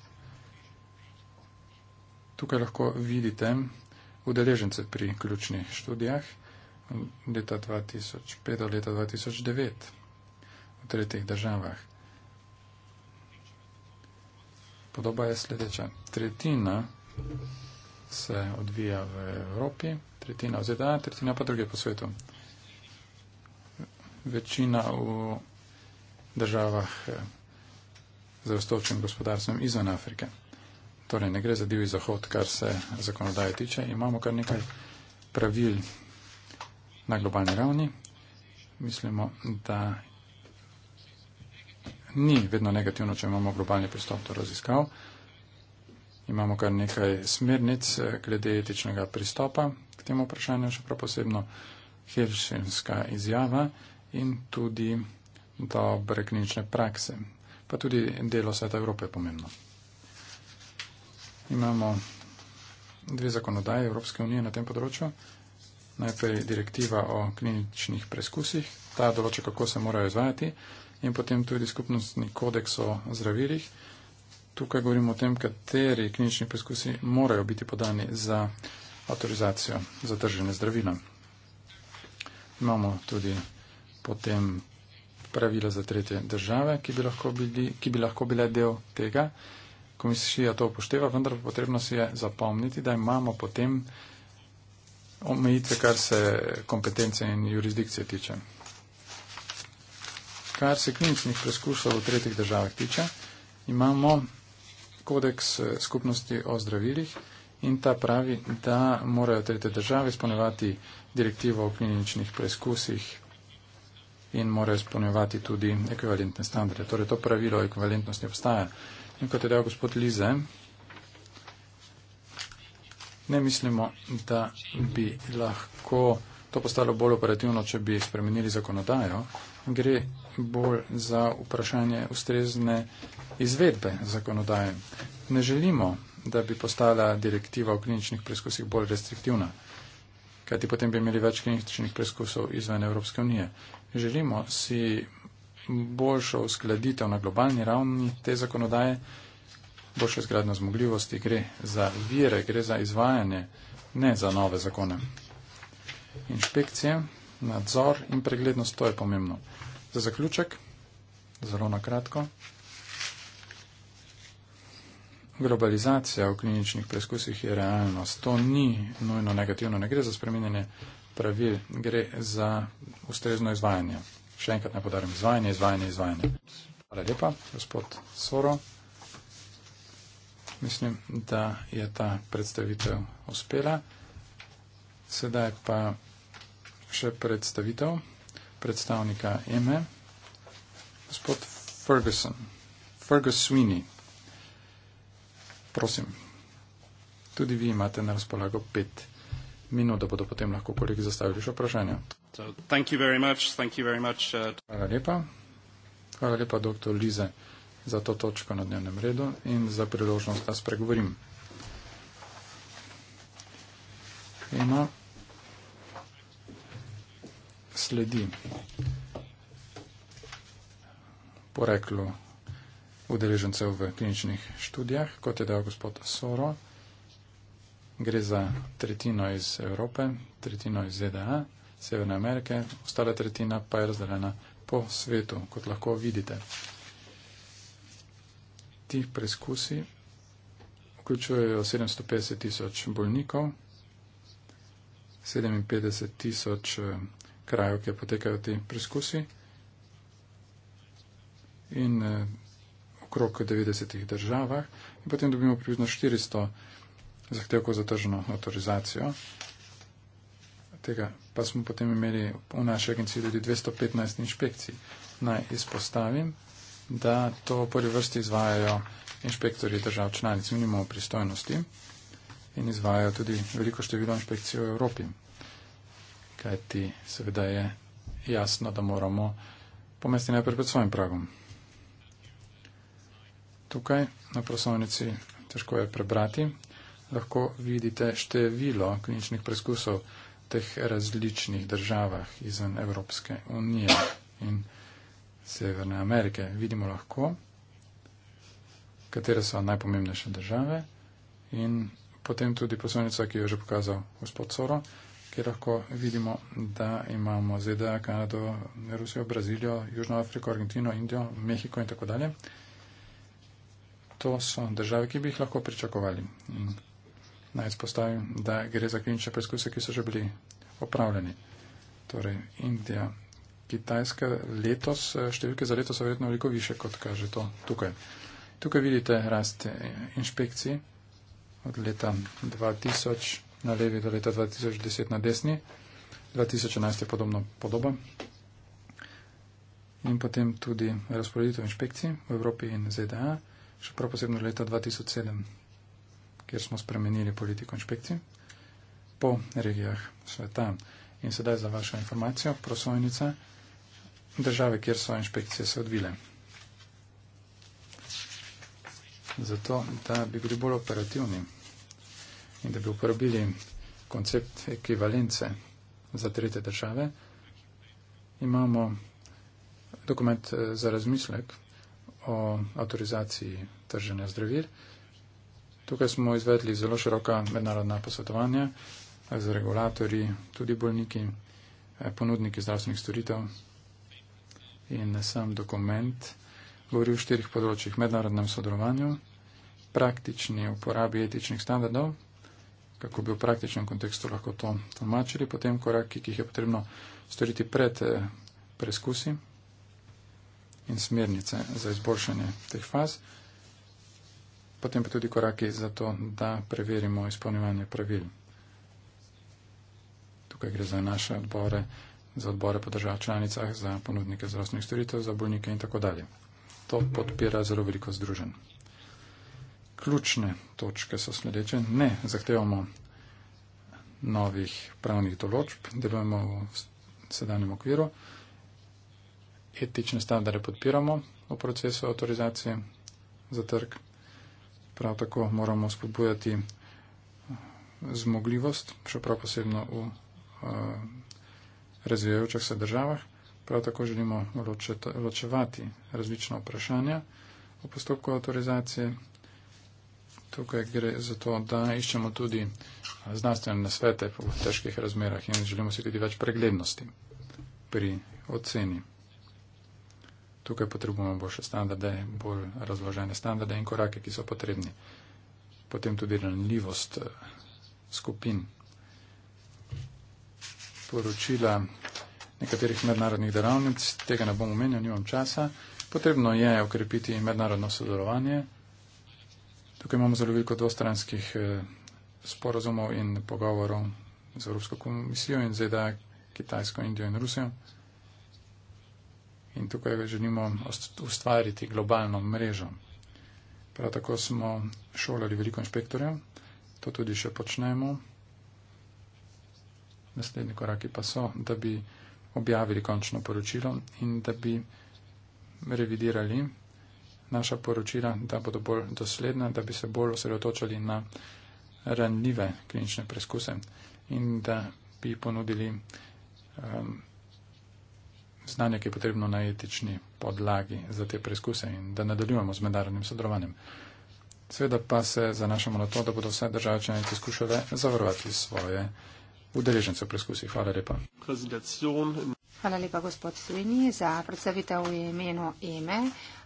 Tukaj lahko vidite udeležence pri ključnih študijah leta 2005 do leta 2009 v tretjih državah. Podoba je sledeča. Tretjina se odvija v Evropi, tretjina v ZDA, tretjina pa druge po svetu večina v državah eh, z raztočim gospodarstvom izven Afrike. Torej ne gre za divji zahod, kar se zakonodaje tiče. Imamo kar nekaj pravil na globalni ravni. Mislimo, da ni vedno negativno, če imamo globalni pristop do raziskav. Imamo kar nekaj smernic eh, glede etičnega pristopa k temu vprašanju, še prav posebno Helsinska izjava in tudi dobre klinične prakse. Pa tudi delo Sveta Evrope je pomembno. Imamo dve zakonodaje Evropske unije na tem področju. Najprej direktiva o kliničnih preskusih, ta določa, kako se morajo izvajati, in potem tudi skupnostni kodeks o zdravilih. Tukaj govorimo o tem, kateri klinični preskusi morajo biti podani za avtorizacijo za držene zdravila. Imamo tudi potem pravila za tretje države, ki bi lahko, bili, ki bi lahko bile del tega. Komisija to upošteva, vendar pa potrebno si je zapomniti, da imamo potem omejitve, kar se kompetence in jurisdikcije tiče. Kar se kliničnih preskusov v tretjih državah tiče, imamo kodeks eh, skupnosti o zdravilih in ta pravi, da morajo tretje države izpolnjevati direktivo o kliničnih preskusih in mora izpolnjevati tudi ekvivalentne standarde. Torej, to pravilo ekvivalentnosti obstaja. In kot je dejal gospod Lize, ne mislimo, da bi lahko to postalo bolj operativno, če bi spremenili zakonodajo. Gre bolj za vprašanje ustrezne izvedbe zakonodaje. Ne želimo, da bi postala direktiva o kliničnih preizkusih bolj restriktivna, kajti potem bi imeli več kliničnih preizkusov izven Evropske unije želimo si boljšo uskladitev na globalni ravni te zakonodaje, boljšo zgradno zmogljivosti, gre za vire, gre za izvajanje, ne za nove zakone. Inšpekcije, nadzor in preglednost, to je pomembno. Za zaključek, zelo na kratko, globalizacija v kliničnih preskusih je realnost. To ni nujno negativno, ne gre za spreminjanje pravil gre za ustrezno izvajanje. Še enkrat naj podarim, izvajanje, izvajanje, izvajanje. Hvala lepa, gospod Soro. Mislim, da je ta predstavitev uspela. Sedaj pa še predstavitev predstavnika EME, gospod Ferguson, Fergus Sweeney. Prosim, tudi vi imate na razpolago pet mino, da bodo potem lahko kolegi zastavili še vprašanja. Uh, Hvala lepa. Hvala lepa, dr. Lize, za to točko na dnevnem redu in za priložnost, da spregovorim. Ema no, sledi poreklu udeležencev v kliničnih študijah, kot je dal gospod Soro. Gre za tretjino iz Evrope, tretjino iz ZDA, Severne Amerike, ostala tretjina pa je razdeljena po svetu, kot lahko vidite. Ti preizkusi vključujejo 750 tisoč bolnikov, 57 tisoč eh, krajev, kjer potekajo ti preizkusi in eh, okrog 90 državah. In potem dobimo približno 400 zahtevko za tržno autorizacijo. Tega pa smo potem imeli v naši agenciji tudi 215 inšpekcij. Naj izpostavim, da to v prvi vrsti izvajajo inšpektori držav članic, mi imamo pristojnosti in izvajajo tudi veliko število inšpekcij v Evropi. Kaj ti seveda je jasno, da moramo pomesti najprej pred svojim pragom. Tukaj na prosovnici težko je prebrati, lahko vidite število kliničnih preskusov v teh različnih državah izven Evropske unije in Severne Amerike. Vidimo lahko, katere so najpomembnejše države in potem tudi poslovnica, ki jo je že pokazal gospod Soro, kjer lahko vidimo, da imamo ZDA, Kanado, Rusijo, Brazilijo, Južno Afriko, Argentino, Indijo, Mehiko in tako dalje. To so države, ki bi jih lahko pričakovali. In naj izpostavim, da gre za klinične preizkuse, ki so že bili opravljeni. Torej, Indija, Kitajska, letos, številke za letos so verjetno veliko više, kot kaže to tukaj. Tukaj vidite rast eh, inšpekcij od leta 2000 na levi do leta 2010 na desni. 2011 je podobno podoba. In potem tudi razporeditev inšpekcij v Evropi in ZDA, še prav posebno leta 2007 kjer smo spremenili politiko inšpekcij po regijah sveta. In sedaj za vašo informacijo, prosojnica, države, kjer so inšpekcije se odvile. Zato, da bi bili bolj operativni in da bi uporabili koncept ekvivalence za tretje države, imamo dokument eh, za razmislek o avtorizaciji trženja zdravil. Tukaj smo izvedli zelo široka mednarodna posvetovanja z regulatorji, tudi bolniki, eh, ponudniki zdravstvenih storitev in sam dokument govori o štirih področjih mednarodnem sodelovanju, praktični uporabi etičnih standardov, kako bi v praktičnem kontekstu lahko to tolmačili, potem koraki, ki jih je potrebno storiti pred eh, preskusi in smernice za izboljšanje teh faz potem pa tudi koraki za to, da preverimo izpolnjevanje pravil. Tukaj gre za naše odbore, za odbore po državah članicah, za ponudnike zdravstvenih storitev, za bolnike in tako dalje. To podpira zelo veliko združen. Ključne točke so sledeče. Ne zahtevamo novih pravnih določb, delujemo v sedanjem okviru. Etične standarde podpiramo v procesu avtorizacije za trg. Prav tako moramo spodbujati zmogljivost, še prav posebno v eh, razvijajočih se državah. Prav tako želimo loče, ločevati različna vprašanja v postopku autorizacije. Tukaj gre za to, da iščemo tudi znanstvene svete v težkih razmerah in želimo si tudi več preglednosti pri oceni. Tukaj potrebujemo boljše standarde, bolj razložene standarde in korake, ki so potrebni. Potem tudi ranljivost eh, skupin. Poročila nekaterih mednarodnih daravnic, tega ne bom omenjal, nimam časa. Potrebno je okrepiti mednarodno sodelovanje. Tukaj imamo zelo veliko dvostranskih eh, sporozumov in pogovorov z Evropsko komisijo in ZDA, Kitajsko, Indijo in Rusijo in tukaj želimo ustvariti globalno mrežo. Prav tako smo šolali veliko inšpektorjev, to tudi še počnemo. Naslednji koraki pa so, da bi objavili končno poročilo in da bi revidirali naša poročila, da bodo bolj dosledna, da bi se bolj osredotočali na ranljive klinične preskuse in da bi ponudili um, znanje, ki je potrebno na etični podlagi za te preizkuse in da nadaljujemo z mednarodnim sodelovanjem. Sveda pa se zanašamo na to, da bodo vse države članice skušale zavarovati svoje udeležence v preizkusih. Hvala lepa. Hvala lepa, gospod Svini, za predstavitev v imenu EME.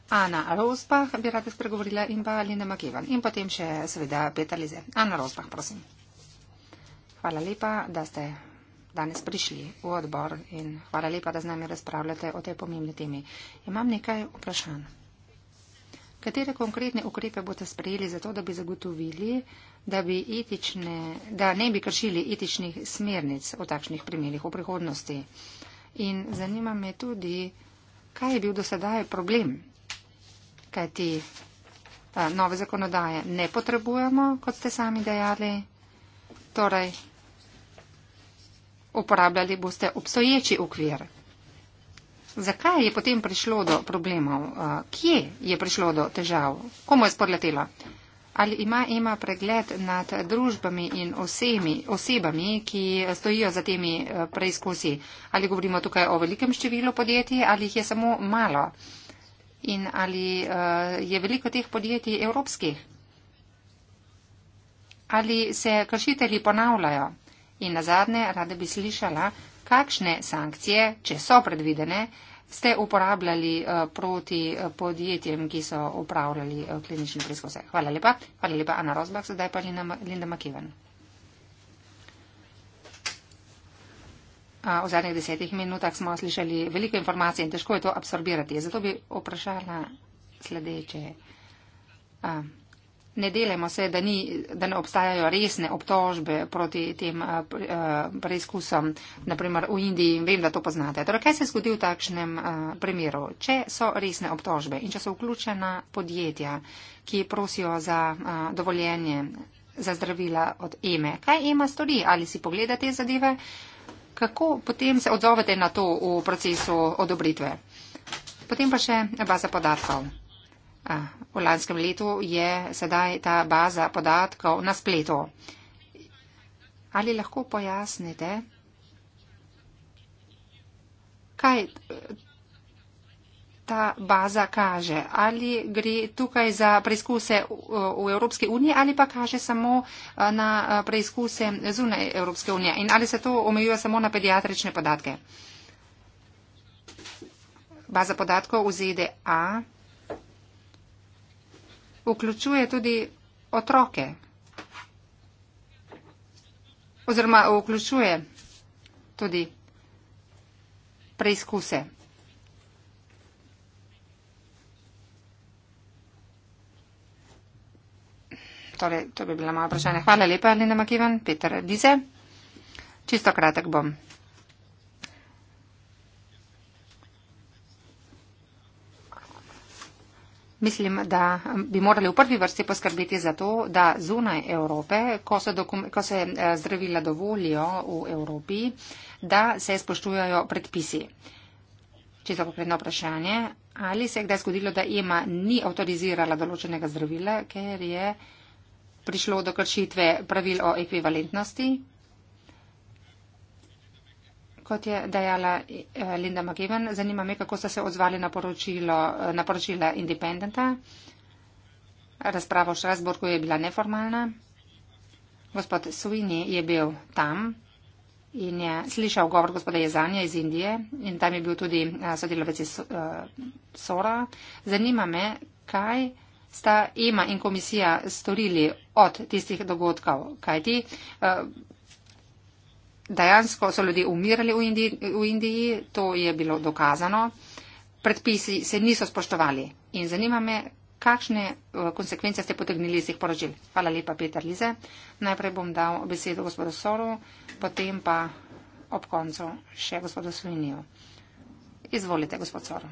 Ana Rosbach bi rada spregovorila in pa Lina Makevan. In potem še seveda Petalize. Ana Rosbach, prosim. Hvala lepa, da ste danes prišli v odbor in hvala lepa, da z nami razpravljate o tej pomembni temi. Imam nekaj vprašanj. Katere konkretne ukrepe boste sprejeli za to, da bi zagotovili, da, bi etične, da ne bi kršili etičnih smernic v takšnih primerih v prihodnosti? In zanima me tudi, kaj je bil do sedaj problem, kaj ti eh, nove zakonodaje ne potrebujemo, kot ste sami dejali. Torej, Uporabljali boste obstoječi okvir. Zakaj je potem prišlo do problemov? Kje je prišlo do težav? Komu je spodletelo? Ali ima ima pregled nad družbami in osemi, osebami, ki stojijo za temi e, preizkusi? Ali govorimo tukaj o velikem številu podjetij ali jih je samo malo? In ali e, je veliko teh podjetij evropskih? Ali se kršitelji ponavljajo? In na zadnje, rada bi slišala, kakšne sankcije, če so predvidene, ste uporabljali eh, proti eh, podjetjem, ki so upravljali eh, klinične preizkuse. Hvala lepa. Hvala lepa, Ana Rozbak, zdaj pa Linda, Linda McKeven. V zadnjih desetih minutah smo slišali veliko informacij in težko je to absorbirati. Zato bi vprašala sledeče. Ne delamo se, da, ni, da ne obstajajo resne obtožbe proti tem eh, eh, preizkusom, naprimer v Indiji, vem, da to poznate. Torej, kaj se zgodi v takšnem eh, primeru? Če so resne obtožbe in če so vključena podjetja, ki prosijo za dovoljenje za zdravila od EME, kaj EMA stori? Ali si pogleda te zadeve? Kako potem se odzovete na to v procesu odobritve? Potem pa še baza podatkov. Eh, v lanskem letu je sedaj ta baza podatkov na spletu. Ali lahko pojasnite, kaj eh, ta baza kaže? Ali gre tukaj za preizkuse eh, v Evropski uniji ali pa kaže samo na preizkuse zunaj Evropske unije? In ali se to omejuje samo na pediatrične podatke? Baza podatkov v ZDA vključuje tudi otroke. Oziroma vključuje tudi preizkuse. Torej, to bi bila moja vprašanja. Hvala lepa, Lina Makivan, Peter Dize. Čisto kratek bom. Mislim, da eh, bi morali v prvi vrsti poskrbeti za to, da zunaj Evrope, ko se, ko se eh, zdravila dovolijo v Evropi, da se spoštujajo predpisi. Če za pokredno vprašanje, ali se je kdaj zgodilo, da EMA ni avtorizirala določenega zdravila, ker je prišlo do kršitve pravil o ekvivalentnosti? Kot je dejala eh, Linda McGiven, zanima me, kako ste se odzvali na, poročilo, eh, na poročila Independenta. Razprava v Štrasburgu je bila neformalna. Gospod Sweeney je bil tam in je slišal govor gospoda Jezanja iz Indije in tam je bil tudi eh, sodelovec iz Sora. Zanima me, kaj sta EMA in komisija storili od tistih dogodkov, kajti dejansko so ljudje umirali v Indiji, v Indiji, to je bilo dokazano, predpisi se niso spoštovali. In zanima me, kakšne eh, konsekvence ste potegnili iz teh poročil. Hvala lepa, Peter Lize. Najprej bom dal besedo gospodu Soru, potem pa ob koncu še gospodu Svinijo. Izvolite, gospod Sor.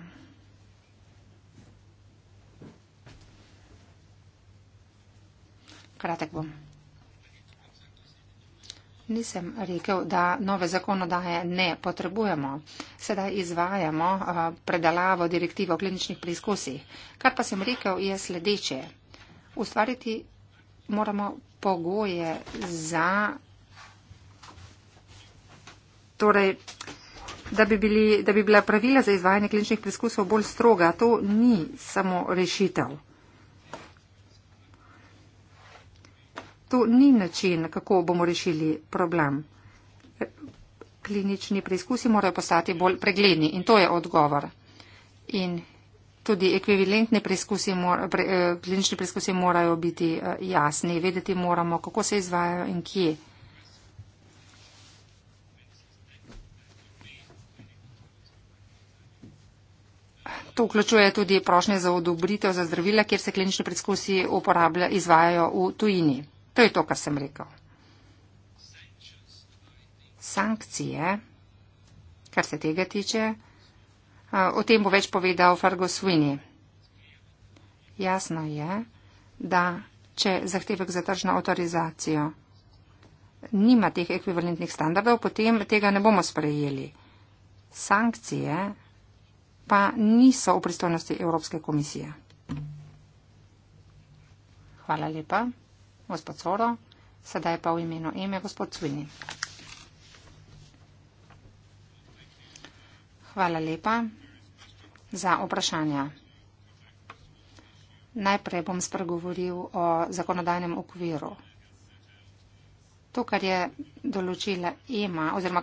Kratek bom. Nisem rekel, da nove zakonodaje ne potrebujemo. Sedaj izvajamo uh, predalavo direktive o kliničnih preizkusih. Kar pa sem rekel, je sledeče. Ustvariti moramo pogoje za. Torej, da bi, bili, da bi bila pravila za izvajanje kliničnih preizkusov bolj stroga, to ni samo rešitev. to ni način, kako bomo rešili problem. Klinični preizkusi morajo postati bolj pregledni in to je odgovor. In tudi ekvivalentni preizkusi, pre, eh, klinični preizkusi morajo biti eh, jasni, vedeti moramo, kako se izvajajo in kje. To vključuje tudi prošnje za odobritev za zdravila, kjer se klinični preizkusi izvajajo v tujini. To je to, kar sem rekel. Sankcije, kar se tega tiče, o tem bo več povedal Fargo Swini. Jasno je, da če zahtevek za tržno avtorizacijo nima teh ekvivalentnih standardov, potem tega ne bomo sprejeli. Sankcije pa niso v pristojnosti Evropske komisije. Hvala lepa gospod Coro, sedaj pa v imenu Eme, gospod Cvini. Hvala lepa za vprašanja. Najprej bom spregovoril o zakonodajnem okviru. To, kar je določila EMA, oziroma,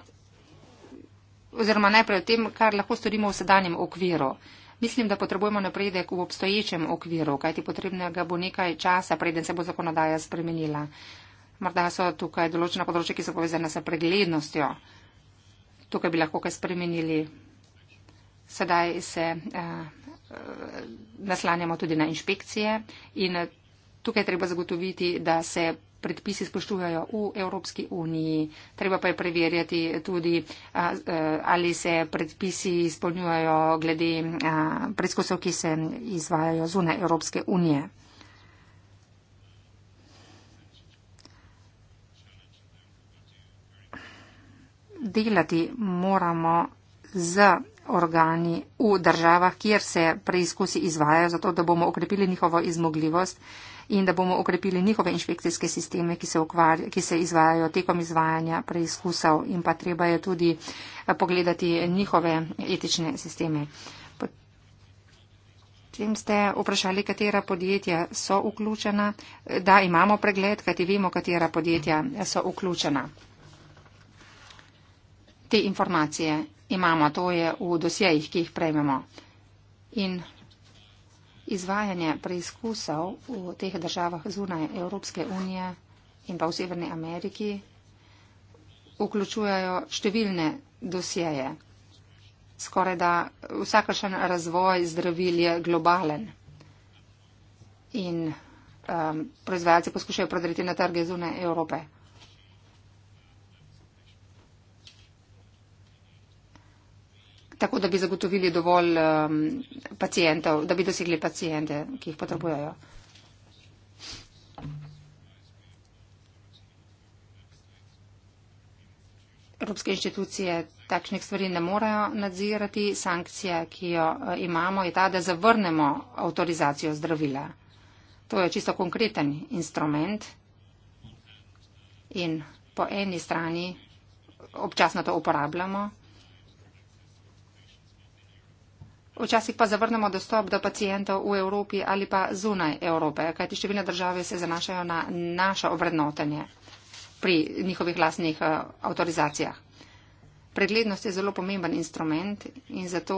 oziroma najprej o tem, kar lahko storimo v sedanjem okviru. Mislim, da potrebujemo napredek v obstoječem okviru, kajti potrebnega bo nekaj časa, preden se bo zakonodaja spremenila. Morda so tukaj določena področja, ki so povezana s preglednostjo. Tukaj bi lahko kaj spremenili. Sedaj se uh, naslanjamo tudi na inšpekcije in eh, tukaj treba zagotoviti, da se predpisi spoštujajo v Evropski uniji. Treba pa je preverjati tudi, e, ali se predpisi izpolnjujejo glede preizkusov, ki se izvajajo zunaj Evropske unije. Delati moramo z organi v državah, kjer se preizkusi izvajajo, zato da bomo okrepili njihovo izmogljivost in da bomo okrepili njihove inšpekcijske sisteme, ki se, ukvar, ki se izvajajo tekom izvajanja preizkusov in pa treba je tudi eh, pogledati njihove etične sisteme. Potem ste vprašali, katera podjetja so vključena. Eh, da, imamo pregled, kajti vemo, katera podjetja so vključena. Te informacije imamo, to je v dosjejih, ki jih prejmemo. In izvajanje preizkusov v teh državah zunaj Evropske unije in pa v Severni Ameriki vključujejo številne dosjeje. Skoraj da vsakršen razvoj zdravil je globalen in um, proizvajalci poskušajo prodreti na trge zunaj Evrope. tako da bi zagotovili dovolj um, pacijentov, da bi dosegli pacijente, ki jih potrebujejo. Evropske inštitucije takšnih stvari ne morejo nadzirati. Sankcija, ki jo uh, imamo, je ta, da zavrnemo avtorizacijo zdravila. To je čisto konkreten instrument in po eni strani občasno to uporabljamo. Včasih pa zavrnemo dostop do pacijentov v Evropi ali pa zunaj Evrope, kajti številne države se zanašajo na naše obrednotenje pri njihovih lasnih eh, avtorizacijah. Preglednost je zelo pomemben instrument in zato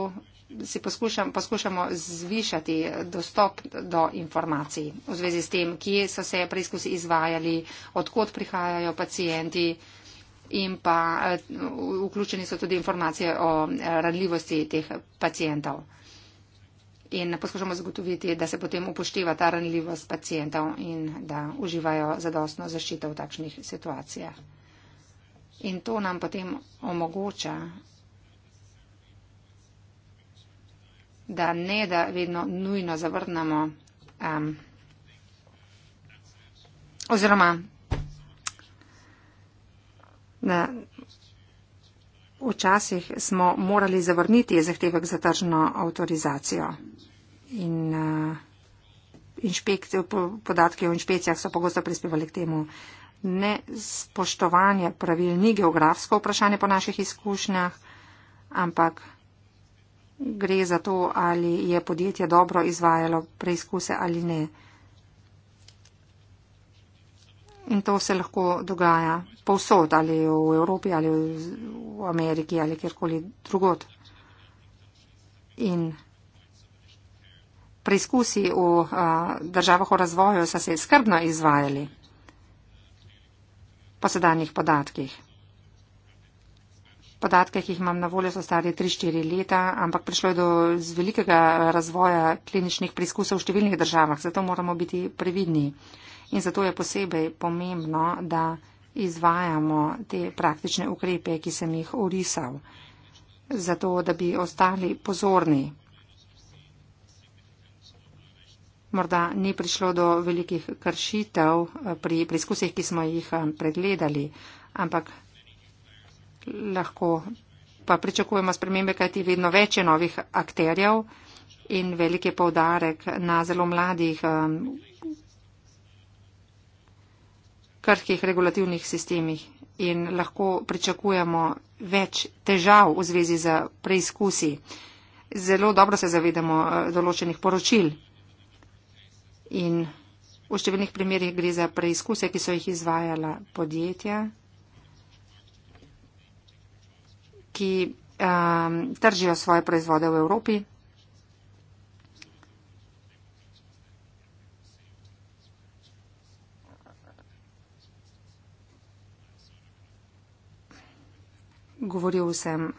si poskušam, poskušamo zvišati dostop do informacij v zvezi s tem, kje so se preizkusi izvajali, odkot prihajajo pacijenti in pa eh, vključeni so tudi informacije o eh, ranljivosti teh pacijentov. In poskušamo zagotoviti, da se potem upošteva ta ranljivost pacijentov in da uživajo zadostno zaščito v takšnih situacijah. In to nam potem omogoča, da ne, da vedno nujno zavrnemo um, oziroma Včasih smo morali zavrniti zahtevek za tržno avtorizacijo. In, eh, inšpekcij, podatki o inšpekcijah so pogosto prispevali k temu. Nespoštovanje pravil ni geografsko vprašanje po naših izkušnjah, ampak gre za to, ali je podjetje dobro izvajalo preizkuse ali ne. In to se lahko dogaja povsod, ali v Evropi, ali v Ameriki, ali kjerkoli drugod. In preizkusi v a, državah v razvoju so se skrbno izvajali po sedanjih podatkih. Podatke, ki jih imam na voljo, so stari 3-4 leta, ampak prišlo je do velikega razvoja kliničnih preizkusov v številnih državah, zato moramo biti previdni. In zato je posebej pomembno, da izvajamo te praktične ukrepe, ki sem jih orisal, zato da bi ostali pozorni. Morda ni prišlo do velikih kršitev eh, pri preizkusih, ki smo jih eh, pregledali, ampak lahko pa pričakujemo spremembe, kajti vedno več je novih akterjev in velike povdarek na zelo mladih eh, krhkih regulativnih sistemih in lahko pričakujemo več težav v zvezi z preizkusi. Zelo dobro se zavedamo eh, določenih poročil in v številnih primerjih gre za preizkuse, ki so jih izvajala podjetja, ki um, tržijo svoje proizvode v Evropi govoril sem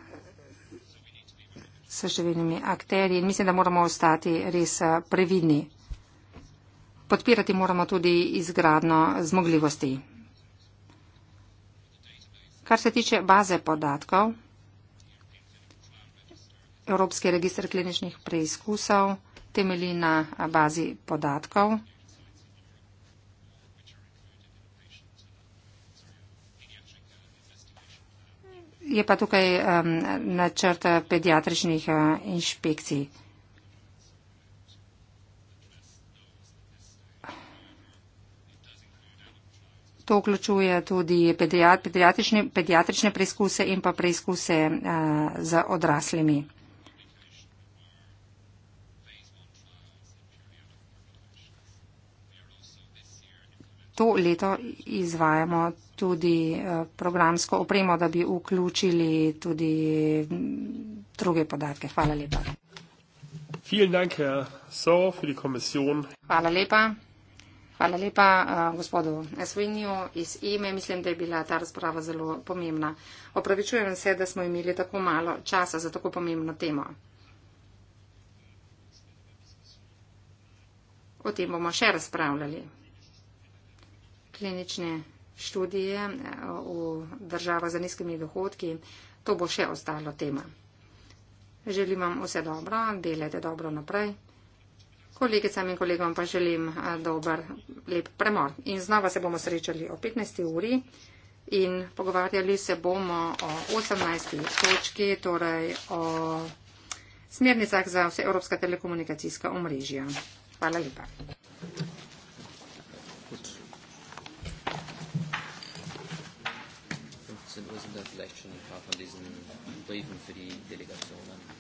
s številnimi akterji in mislim, da moramo ostati res eh, previdni. Podpirati moramo tudi izgradno zmogljivosti. Kar se tiče baze podatkov, Evropski registr kliničnih preizkusov temelji na bazi podatkov. je pa tukaj um, načrt eh, pediatričnih uh, inšpekcij. To vključuje tudi pediatrične, pediatrične preizkuse in pa preizkuse uh, z odraslimi. to leto izvajamo tudi eh, programsko opremo, da bi vključili tudi mm, druge podatke. Hvala lepa. Dank, so, Hvala lepa. Hvala lepa uh, gospodu Svinju iz EME. Mislim, da je bila ta razprava zelo pomembna. Opravičujem se, da smo imeli tako malo časa za tako pomembno temo. O tem bomo še razpravljali klinične študije eh, v državah za nizkimi dohodki, to bo še ostalo tema. Želim vam vse dobro, delajte dobro naprej. Kolegicam in kolegom pa želim eh, dober, lep premor. In znova se bomo srečali o 15. uri in pogovarjali se bomo o 18. točki, torej o smernicah za vse evropska telekomunikacijska omrežja. Hvala lepa. Reaction von diesen Briefen für die Delegationen.